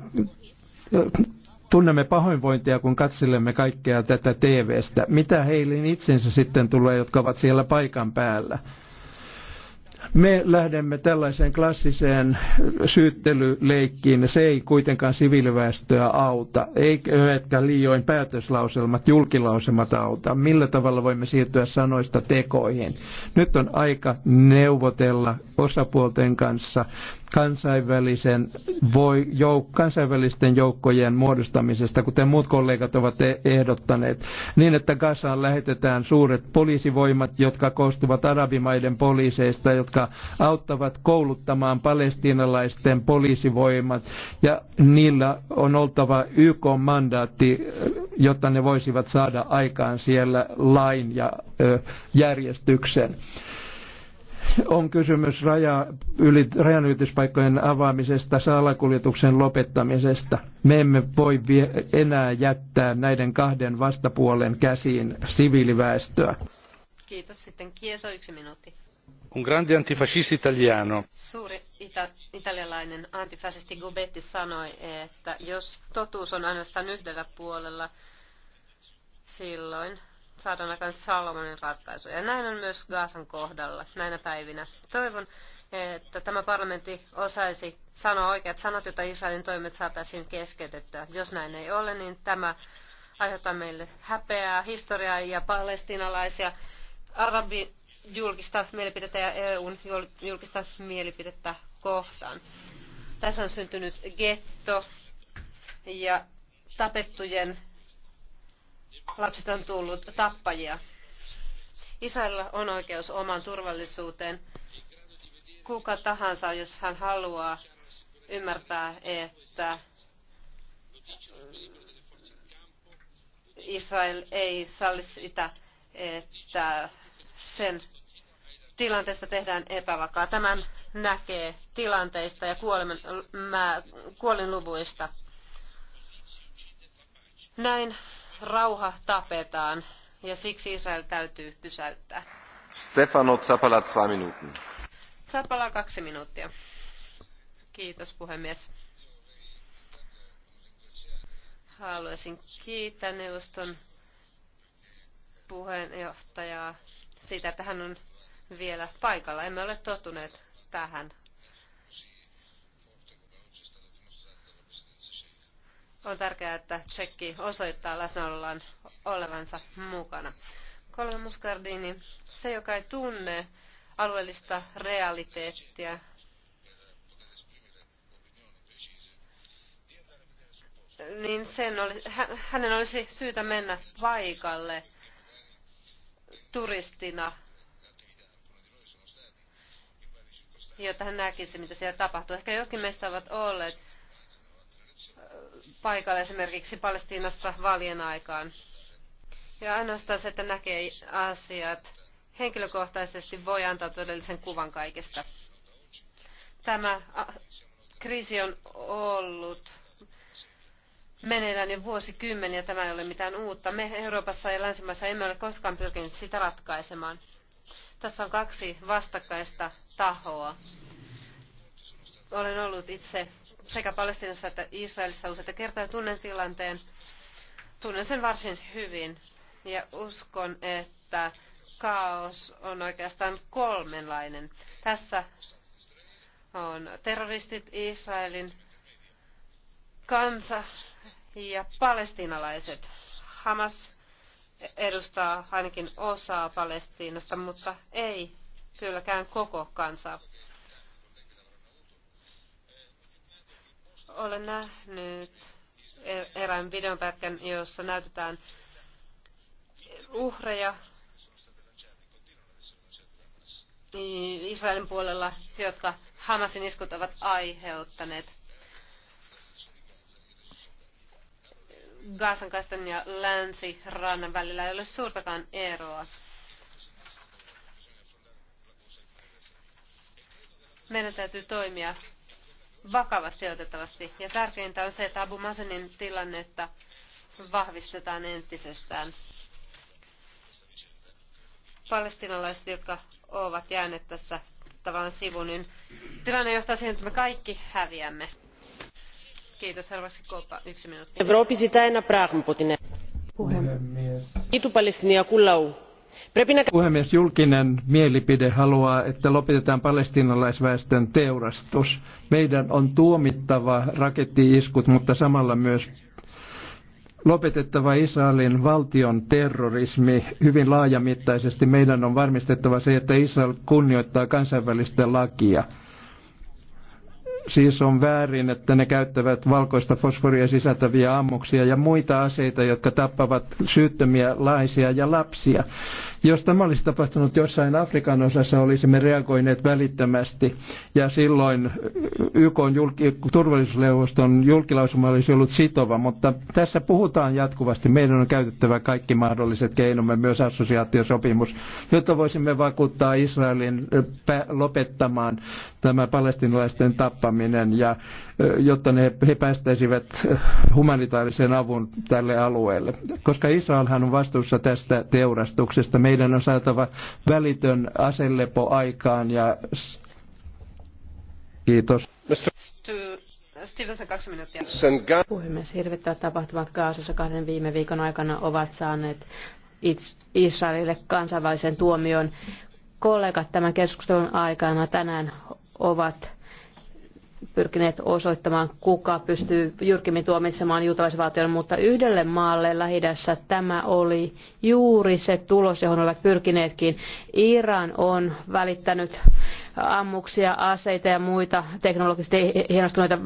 tunnemme pahoinvointia, kun katselemme kaikkea tätä TVstä. Mitä heille itsensä sitten tulee, jotka ovat siellä paikan päällä? Me lähdemme tällaiseen klassiseen syyttelyleikkiin. Se ei kuitenkaan siviiliväestöä auta, eikä liioin päätöslauselmat, julkilausemat auta. Millä tavalla voimme siirtyä sanoista tekoihin? Nyt on aika neuvotella osapuolten kanssa kansainvälisen voi, jouk, kansainvälisten joukkojen muodostamisesta, kuten muut kollegat ovat e-, ehdottaneet, niin että Gazaan lähetetään suuret poliisivoimat, jotka koostuvat arabimaiden poliiseista, jotka auttavat kouluttamaan palestiinalaisten poliisivoimat, ja niillä on oltava YK-mandaatti, jotta ne voisivat saada aikaan siellä lain ja ö, järjestyksen on kysymys raja, yli, rajanylityspaikkojen avaamisesta, saalakuljetuksen lopettamisesta. Me emme voi vie, enää jättää näiden kahden vastapuolen käsiin siviiliväestöä. Kiitos. Sitten Kieso yksi minuutti. Un grande antifascista italiano. Suuri ita- italialainen antifasisti Gubetti sanoi, että jos totuus on ainoastaan yhdellä puolella, silloin saadaan aikaan Salomonin ratkaisuja. Näin on myös Gaasan kohdalla näinä päivinä. Toivon, että tämä parlamentti osaisi sanoa oikeat sanat, jotta Israelin toimet saataisiin keskeytettyä. Jos näin ei ole, niin tämä aiheuttaa meille häpeää, historiaa ja palestinalaisia, arabi julkista mielipidettä ja EUn julkista mielipidettä kohtaan. Tässä on syntynyt getto ja tapettujen lapsista on tullut tappajia. Isällä on oikeus omaan turvallisuuteen. Kuka tahansa, jos hän haluaa ymmärtää, että äh, Israel ei salli sitä, että sen tilanteesta tehdään epävakaa. Tämän näkee tilanteista ja kuoleman, äh, mä, kuolinluvuista. Näin rauha tapetaan ja siksi Israel täytyy pysäyttää. Stefano Zapala, kaksi minuuttia. Zapala, kaksi minuuttia. Kiitos puhemies. Haluaisin kiittää neuvoston puheenjohtajaa siitä, että hän on vielä paikalla. Emme ole tottuneet tähän On tärkeää, että Tsekki osoittaa läsnäolollaan olevansa mukana. Kolme Muscardini, niin se joka ei tunne alueellista realiteettia, niin sen oli, hänen olisi syytä mennä paikalle turistina, jotta hän näkisi, mitä siellä tapahtuu. Ehkä jokin meistä ovat olleet paikalle esimerkiksi Palestiinassa vaalien aikaan. Ja ainoastaan se, että näkee asiat henkilökohtaisesti, voi antaa todellisen kuvan kaikesta. Tämä kriisi on ollut meneillään jo vuosikymmeniä, tämä ei ole mitään uutta. Me Euroopassa ja länsimaissa emme ole koskaan pyrkineet sitä ratkaisemaan. Tässä on kaksi vastakkaista tahoa. Olen ollut itse sekä Palestinassa että Israelissa useita kertoja tunnen tilanteen. Tunnen sen varsin hyvin ja uskon, että kaos on oikeastaan kolmenlainen. Tässä on terroristit, Israelin kansa ja palestinalaiset. Hamas edustaa ainakin osaa Palestiinasta, mutta ei kylläkään koko kansaa. Olen nähnyt e- erään videonpätkän, jossa näytetään uhreja Israelin puolella, jotka Hamasin iskut ovat aiheuttaneet. kaistan ja länsirannan välillä ei ole suurtakaan eroa. Meidän täytyy toimia vakavasti otettavasti. Ja tärkeintä on se, että Abu Masenin tilannetta vahvistetaan entisestään. Palestinalaiset, jotka ovat jääneet tässä tavallaan sivuun, niin tilanne johtaa siihen, että me kaikki häviämme. Kiitos, seuraavaksi koopa yksi minuutti. Euroopisi täynnä prahmputinen. Puhemies. Kiitos Palestinia kullau. Puhemies, julkinen mielipide haluaa, että lopetetaan palestinalaisväestön teurastus. Meidän on tuomittava rakettiiskut, mutta samalla myös lopetettava Israelin valtion terrorismi hyvin laajamittaisesti. Meidän on varmistettava se, että Israel kunnioittaa kansainvälistä lakia siis on väärin, että ne käyttävät valkoista fosforia sisältäviä ammuksia ja muita aseita, jotka tappavat syyttömiä laisia ja lapsia. Jos tämä olisi tapahtunut jossain Afrikan osassa, olisimme reagoineet välittömästi ja silloin YK julki, turvallisuusneuvoston julkilausuma olisi ollut sitova, mutta tässä puhutaan jatkuvasti. Meidän on käytettävä kaikki mahdolliset keinomme, myös assosiaatiosopimus, jotta voisimme vakuuttaa Israelin lopettamaan tämä palestinalaisten tappaminen, ja, jotta ne, he päästäisivät humanitaarisen avun tälle alueelle. Koska Israelhan on vastuussa tästä teurastuksesta, meidän on saatava välitön aselepo aikaan ja kiitos. Stevenson, kaksi minuuttia. Puhemies, hirvittävät tapahtumat Kaasassa kahden viime viikon aikana ovat saaneet Israelille kansainvälisen tuomion. Kollegat tämän keskustelun aikana tänään ovat pyrkineet osoittamaan, kuka pystyy jyrkimmin tuomitsemaan juutalaisvaltion, mutta yhdelle maalle lähi tämä oli juuri se tulos, johon ovat pyrkineetkin. Iran on välittänyt ammuksia, aseita ja muita teknologisesti hienostuneita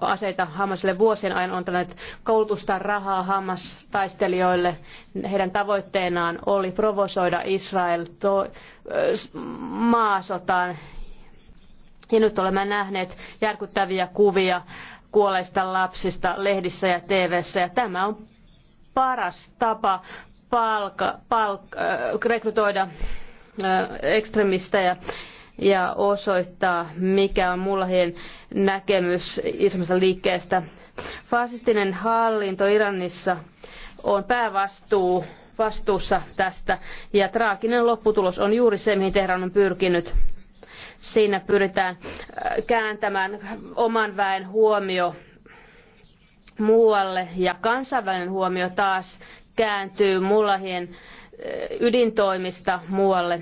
aseita Hamasille vuosien ajan on antanut koulutusta rahaa Hamas-taistelijoille. Heidän tavoitteenaan oli provosoida Israel to- maasotaan ja nyt olemme nähneet järkyttäviä kuvia kuolleista lapsista lehdissä ja TV:ssä ja tämä on paras tapa palka, palka, äh, rekrytoida äh, ekstremistejä ja osoittaa, mikä on mullahien näkemys islamilaisesta liikkeestä. Fasistinen hallinto Iranissa on päävastuu vastuussa tästä ja traaginen lopputulos on juuri se, mihin Tehran on pyrkinyt Siinä pyritään äh, kääntämään oman väen huomio muualle ja kansainvälinen huomio taas kääntyy mullahien äh, ydintoimista muualle.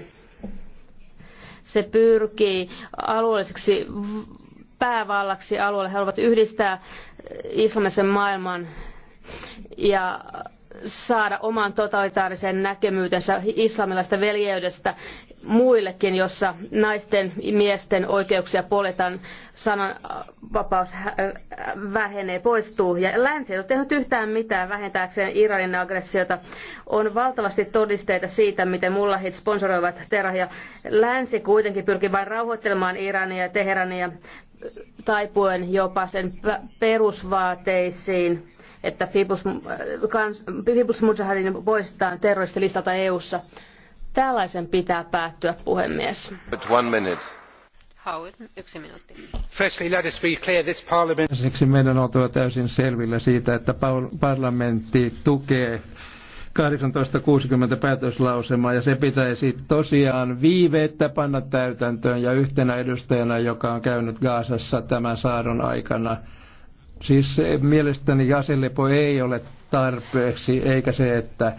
Se pyrkii alueelliseksi päävallaksi alueelle. He haluavat yhdistää äh, islamisen maailman ja saada oman totalitaarisen näkemyytensä islamilaista veljeydestä muillekin, jossa naisten ja miesten oikeuksia poljetaan, sananvapaus äh, vähenee, poistuu. Ja länsi ei ole tehnyt yhtään mitään vähentääkseen Iranin aggressiota. On valtavasti todisteita siitä, miten mullahit sponsoroivat terahia. Länsi kuitenkin pyrkii vain rauhoittelemaan Irania ja Teherania taipuen jopa sen perusvaateisiin että People's, äh, People's Mujahidin poistetaan terroristilistalta EU-ssa. Tällaisen pitää päättyä, puhemies. Howard, yksi minuutti. Firstly, let us be clear, this parliament... Siksi meidän on oltava täysin selvillä siitä, että parlamentti tukee 1860 päätöslausemaa ja se pitäisi tosiaan viiveettä panna täytäntöön ja yhtenä edustajana, joka on käynyt Gaasassa tämän saadon aikana. Siis mielestäni aselepo ei ole tarpeeksi, eikä se, että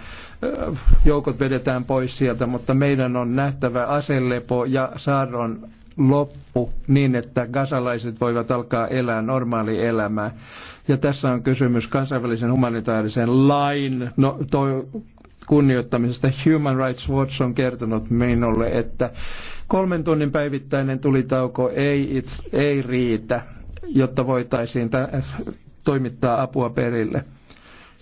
joukot vedetään pois sieltä, mutta meidän on nähtävä aselepo ja saaron loppu niin, että gasalaiset voivat alkaa elää normaali elämää. Ja tässä on kysymys kansainvälisen humanitaarisen lain no, toi, kunnioittamisesta. Human Rights Watch on kertonut minulle, että kolmen tunnin päivittäinen tulitauko ei, itse, ei riitä, jotta voitaisiin toimittaa apua perille.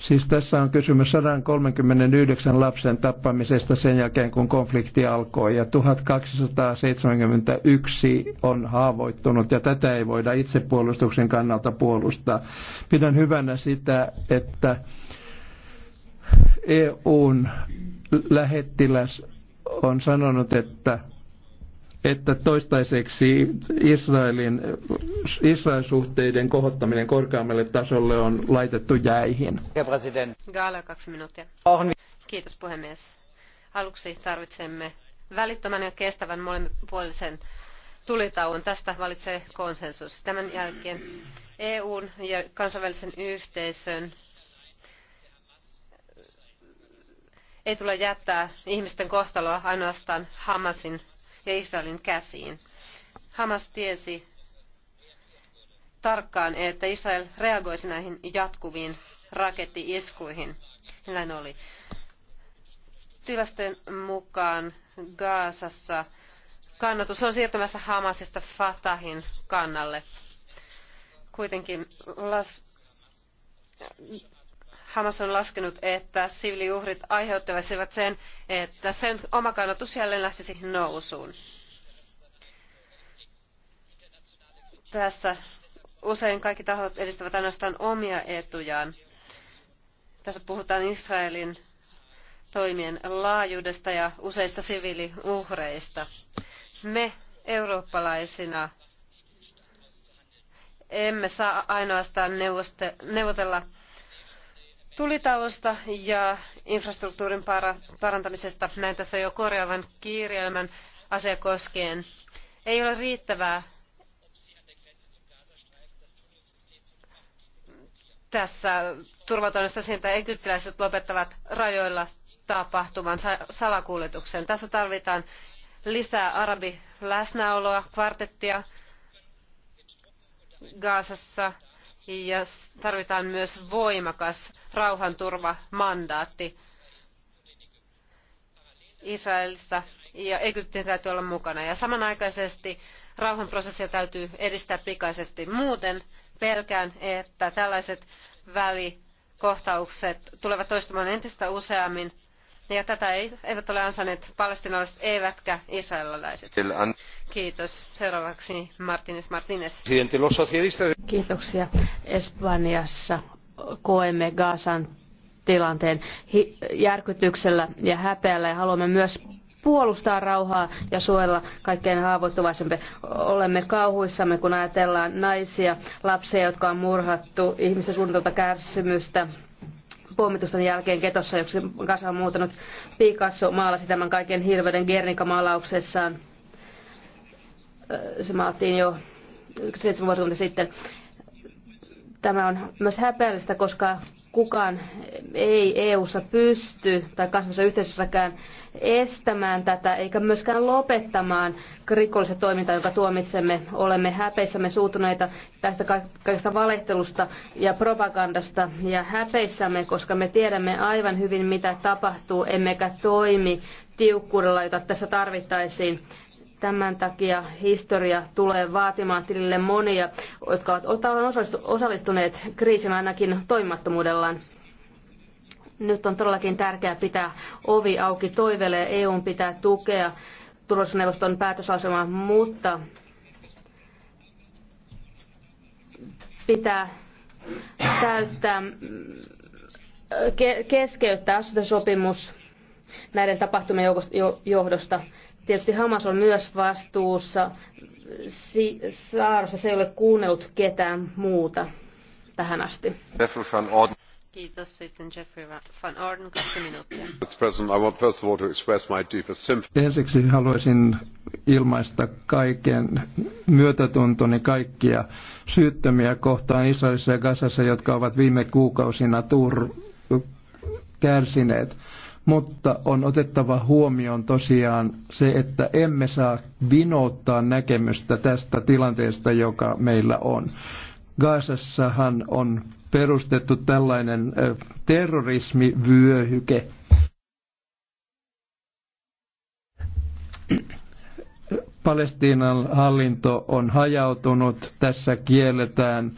Siis tässä on kysymys 139 lapsen tappamisesta sen jälkeen, kun konflikti alkoi ja 1271 on haavoittunut ja tätä ei voida itsepuolustuksen kannalta puolustaa. Pidän hyvänä sitä, että EUn lähettiläs on sanonut, että että toistaiseksi Israelin, Israelin suhteiden kohottaminen korkeammalle tasolle on laitettu jäihin. Gaala, kaksi minuuttia. Kiitos puhemies. Aluksi tarvitsemme välittömän ja kestävän molemminpuolisen tulitauon. Tästä valitsee konsensus. Tämän jälkeen EUn ja kansainvälisen yhteisön ei tule jättää ihmisten kohtaloa ainoastaan Hamasin ja Israelin käsiin. Hamas tiesi tarkkaan, että Israel reagoisi näihin jatkuviin rakettiiskuihin. Näin oli. tilasten mukaan Gaasassa kannatus on siirtymässä Hamasista Fatahin kannalle. Kuitenkin las... Hamas on laskenut, että siviiliuhrit aiheuttaisivat sen, että sen oma kannatus jälleen lähtisi nousuun. Tässä usein kaikki tahot edistävät ainoastaan omia etujaan. Tässä puhutaan Israelin toimien laajuudesta ja useista siviiliuhreista. Me eurooppalaisina emme saa ainoastaan neuvotella tulitauosta ja infrastruktuurin parantamisesta. Näin tässä jo korjaavan kirjelmän asia koskien. Ei ole riittävää tässä turvatonista siitä, että egyptiläiset lopettavat rajoilla tapahtuvan salakuljetuksen. Tässä tarvitaan lisää arabi läsnäoloa, kvartettia Gaasassa ja tarvitaan myös voimakas rauhanturvamandaatti. Israelissa ja Egyptin täytyy olla mukana ja samanaikaisesti rauhanprosessia täytyy edistää pikaisesti. Muuten pelkään, että tällaiset välikohtaukset tulevat toistumaan entistä useammin ja tätä ei, eivät ole ansainneet palestinalaiset eivätkä israelilaiset. Kiitos. Seuraavaksi Martinez Martinez. Kiitoksia. Espanjassa koemme Gaasan tilanteen järkytyksellä ja häpeällä ja haluamme myös puolustaa rauhaa ja suojella kaikkein haavoittuvaisempia. Olemme kauhuissamme, kun ajatellaan naisia, lapsia, jotka on murhattu, ihmisen suunnitelta kärsimystä, pommitusten jälkeen Ketossa, joksi kansa on muuttanut. Picasso maalasi tämän kaiken hirveyden gernika maalauksessaan Se maalattiin jo seitsemän vuosikymmentä sitten. Tämä on myös häpeällistä, koska kukaan ei EU-ssa pysty tai kasvavassa yhteisössäkään estämään tätä eikä myöskään lopettamaan rikollista toimintaa, jonka tuomitsemme. Olemme häpeissämme suutuneita tästä kaikesta valehtelusta ja propagandasta ja häpeissämme, koska me tiedämme aivan hyvin, mitä tapahtuu, emmekä toimi tiukkuudella, jota tässä tarvittaisiin. Tämän takia historia tulee vaatimaan tilille monia, jotka ovat osallistuneet kriisin ainakin toimimattomuudellaan. Nyt on todellakin tärkeää pitää ovi auki toiveelle ja EUn pitää tukea turvallisuusneuvoston päätösasemaa, mutta pitää täyttää, keskeyttää sopimus näiden tapahtumien johdosta. Tietysti Hamas on myös vastuussa. Si- Saarossa se ei ole kuunnellut ketään muuta tähän asti. Kiitos. Sitten Jeffrey van Orden, kaksi minuuttia. Ensiksi haluaisin ilmaista kaiken myötätuntoni kaikkia syyttömiä kohtaan Israelissa ja Gazassa, jotka ovat viime kuukausina tur kärsineet mutta on otettava huomioon tosiaan se, että emme saa vinouttaa näkemystä tästä tilanteesta, joka meillä on. Gaasassahan on perustettu tällainen terrorismivyöhyke. Palestiinan hallinto on hajautunut, tässä kielletään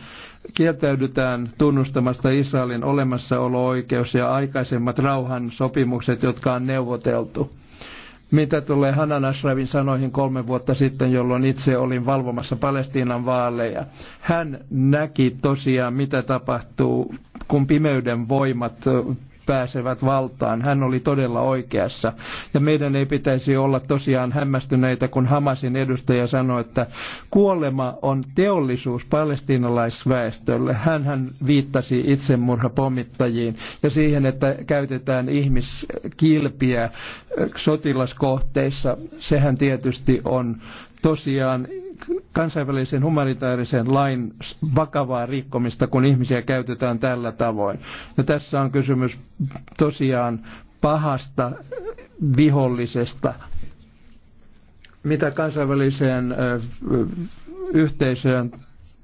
kieltäydytään tunnustamasta Israelin olemassaolo-oikeus ja aikaisemmat rauhan sopimukset, jotka on neuvoteltu. Mitä tulee Hanan Ashrafin sanoihin kolme vuotta sitten, jolloin itse olin valvomassa Palestiinan vaaleja. Hän näki tosiaan, mitä tapahtuu, kun pimeyden voimat pääsevät valtaan. Hän oli todella oikeassa. Ja meidän ei pitäisi olla tosiaan hämmästyneitä, kun Hamasin edustaja sanoi, että kuolema on teollisuus palestinalaisväestölle. Hän viittasi itsemurhapommittajiin ja siihen, että käytetään ihmiskilpiä sotilaskohteissa. Sehän tietysti on tosiaan kansainvälisen humanitaarisen lain vakavaa rikkomista, kun ihmisiä käytetään tällä tavoin. Ja tässä on kysymys tosiaan pahasta vihollisesta, mitä kansainväliseen yhteisöön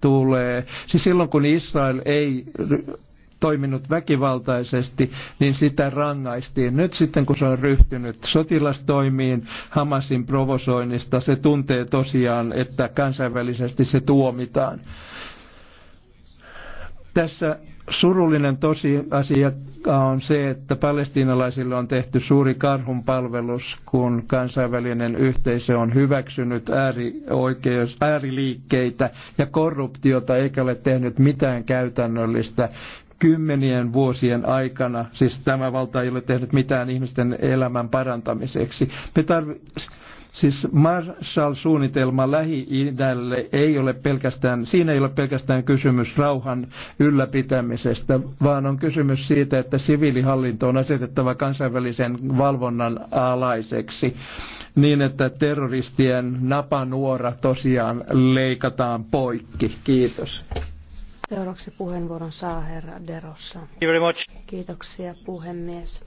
tulee. Siis silloin kun Israel ei toiminut väkivaltaisesti, niin sitä rangaistiin. Nyt sitten kun se on ryhtynyt sotilastoimiin Hamasin provosoinnista, se tuntee tosiaan, että kansainvälisesti se tuomitaan. Tässä surullinen tosiasia on se, että palestiinalaisille on tehty suuri karhunpalvelus, kun kansainvälinen yhteisö on hyväksynyt äärioikeus, ääriliikkeitä ja korruptiota eikä ole tehnyt mitään käytännöllistä kymmenien vuosien aikana. Siis tämä valta ei ole tehnyt mitään ihmisten elämän parantamiseksi. Me tarvitsemme Siis Marshall-suunnitelma Lähi-idälle ei ole pelkästään, siinä ei ole pelkästään kysymys rauhan ylläpitämisestä, vaan on kysymys siitä, että siviilihallinto on asetettava kansainvälisen valvonnan alaiseksi niin, että terroristien napanuora tosiaan leikataan poikki. Kiitos. Seuraavaksi puheenvuoron saa herra Derossa. Kiitoksia puhemies.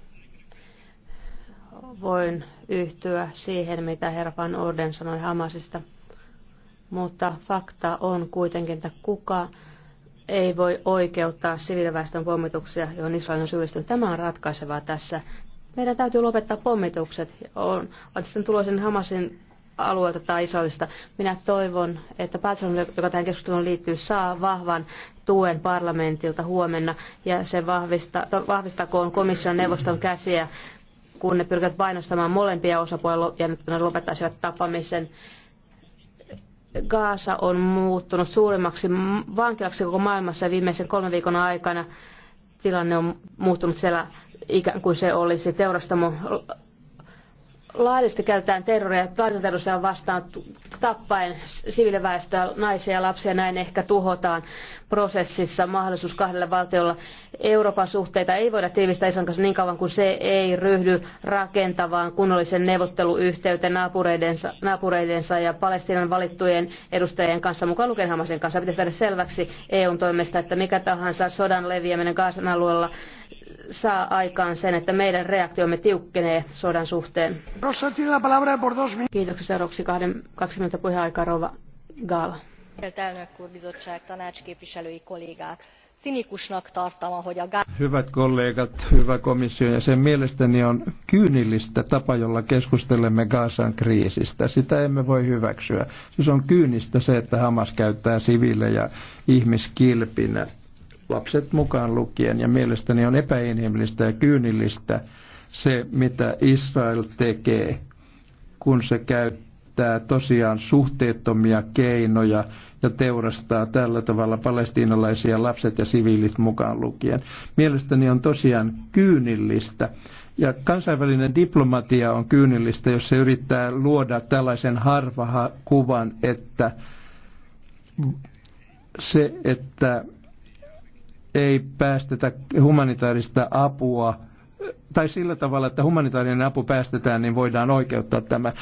Voin yhtyä siihen, mitä herra Van Orden sanoi Hamasista, mutta fakta on kuitenkin, että kuka ei voi oikeuttaa siviiliväestön pommituksia, johon Israel on syyllistynyt. Tämä on ratkaisevaa tässä. Meidän täytyy lopettaa pommitukset. On, on sitten tuloisen Hamasin alueelta tai Israelista. Minä toivon, että päätös, joka tähän keskusteluun liittyy, saa vahvan tuen parlamentilta huomenna ja se vahvista, vahvistakoon komission neuvoston käsiä, kun ne pyrkivät painostamaan molempia osapuolia ja ne lopettaisivat tapamisen. Gaasa on muuttunut suurimmaksi vankilaksi koko maailmassa viimeisen kolmen viikon aikana. Tilanne on muuttunut siellä ikään kuin se olisi teurastamo laillisesti käytetään terroria laitonterrorismia vastaan tappaen siviiliväestöä, naisia ja lapsia, näin ehkä tuhotaan prosessissa mahdollisuus kahdelle valtiolla. Euroopan suhteita ei voida tiivistää Islannin kanssa niin kauan kuin se ei ryhdy rakentavaan kunnollisen neuvotteluyhteyteen naapureidensa, naapureidensa ja Palestiinan valittujen edustajien kanssa, mukaan lukien Hamasin kanssa. Pitäisi tehdä selväksi EUn toimesta, että mikä tahansa sodan leviäminen Gazan alueella saa aikaan sen, että meidän reaktiomme tiukkenee sodan suhteen. Kiitoksia seuraavaksi kahden, 20 puheaikaa Rova Gaala. Hyvät kollegat, hyvä komissio ja sen mielestäni on kyynillistä tapa, jolla keskustelemme Gaasan kriisistä. Sitä emme voi hyväksyä. Siis on kyynistä se, että Hamas käyttää siviilejä ihmiskilpinä lapset mukaan lukien. Ja mielestäni on epäinhimillistä ja kyynillistä se, mitä Israel tekee, kun se käyttää tosiaan suhteettomia keinoja ja teurastaa tällä tavalla palestiinalaisia lapset ja siviilit mukaan lukien. Mielestäni on tosiaan kyynillistä. Ja kansainvälinen diplomatia on kyynillistä, jos se yrittää luoda tällaisen harvaha kuvan, että se, että ei päästetä humanitaarista apua, tai sillä tavalla, että humanitaarinen apu päästetään, niin voidaan oikeuttaa tämä.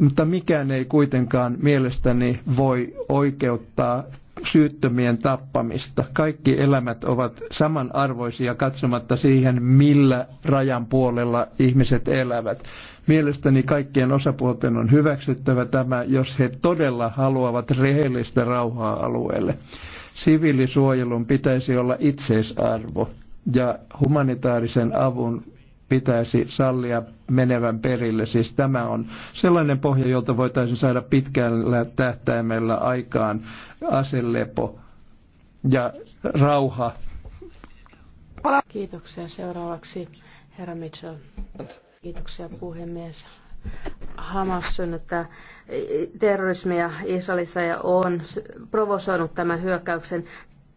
Mutta mikään ei kuitenkaan mielestäni voi oikeuttaa syyttömien tappamista. Kaikki elämät ovat samanarvoisia katsomatta siihen, millä rajan puolella ihmiset elävät. Mielestäni kaikkien osapuolten on hyväksyttävä tämä, jos he todella haluavat rehellistä rauhaa alueelle. Siviilisuojelun pitäisi olla itseisarvo ja humanitaarisen avun pitäisi sallia menevän perille. Siis tämä on sellainen pohja, jolta voitaisiin saada pitkällä tähtäimellä aikaan aselepo ja rauha. Kiitoksia. Seuraavaksi herra Mitchell. Kiitoksia puhemies. Hamas synnyttää terrorismia Israelissa ja on provosoinut tämän hyökkäyksen.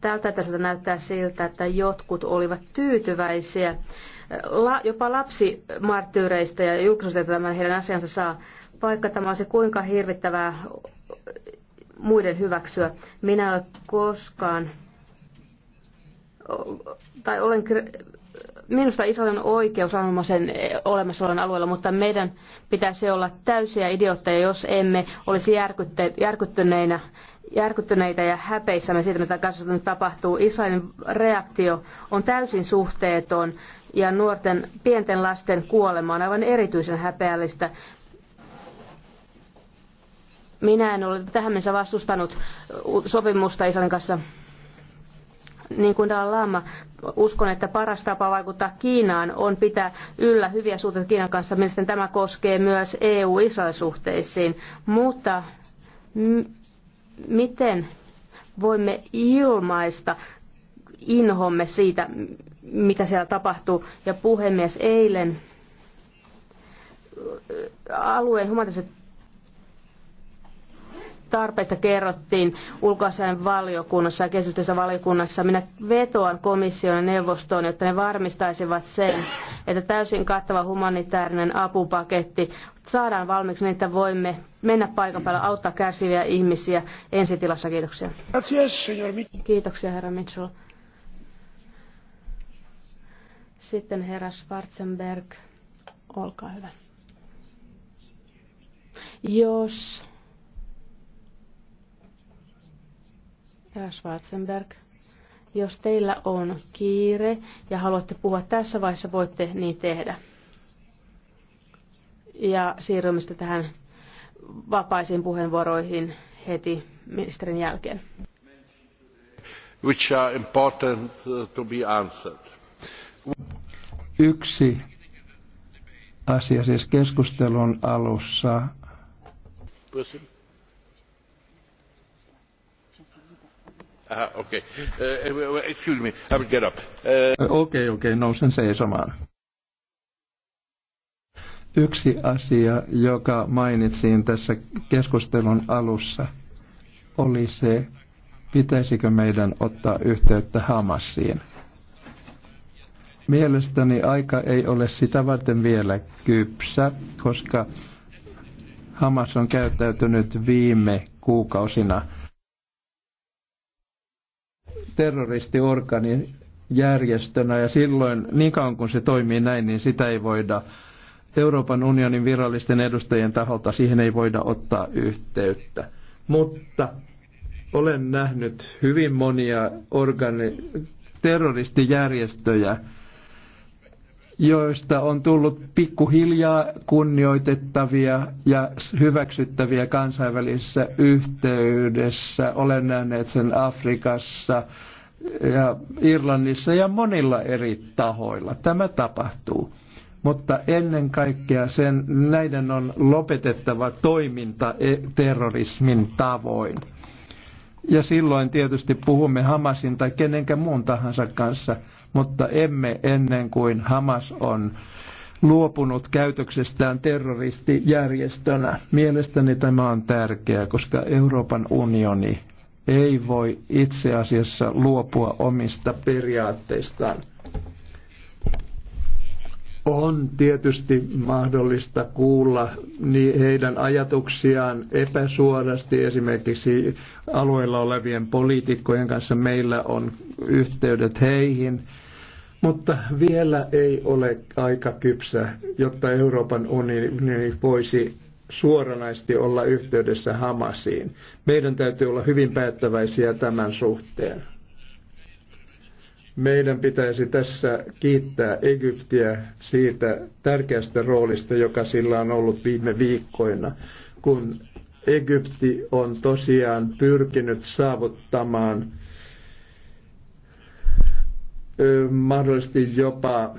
Tältä tästä näyttää siltä, että jotkut olivat tyytyväisiä la, jopa lapsimarttyyreistä ja julkisuudesta että tämän heidän asiansa saa, vaikka tämä on se kuinka hirvittävää muiden hyväksyä. Minä olen koskaan, tai olen minusta Israelin oikeus on eh, olemassa olemassaolon alueella, mutta meidän pitäisi olla täysiä idiotteja, jos emme olisi järkyttyneinä järkyttyneitä ja häpeissämme siitä, mitä Gazassa nyt tapahtuu. Israelin reaktio on täysin suhteeton ja nuorten pienten lasten kuolema on aivan erityisen häpeällistä. Minä en ole tähän mennessä vastustanut sopimusta Israelin kanssa niin kuin Dalai Lama, uskon, että paras tapa vaikuttaa Kiinaan on pitää yllä hyviä suhteita Kiinan kanssa. Mielestäni tämä koskee myös EU-Israel-suhteisiin. Mutta miten voimme ilmaista inhomme siitä, mitä siellä tapahtuu. Ja puhemies, eilen alueen humanitaariset tarpeista kerrottiin ulkoasian valiokunnassa ja keskustelussa valiokunnassa. Minä vetoan komission ja neuvostoon, jotta ne varmistaisivat sen, että täysin kattava humanitaarinen apupaketti saadaan valmiiksi niin, että voimme mennä paikan päällä auttaa kärsiviä ihmisiä ensitilassa. Kiitoksia. Kiitoksia, herra Mitchell. Sitten herra Schwarzenberg, olkaa hyvä. Jos Herra Schwarzenberg, jos teillä on kiire ja haluatte puhua tässä vaiheessa, voitte niin tehdä. Ja siirrymme sitten tähän vapaisiin puheenvuoroihin heti ministerin jälkeen. Which are important uh, to be answered. Yksi asia siis keskustelun alussa. Aha, okei. Uh, excuse me, I will get up. Uh, okei, okei, nousen seisomaan. Yksi asia, joka mainitsin tässä keskustelun alussa, oli se, pitäisikö meidän ottaa yhteyttä Hamassiin? Mielestäni aika ei ole sitä varten vielä kypsä, koska Hamas on käyttäytynyt viime kuukausina – terroristiorganijärjestönä ja silloin niin kauan kun se toimii näin, niin sitä ei voida Euroopan unionin virallisten edustajien taholta, siihen ei voida ottaa yhteyttä. Mutta olen nähnyt hyvin monia organi- terroristijärjestöjä, joista on tullut pikkuhiljaa kunnioitettavia ja hyväksyttäviä kansainvälisessä yhteydessä. Olen nähnyt sen Afrikassa ja Irlannissa ja monilla eri tahoilla. Tämä tapahtuu. Mutta ennen kaikkea sen, näiden on lopetettava toiminta e- terrorismin tavoin. Ja silloin tietysti puhumme Hamasin tai kenenkä muun tahansa kanssa – mutta emme ennen kuin Hamas on luopunut käytöksestään terroristijärjestönä. Mielestäni tämä on tärkeää, koska Euroopan unioni ei voi itse asiassa luopua omista periaatteistaan. On tietysti mahdollista kuulla heidän ajatuksiaan epäsuorasti esimerkiksi alueella olevien poliitikkojen kanssa. Meillä on yhteydet heihin mutta vielä ei ole aika kypsä, jotta Euroopan unioni voisi suoranaisesti olla yhteydessä Hamasiin. Meidän täytyy olla hyvin päättäväisiä tämän suhteen. Meidän pitäisi tässä kiittää Egyptiä siitä tärkeästä roolista, joka sillä on ollut viime viikkoina, kun Egypti on tosiaan pyrkinyt saavuttamaan mahdollisesti jopa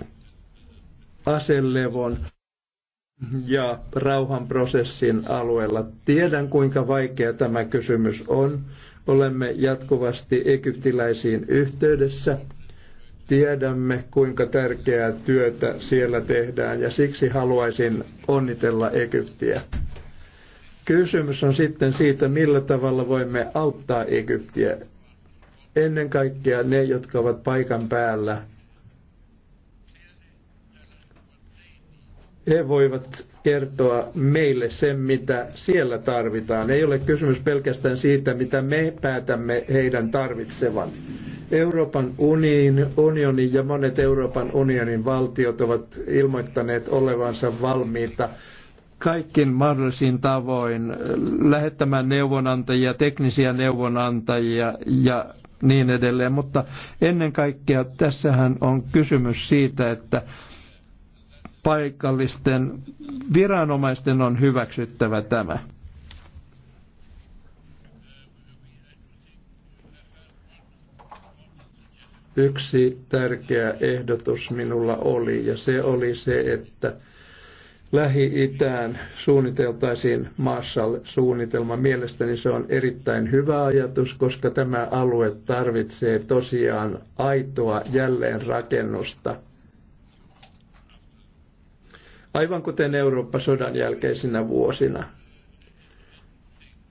aselevon ja rauhanprosessin alueella. Tiedän, kuinka vaikea tämä kysymys on. Olemme jatkuvasti egyptiläisiin yhteydessä. Tiedämme, kuinka tärkeää työtä siellä tehdään ja siksi haluaisin onnitella Egyptiä. Kysymys on sitten siitä, millä tavalla voimme auttaa Egyptiä ennen kaikkea ne, jotka ovat paikan päällä. He voivat kertoa meille sen, mitä siellä tarvitaan. Ei ole kysymys pelkästään siitä, mitä me päätämme heidän tarvitsevan. Euroopan unionin, unioni ja monet Euroopan unionin valtiot ovat ilmoittaneet olevansa valmiita kaikkin mahdollisin tavoin lähettämään neuvonantajia, teknisiä neuvonantajia ja niin edelleen. Mutta ennen kaikkea tässähän on kysymys siitä, että paikallisten viranomaisten on hyväksyttävä tämä. Yksi tärkeä ehdotus minulla oli ja se oli se, että Lähi-Itään suunniteltaisiin maassalle suunnitelma. Mielestäni se on erittäin hyvä ajatus, koska tämä alue tarvitsee tosiaan aitoa jälleenrakennusta. Aivan kuten Eurooppa sodan jälkeisinä vuosina.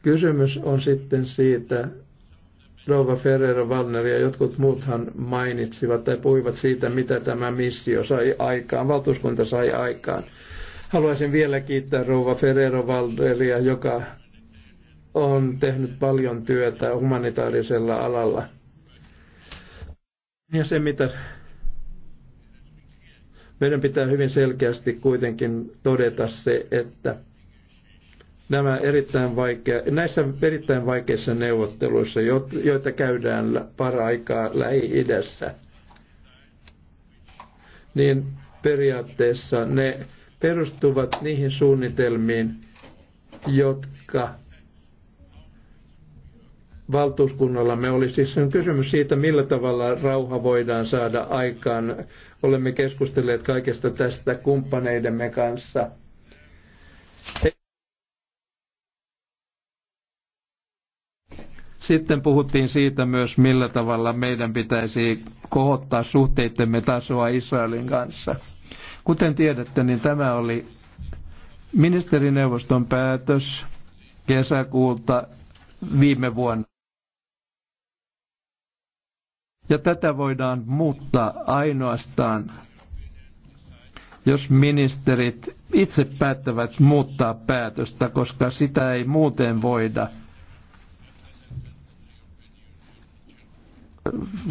Kysymys on sitten siitä, Rova Ferrero Wallner ja jotkut muuthan mainitsivat tai puhuivat siitä, mitä tämä missio sai aikaan, valtuuskunta sai aikaan. Haluaisin vielä kiittää rouva Ferrero Valderia, joka on tehnyt paljon työtä humanitaarisella alalla. Ja se, mitä meidän pitää hyvin selkeästi kuitenkin todeta se, että nämä erittäin vaikea, näissä erittäin vaikeissa neuvotteluissa, joita käydään paraikaa Lähi-idässä, niin periaatteessa ne perustuvat niihin suunnitelmiin, jotka me oli siis on kysymys siitä, millä tavalla rauha voidaan saada aikaan. Olemme keskustelleet kaikesta tästä kumppaneidemme kanssa. Sitten puhuttiin siitä myös, millä tavalla meidän pitäisi kohottaa suhteittemme tasoa Israelin kanssa. Kuten tiedätte, niin tämä oli ministerineuvoston päätös kesäkuulta viime vuonna. Ja tätä voidaan muuttaa ainoastaan, jos ministerit itse päättävät muuttaa päätöstä, koska sitä ei muuten voida.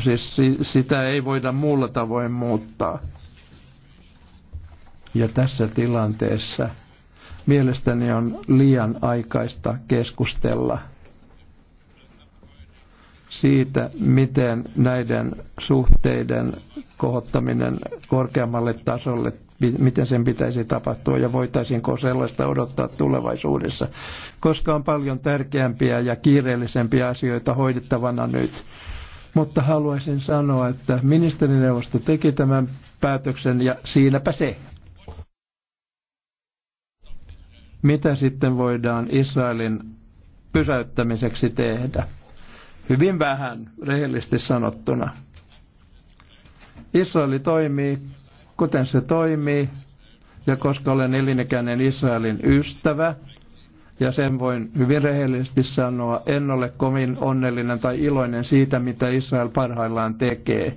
Siis sitä ei voida muulla tavoin muuttaa. Ja tässä tilanteessa mielestäni on liian aikaista keskustella siitä, miten näiden suhteiden kohottaminen korkeammalle tasolle, miten sen pitäisi tapahtua ja voitaisiinko sellaista odottaa tulevaisuudessa, koska on paljon tärkeämpiä ja kiireellisempiä asioita hoidettavana nyt. Mutta haluaisin sanoa, että ministerineuvosto teki tämän päätöksen ja siinäpä se. Mitä sitten voidaan Israelin pysäyttämiseksi tehdä? Hyvin vähän, rehellisesti sanottuna. Israeli toimii, kuten se toimii, ja koska olen elinikäinen Israelin ystävä, ja sen voin hyvin rehellisesti sanoa, en ole kovin onnellinen tai iloinen siitä, mitä Israel parhaillaan tekee.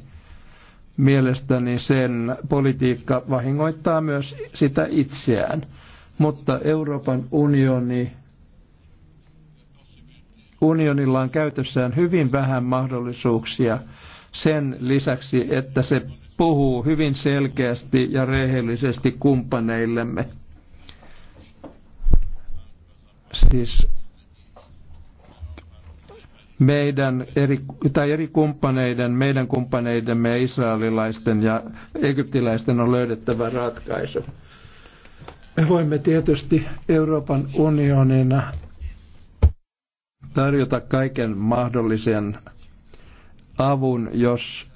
Mielestäni sen politiikka vahingoittaa myös sitä itseään mutta Euroopan unioni unionilla on käytössään hyvin vähän mahdollisuuksia sen lisäksi, että se puhuu hyvin selkeästi ja rehellisesti kumppaneillemme. Siis meidän eri, tai eri kumppaneiden, meidän kumppaneidemme ja israelilaisten ja egyptiläisten on löydettävä ratkaisu. Me voimme tietysti Euroopan unionina tarjota kaiken mahdollisen avun, jos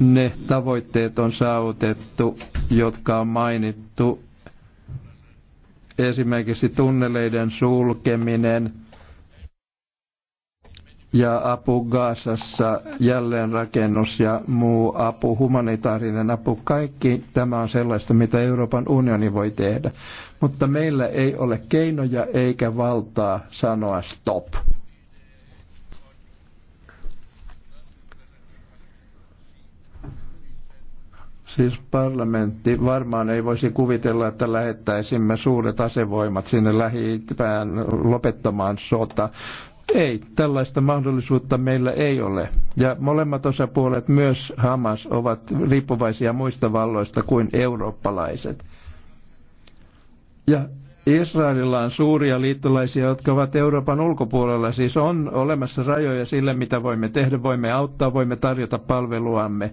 ne tavoitteet on saavutettu, jotka on mainittu. Esimerkiksi tunneleiden sulkeminen – ja apu Gaasassa, jälleenrakennus ja muu apu, humanitaarinen apu, kaikki tämä on sellaista, mitä Euroopan unioni voi tehdä. Mutta meillä ei ole keinoja eikä valtaa sanoa stop. Siis parlamentti varmaan ei voisi kuvitella, että lähettäisimme suuret asevoimat sinne lähipään lopettamaan sota. Ei, tällaista mahdollisuutta meillä ei ole. Ja molemmat osapuolet, myös Hamas, ovat riippuvaisia muista valloista kuin eurooppalaiset. Ja Israelilla on suuria liittolaisia, jotka ovat Euroopan ulkopuolella. Siis on olemassa rajoja sille, mitä voimme tehdä. Voimme auttaa, voimme tarjota palveluamme.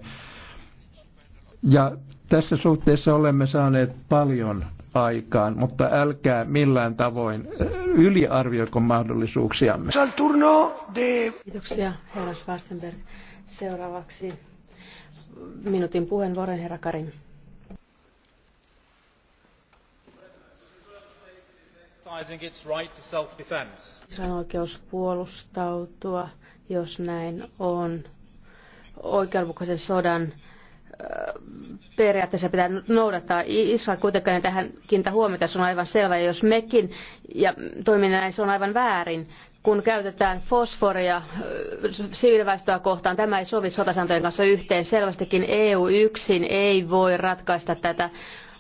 Ja tässä suhteessa olemme saaneet paljon aikaan, mutta älkää millään tavoin äh, yliarvioiko mahdollisuuksiamme. Kiitoksia, herra Schwarzenberg. Seuraavaksi minuutin puheenvuoron herra Karim. Israelin oikeus puolustautua, jos näin on, oikeudenmukaisen sodan periaatteessa pitää noudattaa. Israel kuitenkin tähän kiinnittää huomiota, se on aivan selvä. Ja jos mekin ja toiminnan näin, se on aivan väärin. Kun käytetään fosforia siviiliväestöä kohtaan, tämä ei sovi sotasantojen kanssa yhteen. Selvästikin EU yksin ei voi ratkaista tätä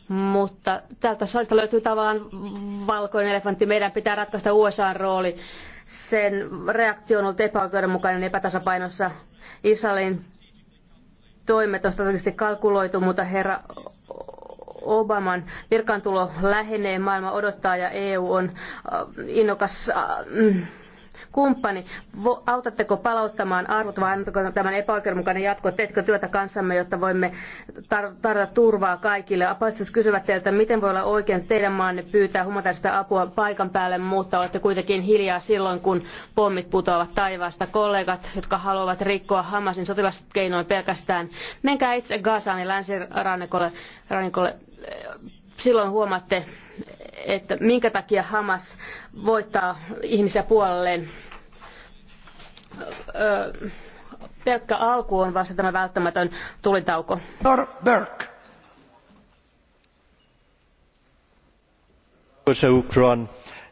mutta tältä salista löytyy tavallaan valkoinen elefantti. Meidän pitää ratkaista USAn rooli. Sen reaktio on ollut epäoikeudenmukainen epätasapainossa. Israelin toimet on strategisesti kalkuloitu, mutta herra Obaman virkaantulo lähenee, maailma odottaa ja EU on äh, innokas äh, mm, kumppani. Autatteko palauttamaan arvot vai annatteko tämän epäoikeudenmukainen jatko? Teetkö työtä kanssamme, jotta voimme tarjota turvaa kaikille? Apaistus kysyvät teiltä, miten voi olla oikein, että teidän maanne pyytää humanitaarista apua paikan päälle, mutta olette kuitenkin hiljaa silloin, kun pommit putoavat taivaasta. Kollegat, jotka haluavat rikkoa Hamasin sotilaskeinoin pelkästään, menkää itse Gazaan ja länsirannikolle. Silloin huomaatte, että minkä takia Hamas voittaa ihmisiä puolelleen. pelkkä alku on vasta tämä välttämätön tulitauko. Berk.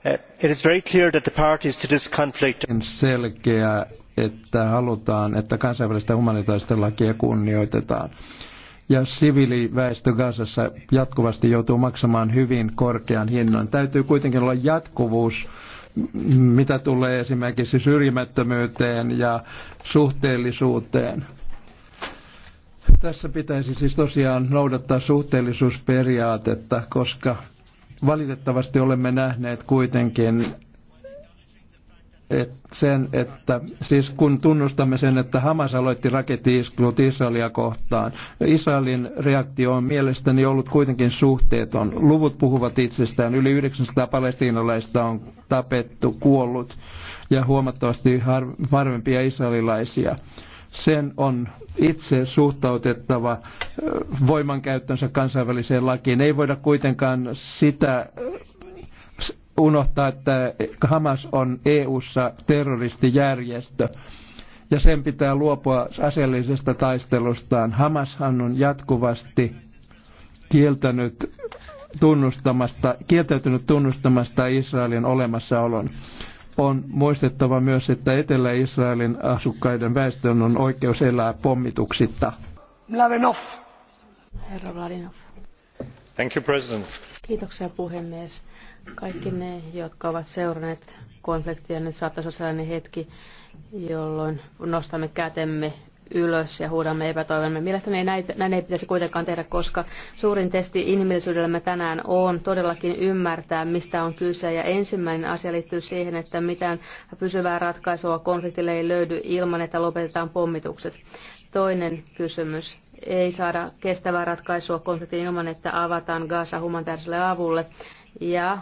Eh, it is very clear that the parties to this conflict... Selkeä, että halutaan, että kansainvälistä humanitaista lakia kunnioitetaan ja siviiliväestö Gazassa jatkuvasti joutuu maksamaan hyvin korkean hinnan. Täytyy kuitenkin olla jatkuvuus, mitä tulee esimerkiksi syrjimättömyyteen ja suhteellisuuteen. Tässä pitäisi siis tosiaan noudattaa suhteellisuusperiaatetta, koska valitettavasti olemme nähneet kuitenkin et sen, että siis kun tunnustamme sen, että Hamas aloitti raketti-iskut Israelia kohtaan, Israelin reaktio on mielestäni ollut kuitenkin suhteeton. Luvut puhuvat itsestään. Yli 900 palestiinalaista on tapettu, kuollut ja huomattavasti harvempia israelilaisia sen on itse suhtautettava voimankäyttönsä kansainväliseen lakiin. Ei voida kuitenkaan sitä unohtaa, että Hamas on EU-ssa terroristijärjestö ja sen pitää luopua aseellisesta taistelustaan. Hamashan on jatkuvasti kieltänyt tunnustamasta, kieltäytynyt tunnustamasta Israelin olemassaolon. On muistettava myös, että Etelä-Israelin asukkaiden väestön on oikeus elää pommituksitta. Mladenov. Herra Mladenov. Thank you, President. Kiitoksia puhemies. Kaikki ne, jotka ovat seuranneet konfliktia, nyt niin saattaisi olla sellainen hetki, jolloin nostamme kätemme ylös ja huudamme epätoivomme. Mielestäni ei näitä, näin ei pitäisi kuitenkaan tehdä, koska suurin testi inhimillisyydellämme tänään on todellakin ymmärtää, mistä on kyse. Ja ensimmäinen asia liittyy siihen, että mitään pysyvää ratkaisua konfliktille ei löydy ilman, että lopetetaan pommitukset. Toinen kysymys. Ei saada kestävää ratkaisua konfliktiin ilman, että avataan Gaza humanitaariselle avulle. Ja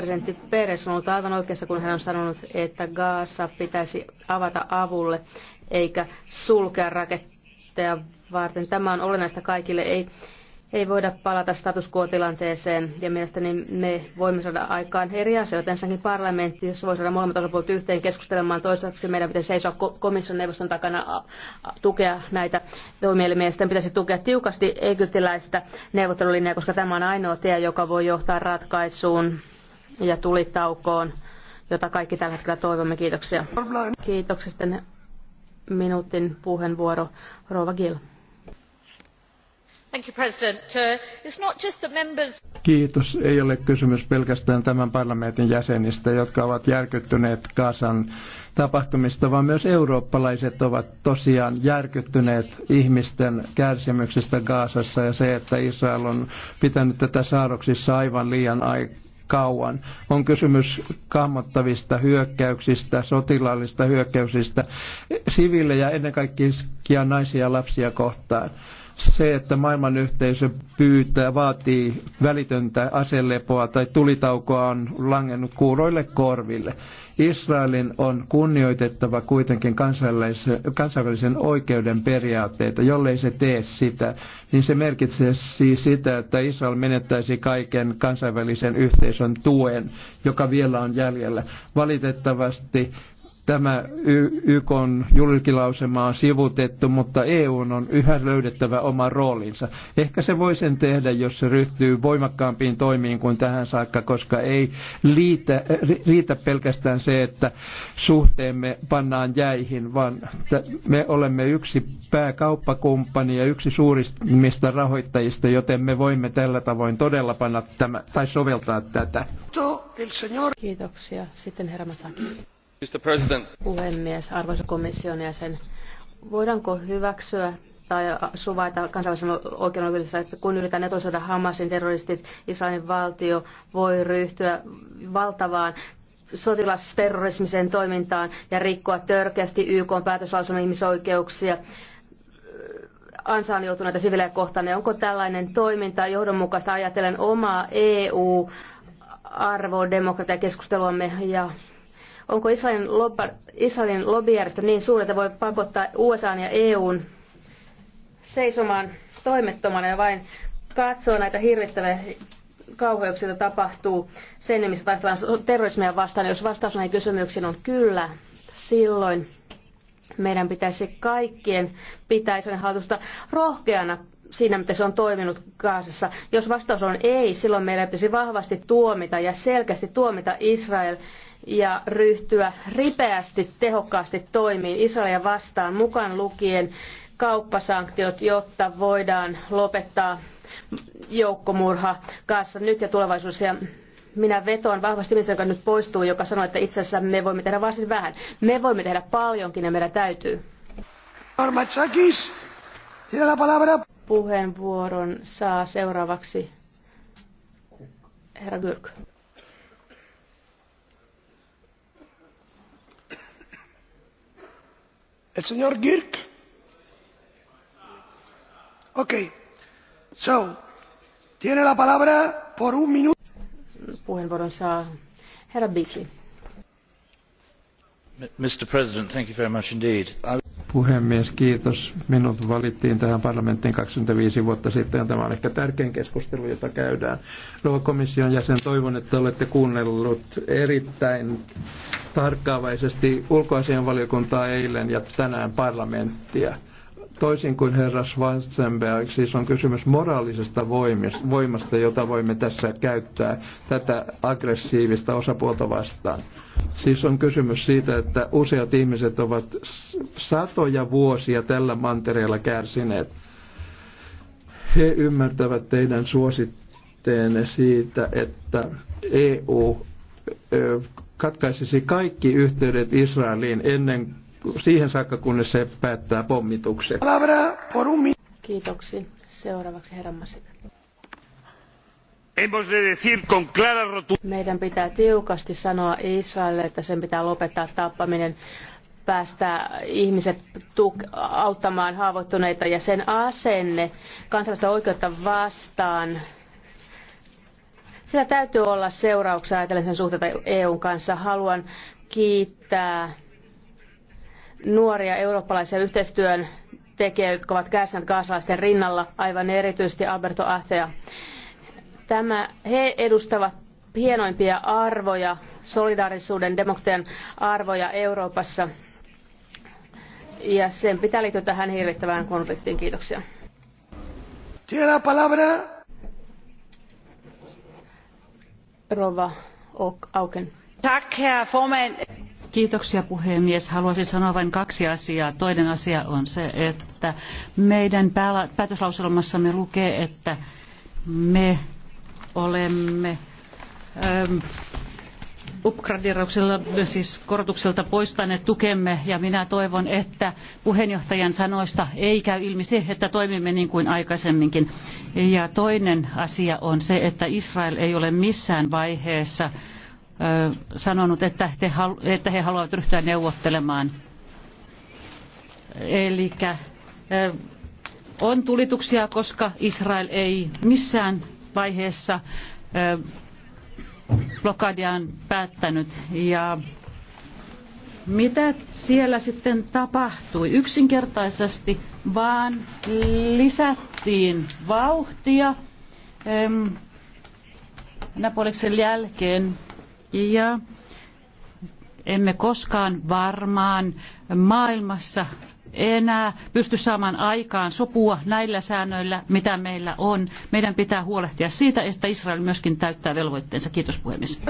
presidentti Peres on ollut aivan oikeassa, kun hän on sanonut, että Gaasa pitäisi avata avulle eikä sulkea raketteja varten. Tämä on olennaista kaikille. Ei, ei voida palata status quo-tilanteeseen ja mielestäni me voimme saada aikaan eri asioita. Ensinnäkin parlamentti, jossa voi saada molemmat osapuolet yhteen keskustelemaan toiseksi. Meidän pitäisi seisoa komission neuvoston takana tukea näitä toimielimiä. Sitten pitäisi tukea tiukasti egyptiläistä neuvottelulinjaa, koska tämä on ainoa tie, joka voi johtaa ratkaisuun ja tuli taukoon, jota kaikki tällä hetkellä toivomme. Kiitoksia. Kiitoksia minuutin puheenvuoro Rova Gill. Uh, Kiitos. Ei ole kysymys pelkästään tämän parlamentin jäsenistä, jotka ovat järkyttyneet Kasan tapahtumista, vaan myös eurooppalaiset ovat tosiaan järkyttyneet ihmisten kärsimyksestä Gaasassa ja se, että Israel on pitänyt tätä saadoksissa aivan liian aikaa kauan. On kysymys kammottavista hyökkäyksistä, sotilaallista hyökkäyksistä, siville ja ennen kaikkea naisia ja lapsia kohtaan se, että maailmanyhteisö pyytää, vaatii välitöntä aselepoa tai tulitaukoa on langennut kuuroille korville. Israelin on kunnioitettava kuitenkin kansainvälisen oikeuden periaatteita. Jollei se tee sitä, niin se merkitsee siis sitä, että Israel menettäisi kaiken kansainvälisen yhteisön tuen, joka vielä on jäljellä. Valitettavasti Tämä YK on julkilausema on sivutettu, mutta EU on yhä löydettävä oma roolinsa. Ehkä se voi sen tehdä, jos se ryhtyy voimakkaampiin toimiin kuin tähän saakka, koska ei liitä, riitä pelkästään se, että suhteemme pannaan jäihin, vaan me olemme yksi pääkauppakumppani ja yksi suurimmista rahoittajista, joten me voimme tällä tavoin todella panna tämä, tai soveltaa tätä. Kiitoksia. Sitten herra puhemies arvoisa komission jäsen voidaanko hyväksyä tai suvaita kansainvälisen oikeuden oikeudessa, että kun yritetään netosoida Hamasin terroristit, Israelin valtio voi ryhtyä valtavaan sotilasterrorismiseen toimintaan ja rikkoa törkeästi YK päätöslauselman ihmisoikeuksia ansaan joutuneita siviilejä kohtaan. Ja onko tällainen toiminta johdonmukaista ajatellen omaa EU-arvoa, demokratiakeskusteluamme ja Onko Israelin, lobba, Israelin lobbyjärjestö niin suuri, että voi pakottaa USA ja EUn seisomaan toimettomana ja vain katsoa näitä hirvittäviä kauheuksia, joita tapahtuu sen nimissä taistellaan terrorismia vastaan. Jos vastaus näihin kysymyksiin on kyllä, silloin meidän pitäisi kaikkien pitää Israelin hallitusta rohkeana siinä, miten se on toiminut Kaasassa. Jos vastaus on ei, silloin meidän pitäisi vahvasti tuomita ja selkeästi tuomita Israel ja ryhtyä ripeästi, tehokkaasti toimiin Israelia vastaan mukaan lukien kauppasanktiot, jotta voidaan lopettaa joukkomurha kanssa nyt ja tulevaisuudessa. Ja minä vetoan vahvasti ministeri, joka nyt poistuu, joka sanoi, että itse asiassa me voimme tehdä varsin vähän. Me voimme tehdä paljonkin ja meidän täytyy. Puheenvuoron saa seuraavaksi herra Gürk. el señor girk tiene la palabra por un minuto. puheenvuoron herra beasley. mr president thank you very much indeed. Puhemies, kiitos. Minut valittiin tähän parlamenttiin 25 vuotta sitten. Tämä on ehkä tärkein keskustelu, jota käydään. Rouva komission jäsen, toivon, että olette kuunnellut erittäin tarkkaavaisesti ulkoasianvaliokuntaa eilen ja tänään parlamenttia. Toisin kuin herra Schwarzenberg, siis on kysymys moraalisesta voimasta, jota voimme tässä käyttää tätä aggressiivista osapuolta vastaan. Siis on kysymys siitä, että useat ihmiset ovat satoja vuosia tällä mantereella kärsineet. He ymmärtävät teidän suositteenne siitä, että EU katkaisisi kaikki yhteydet Israeliin ennen siihen saakka, kunnes se päättää pommituksen. Kiitoksia Seuraavaksi herra meidän pitää tiukasti sanoa Israelille, että sen pitää lopettaa tappaminen, päästää ihmiset auttamaan haavoittuneita ja sen asenne kansallista oikeutta vastaan. Sillä täytyy olla seurauksia ajatellen sen suhteita EUn kanssa. Haluan kiittää nuoria eurooppalaisia yhteistyön tekijöitä, jotka ovat kärsineet kaasalaisten rinnalla, aivan erityisesti Alberto Athea. Tämä, he edustavat hienoimpia arvoja, solidaarisuuden, demokratian arvoja Euroopassa. Ja sen pitää liittyä tähän hirvittävään konfliktiin. Kiitoksia. Rova Auken. Tack, herr Kiitoksia puhemies. Haluaisin sanoa vain kaksi asiaa. Toinen asia on se, että meidän päätöslauselmassamme lukee, että me olemme ähm, upgradirauksella, siis korotukselta poistaneet tukemme ja minä toivon, että puheenjohtajan sanoista ei käy ilmi se, että toimimme niin kuin aikaisemminkin. Ja toinen asia on se, että Israel ei ole missään vaiheessa äh, sanonut, että, te, että he haluavat ryhtyä neuvottelemaan. Eli on tulituksia, koska Israel ei missään vaiheessa blokadiaan päättänyt. Ja mitä siellä sitten tapahtui? Yksinkertaisesti vaan lisättiin vauhtia Napoleksen jälkeen ja emme koskaan varmaan maailmassa enää pysty saamaan aikaan sopua näillä säännöillä, mitä meillä on. Meidän pitää huolehtia siitä, että Israel myöskin täyttää velvoitteensa. Kiitos puhemies.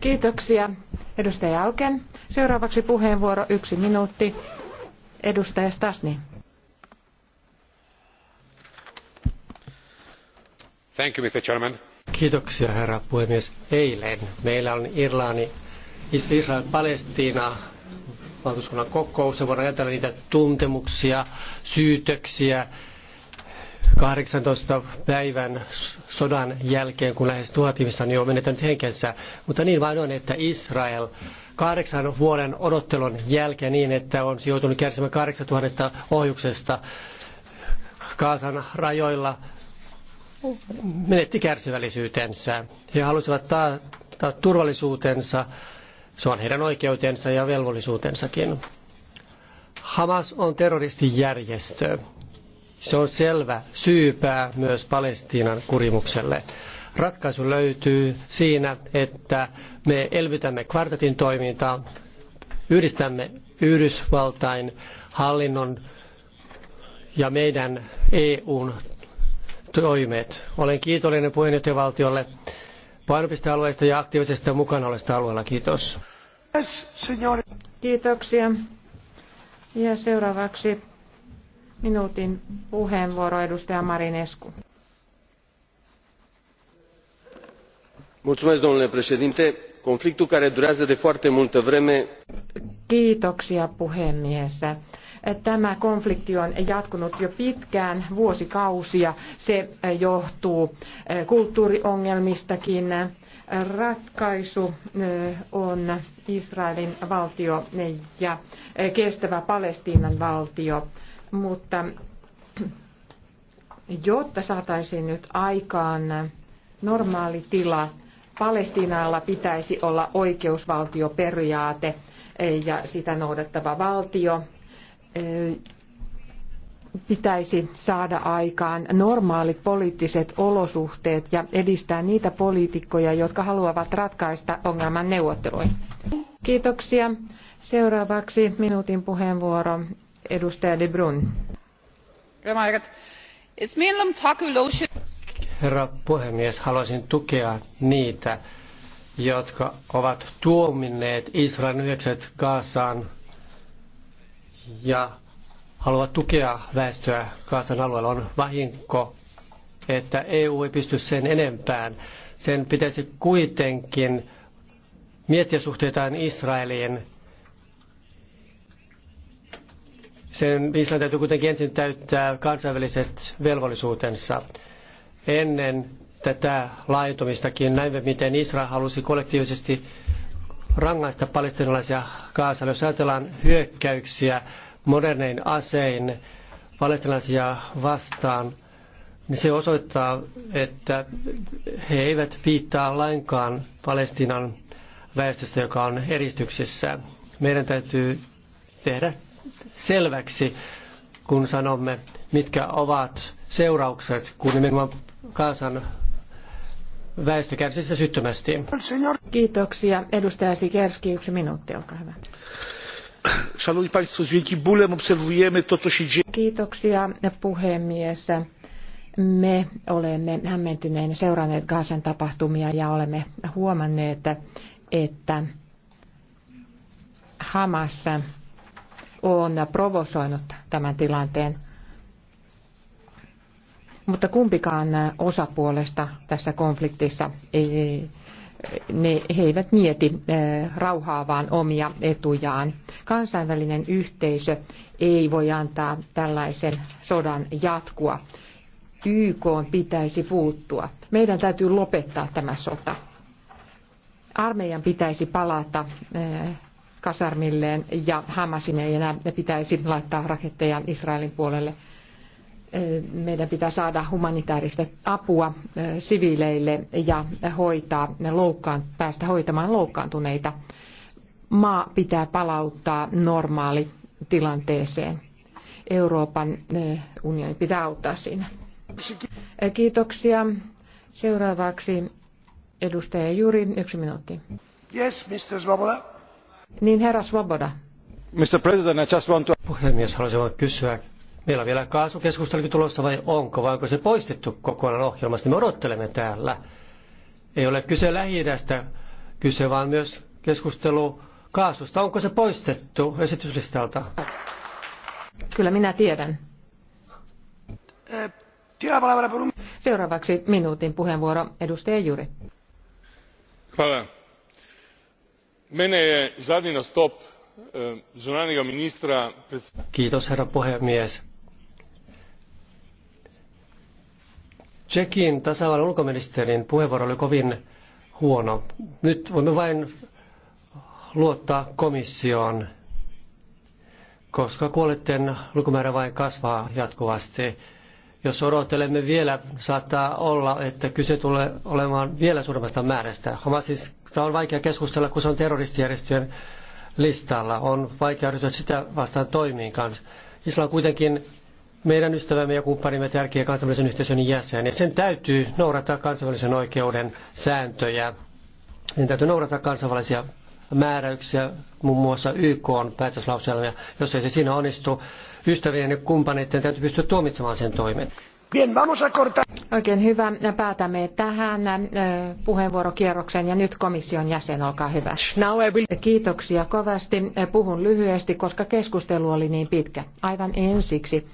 Kiitoksia. Edustaja Auken. Seuraavaksi puheenvuoro yksi minuutti. Edustaja Stasni. Thank you, Mr. Chairman. Kiitoksia herra puhemies. Eilen meillä on Irlani, Israel Palestiina valtuuskunnan kokous. Ja voidaan ajatella niitä tuntemuksia, syytöksiä 18 päivän sodan jälkeen, kun lähes tuhat ihmistä on jo menettänyt henkensä. Mutta niin vain on, että Israel kahdeksan vuoden odottelun jälkeen niin, että on joutunut kärsimään 8000 ohjuksesta Kaasan rajoilla menetti kärsivällisyytensä. He halusivat taata turvallisuutensa, se on heidän oikeutensa ja velvollisuutensakin. Hamas on terroristijärjestö. Se on selvä syypää myös Palestiinan kurimukselle. Ratkaisu löytyy siinä, että me elvytämme kvartetin toimintaa, yhdistämme Yhdysvaltain hallinnon ja meidän EUn toimet. Olen kiitollinen puheenjohtajavaltiolle painopistealueesta ja aktiivisesta mukanaolosta alueella. Kiitos. Kiitoksia. Ja seuraavaksi minuutin puheenvuoro edustaja Marinescu. Mulțumesc, domnule președinte. Conflictul care durează de foarte multă vreme... Kiitoksia, puhemies. Tämä konflikti on jatkunut jo pitkään, vuosikausia. Se johtuu eh, kulttuuriongelmistakin. Ratkaisu eh, on Israelin valtio eh, ja kestävä Palestiinan valtio, mutta jotta saataisiin nyt aikaan normaali tila, Palestiinalla pitäisi olla oikeusvaltioperiaate ja sitä noudattava valtio pitäisi saada aikaan normaalit poliittiset olosuhteet ja edistää niitä poliitikkoja, jotka haluavat ratkaista ongelman neuvotteluin. Kiitoksia. Seuraavaksi minuutin puheenvuoro edustaja De Brun. Herra puhemies, haluaisin tukea niitä, jotka ovat tuominneet Israelin yhdeksät Kaasaan ja haluavat tukea väestöä Kaasan alueella. On vahinko, että EU ei pysty sen enempään. Sen pitäisi kuitenkin miettiä suhteitaan Israeliin. Sen Israelin täytyy kuitenkin ensin täyttää kansainväliset velvollisuutensa. Ennen tätä laajentumistakin näimme, miten Israel halusi kollektiivisesti rangaista palestinalaisia Kaasalla. Jos ajatellaan hyökkäyksiä modernein asein palestinalaisia vastaan, niin se osoittaa, että he eivät viittaa lainkaan Palestinan väestöstä, joka on eristyksissä. Meidän täytyy tehdä selväksi, kun sanomme, mitkä ovat seuraukset, kun nimenomaan kansan väestö kärsii sitä syttömästi. Kiitoksia. Edustaja Sikerski, yksi minuutti, olkaa hyvä. Szanowni Państwo, z wielkim bólem obserwujemy to, co się dzieje. Kiitoksia puhemies. Me olemme hämmentyneen seuranneet Gaasan tapahtumia ja olemme huomanneet, että Hamas on provosoinut tämän tilanteen mutta kumpikaan osapuolesta tässä konfliktissa ei, ne, he eivät mieti eh, rauhaa, vaan omia etujaan. Kansainvälinen yhteisö ei voi antaa tällaisen sodan jatkua. YK pitäisi puuttua. Meidän täytyy lopettaa tämä sota. Armeijan pitäisi palata eh, kasarmilleen ja Hamasin ei enää pitäisi laittaa raketteja Israelin puolelle meidän pitää saada humanitaarista apua siviileille ja hoitaa loukkaan, päästä hoitamaan loukkaantuneita. Maa pitää palauttaa normaali tilanteeseen. Euroopan unioni pitää auttaa siinä. Kiitoksia. Seuraavaksi edustaja Juri, yksi minuutti. Yes, Mr. Svoboda. Niin, herra Svoboda. Mr. President, I just want to... Puhemies, haluaisin kysyä Meillä on vielä kaasukeskustelukin tulossa vai onko, vai onko se poistettu kokonaan ohjelmasta? Me odottelemme täällä. Ei ole kyse lähi kyse vaan myös keskustelu kaasusta. Onko se poistettu esityslistalta? Kyllä minä tiedän. Seuraavaksi minuutin puheenvuoro edustaja Juri. Hvala. Mene je zadnji nastop eh, ministra... Kiitos herra puhemies Tsekin tasavallan ulkoministerin puheenvuoro oli kovin huono. Nyt voimme vain luottaa komissioon, koska kuolleiden lukumäärä vain kasvaa jatkuvasti. Jos odottelemme vielä, saattaa olla, että kyse tulee olemaan vielä suuremmasta määrästä. Hamasista on vaikea keskustella, kun se on terroristijärjestöjen listalla. On vaikea ryhtyä sitä vastaan toimiinkaan. Islam kuitenkin meidän ystävämme ja kumppanimme tärkeä kansainvälisen yhteisön jäsen, ja sen täytyy noudattaa kansainvälisen oikeuden sääntöjä. Sen täytyy noudattaa kansainvälisiä määräyksiä, muun muassa YK on päätöslauselmia. Jos ei se siinä onnistu, ystävien ja kumppaneiden täytyy pystyä tuomitsemaan sen toimen. Bien, vamos a cortar. Oikein hyvä. Päätämme tähän äh, puheenvuorokierroksen ja nyt komission jäsen, olkaa hyvä. Kiitoksia kovasti. Puhun lyhyesti, koska keskustelu oli niin pitkä. Aivan ensiksi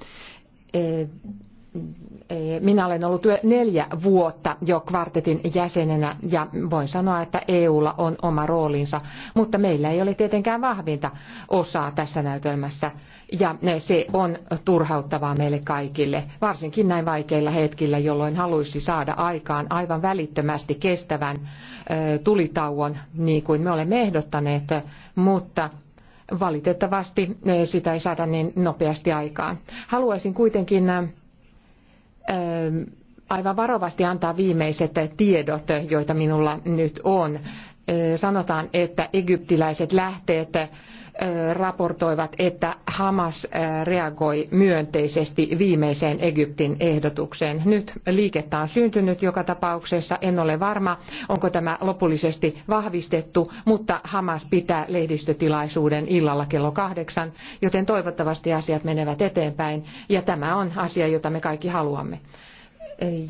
minä olen ollut neljä vuotta jo kvartetin jäsenenä ja voin sanoa, että EUlla on oma roolinsa, mutta meillä ei ole tietenkään vahvinta osaa tässä näytelmässä ja se on turhauttavaa meille kaikille, varsinkin näin vaikeilla hetkillä, jolloin haluaisi saada aikaan aivan välittömästi kestävän tulitauon, niin kuin me olemme ehdottaneet, mutta valitettavasti eh, sitä ei saada niin nopeasti aikaan. Haluaisin kuitenkin eh, eh, aivan varovasti antaa viimeiset tiedot, joita minulla nyt on. Sanotaan, että egyptiläiset lähteet raportoivat, että Hamas äh, reagoi myönteisesti viimeiseen Egyptin ehdotukseen. Nyt liikettä on syntynyt joka tapauksessa. En ole varma, onko tämä lopullisesti vahvistettu, mutta Hamas pitää lehdistötilaisuuden illalla kello kahdeksan, joten toivottavasti asiat menevät eteenpäin. Ja tämä on asia, jota me kaikki haluamme.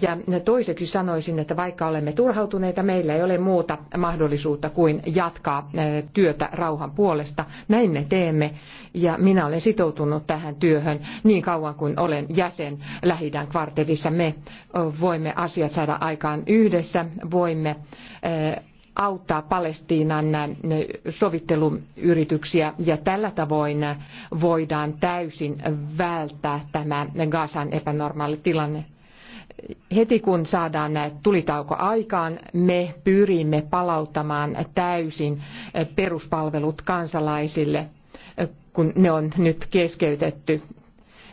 Ja toiseksi sanoisin, että vaikka olemme turhautuneita, meillä ei ole muuta mahdollisuutta kuin jatkaa työtä rauhan puolesta. Näin me teemme ja minä olen sitoutunut tähän työhön niin kauan kuin olen jäsen lähi kvartelissa. Me voimme asiat saada aikaan yhdessä, voimme auttaa Palestiinan sovitteluyrityksiä ja tällä tavoin voidaan täysin välttää tämä Gazan epänormaali tilanne heti kun saadaan tulitauko aikaan, me pyrimme palauttamaan täysin peruspalvelut kansalaisille, kun ne on nyt keskeytetty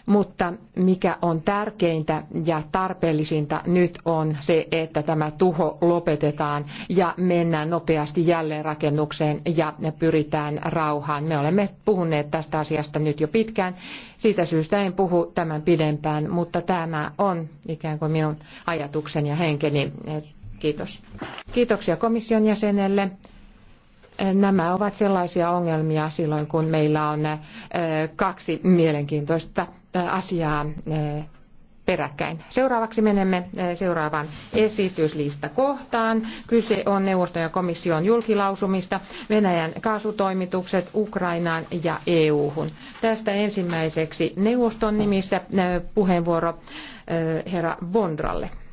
mutta mikä on tärkeintä ja tarpeellisinta nyt on se, että tämä tuho lopetetaan ja mennään nopeasti jälleenrakennukseen ja pyritään rauhaan. Me olemme puhuneet tästä asiasta nyt jo pitkään. Siitä syystä en puhu tämän pidempään, mutta tämä on ikään kuin minun ajatukseni ja henkeni. Kiitos. Kiitoksia komission jäsenelle. Nämä ovat sellaisia ongelmia silloin, kun meillä on kaksi mielenkiintoista Äh, asiaa äh, peräkkäin. Seuraavaksi menemme äh, seuraavaan kohtaan. Kyse on neuvoston ja komission julkilausumista Venäjän kaasutoimitukset Ukrainaan ja EU-hun. Tästä ensimmäiseksi neuvoston nimissä puheenvuoro herra Bondralle.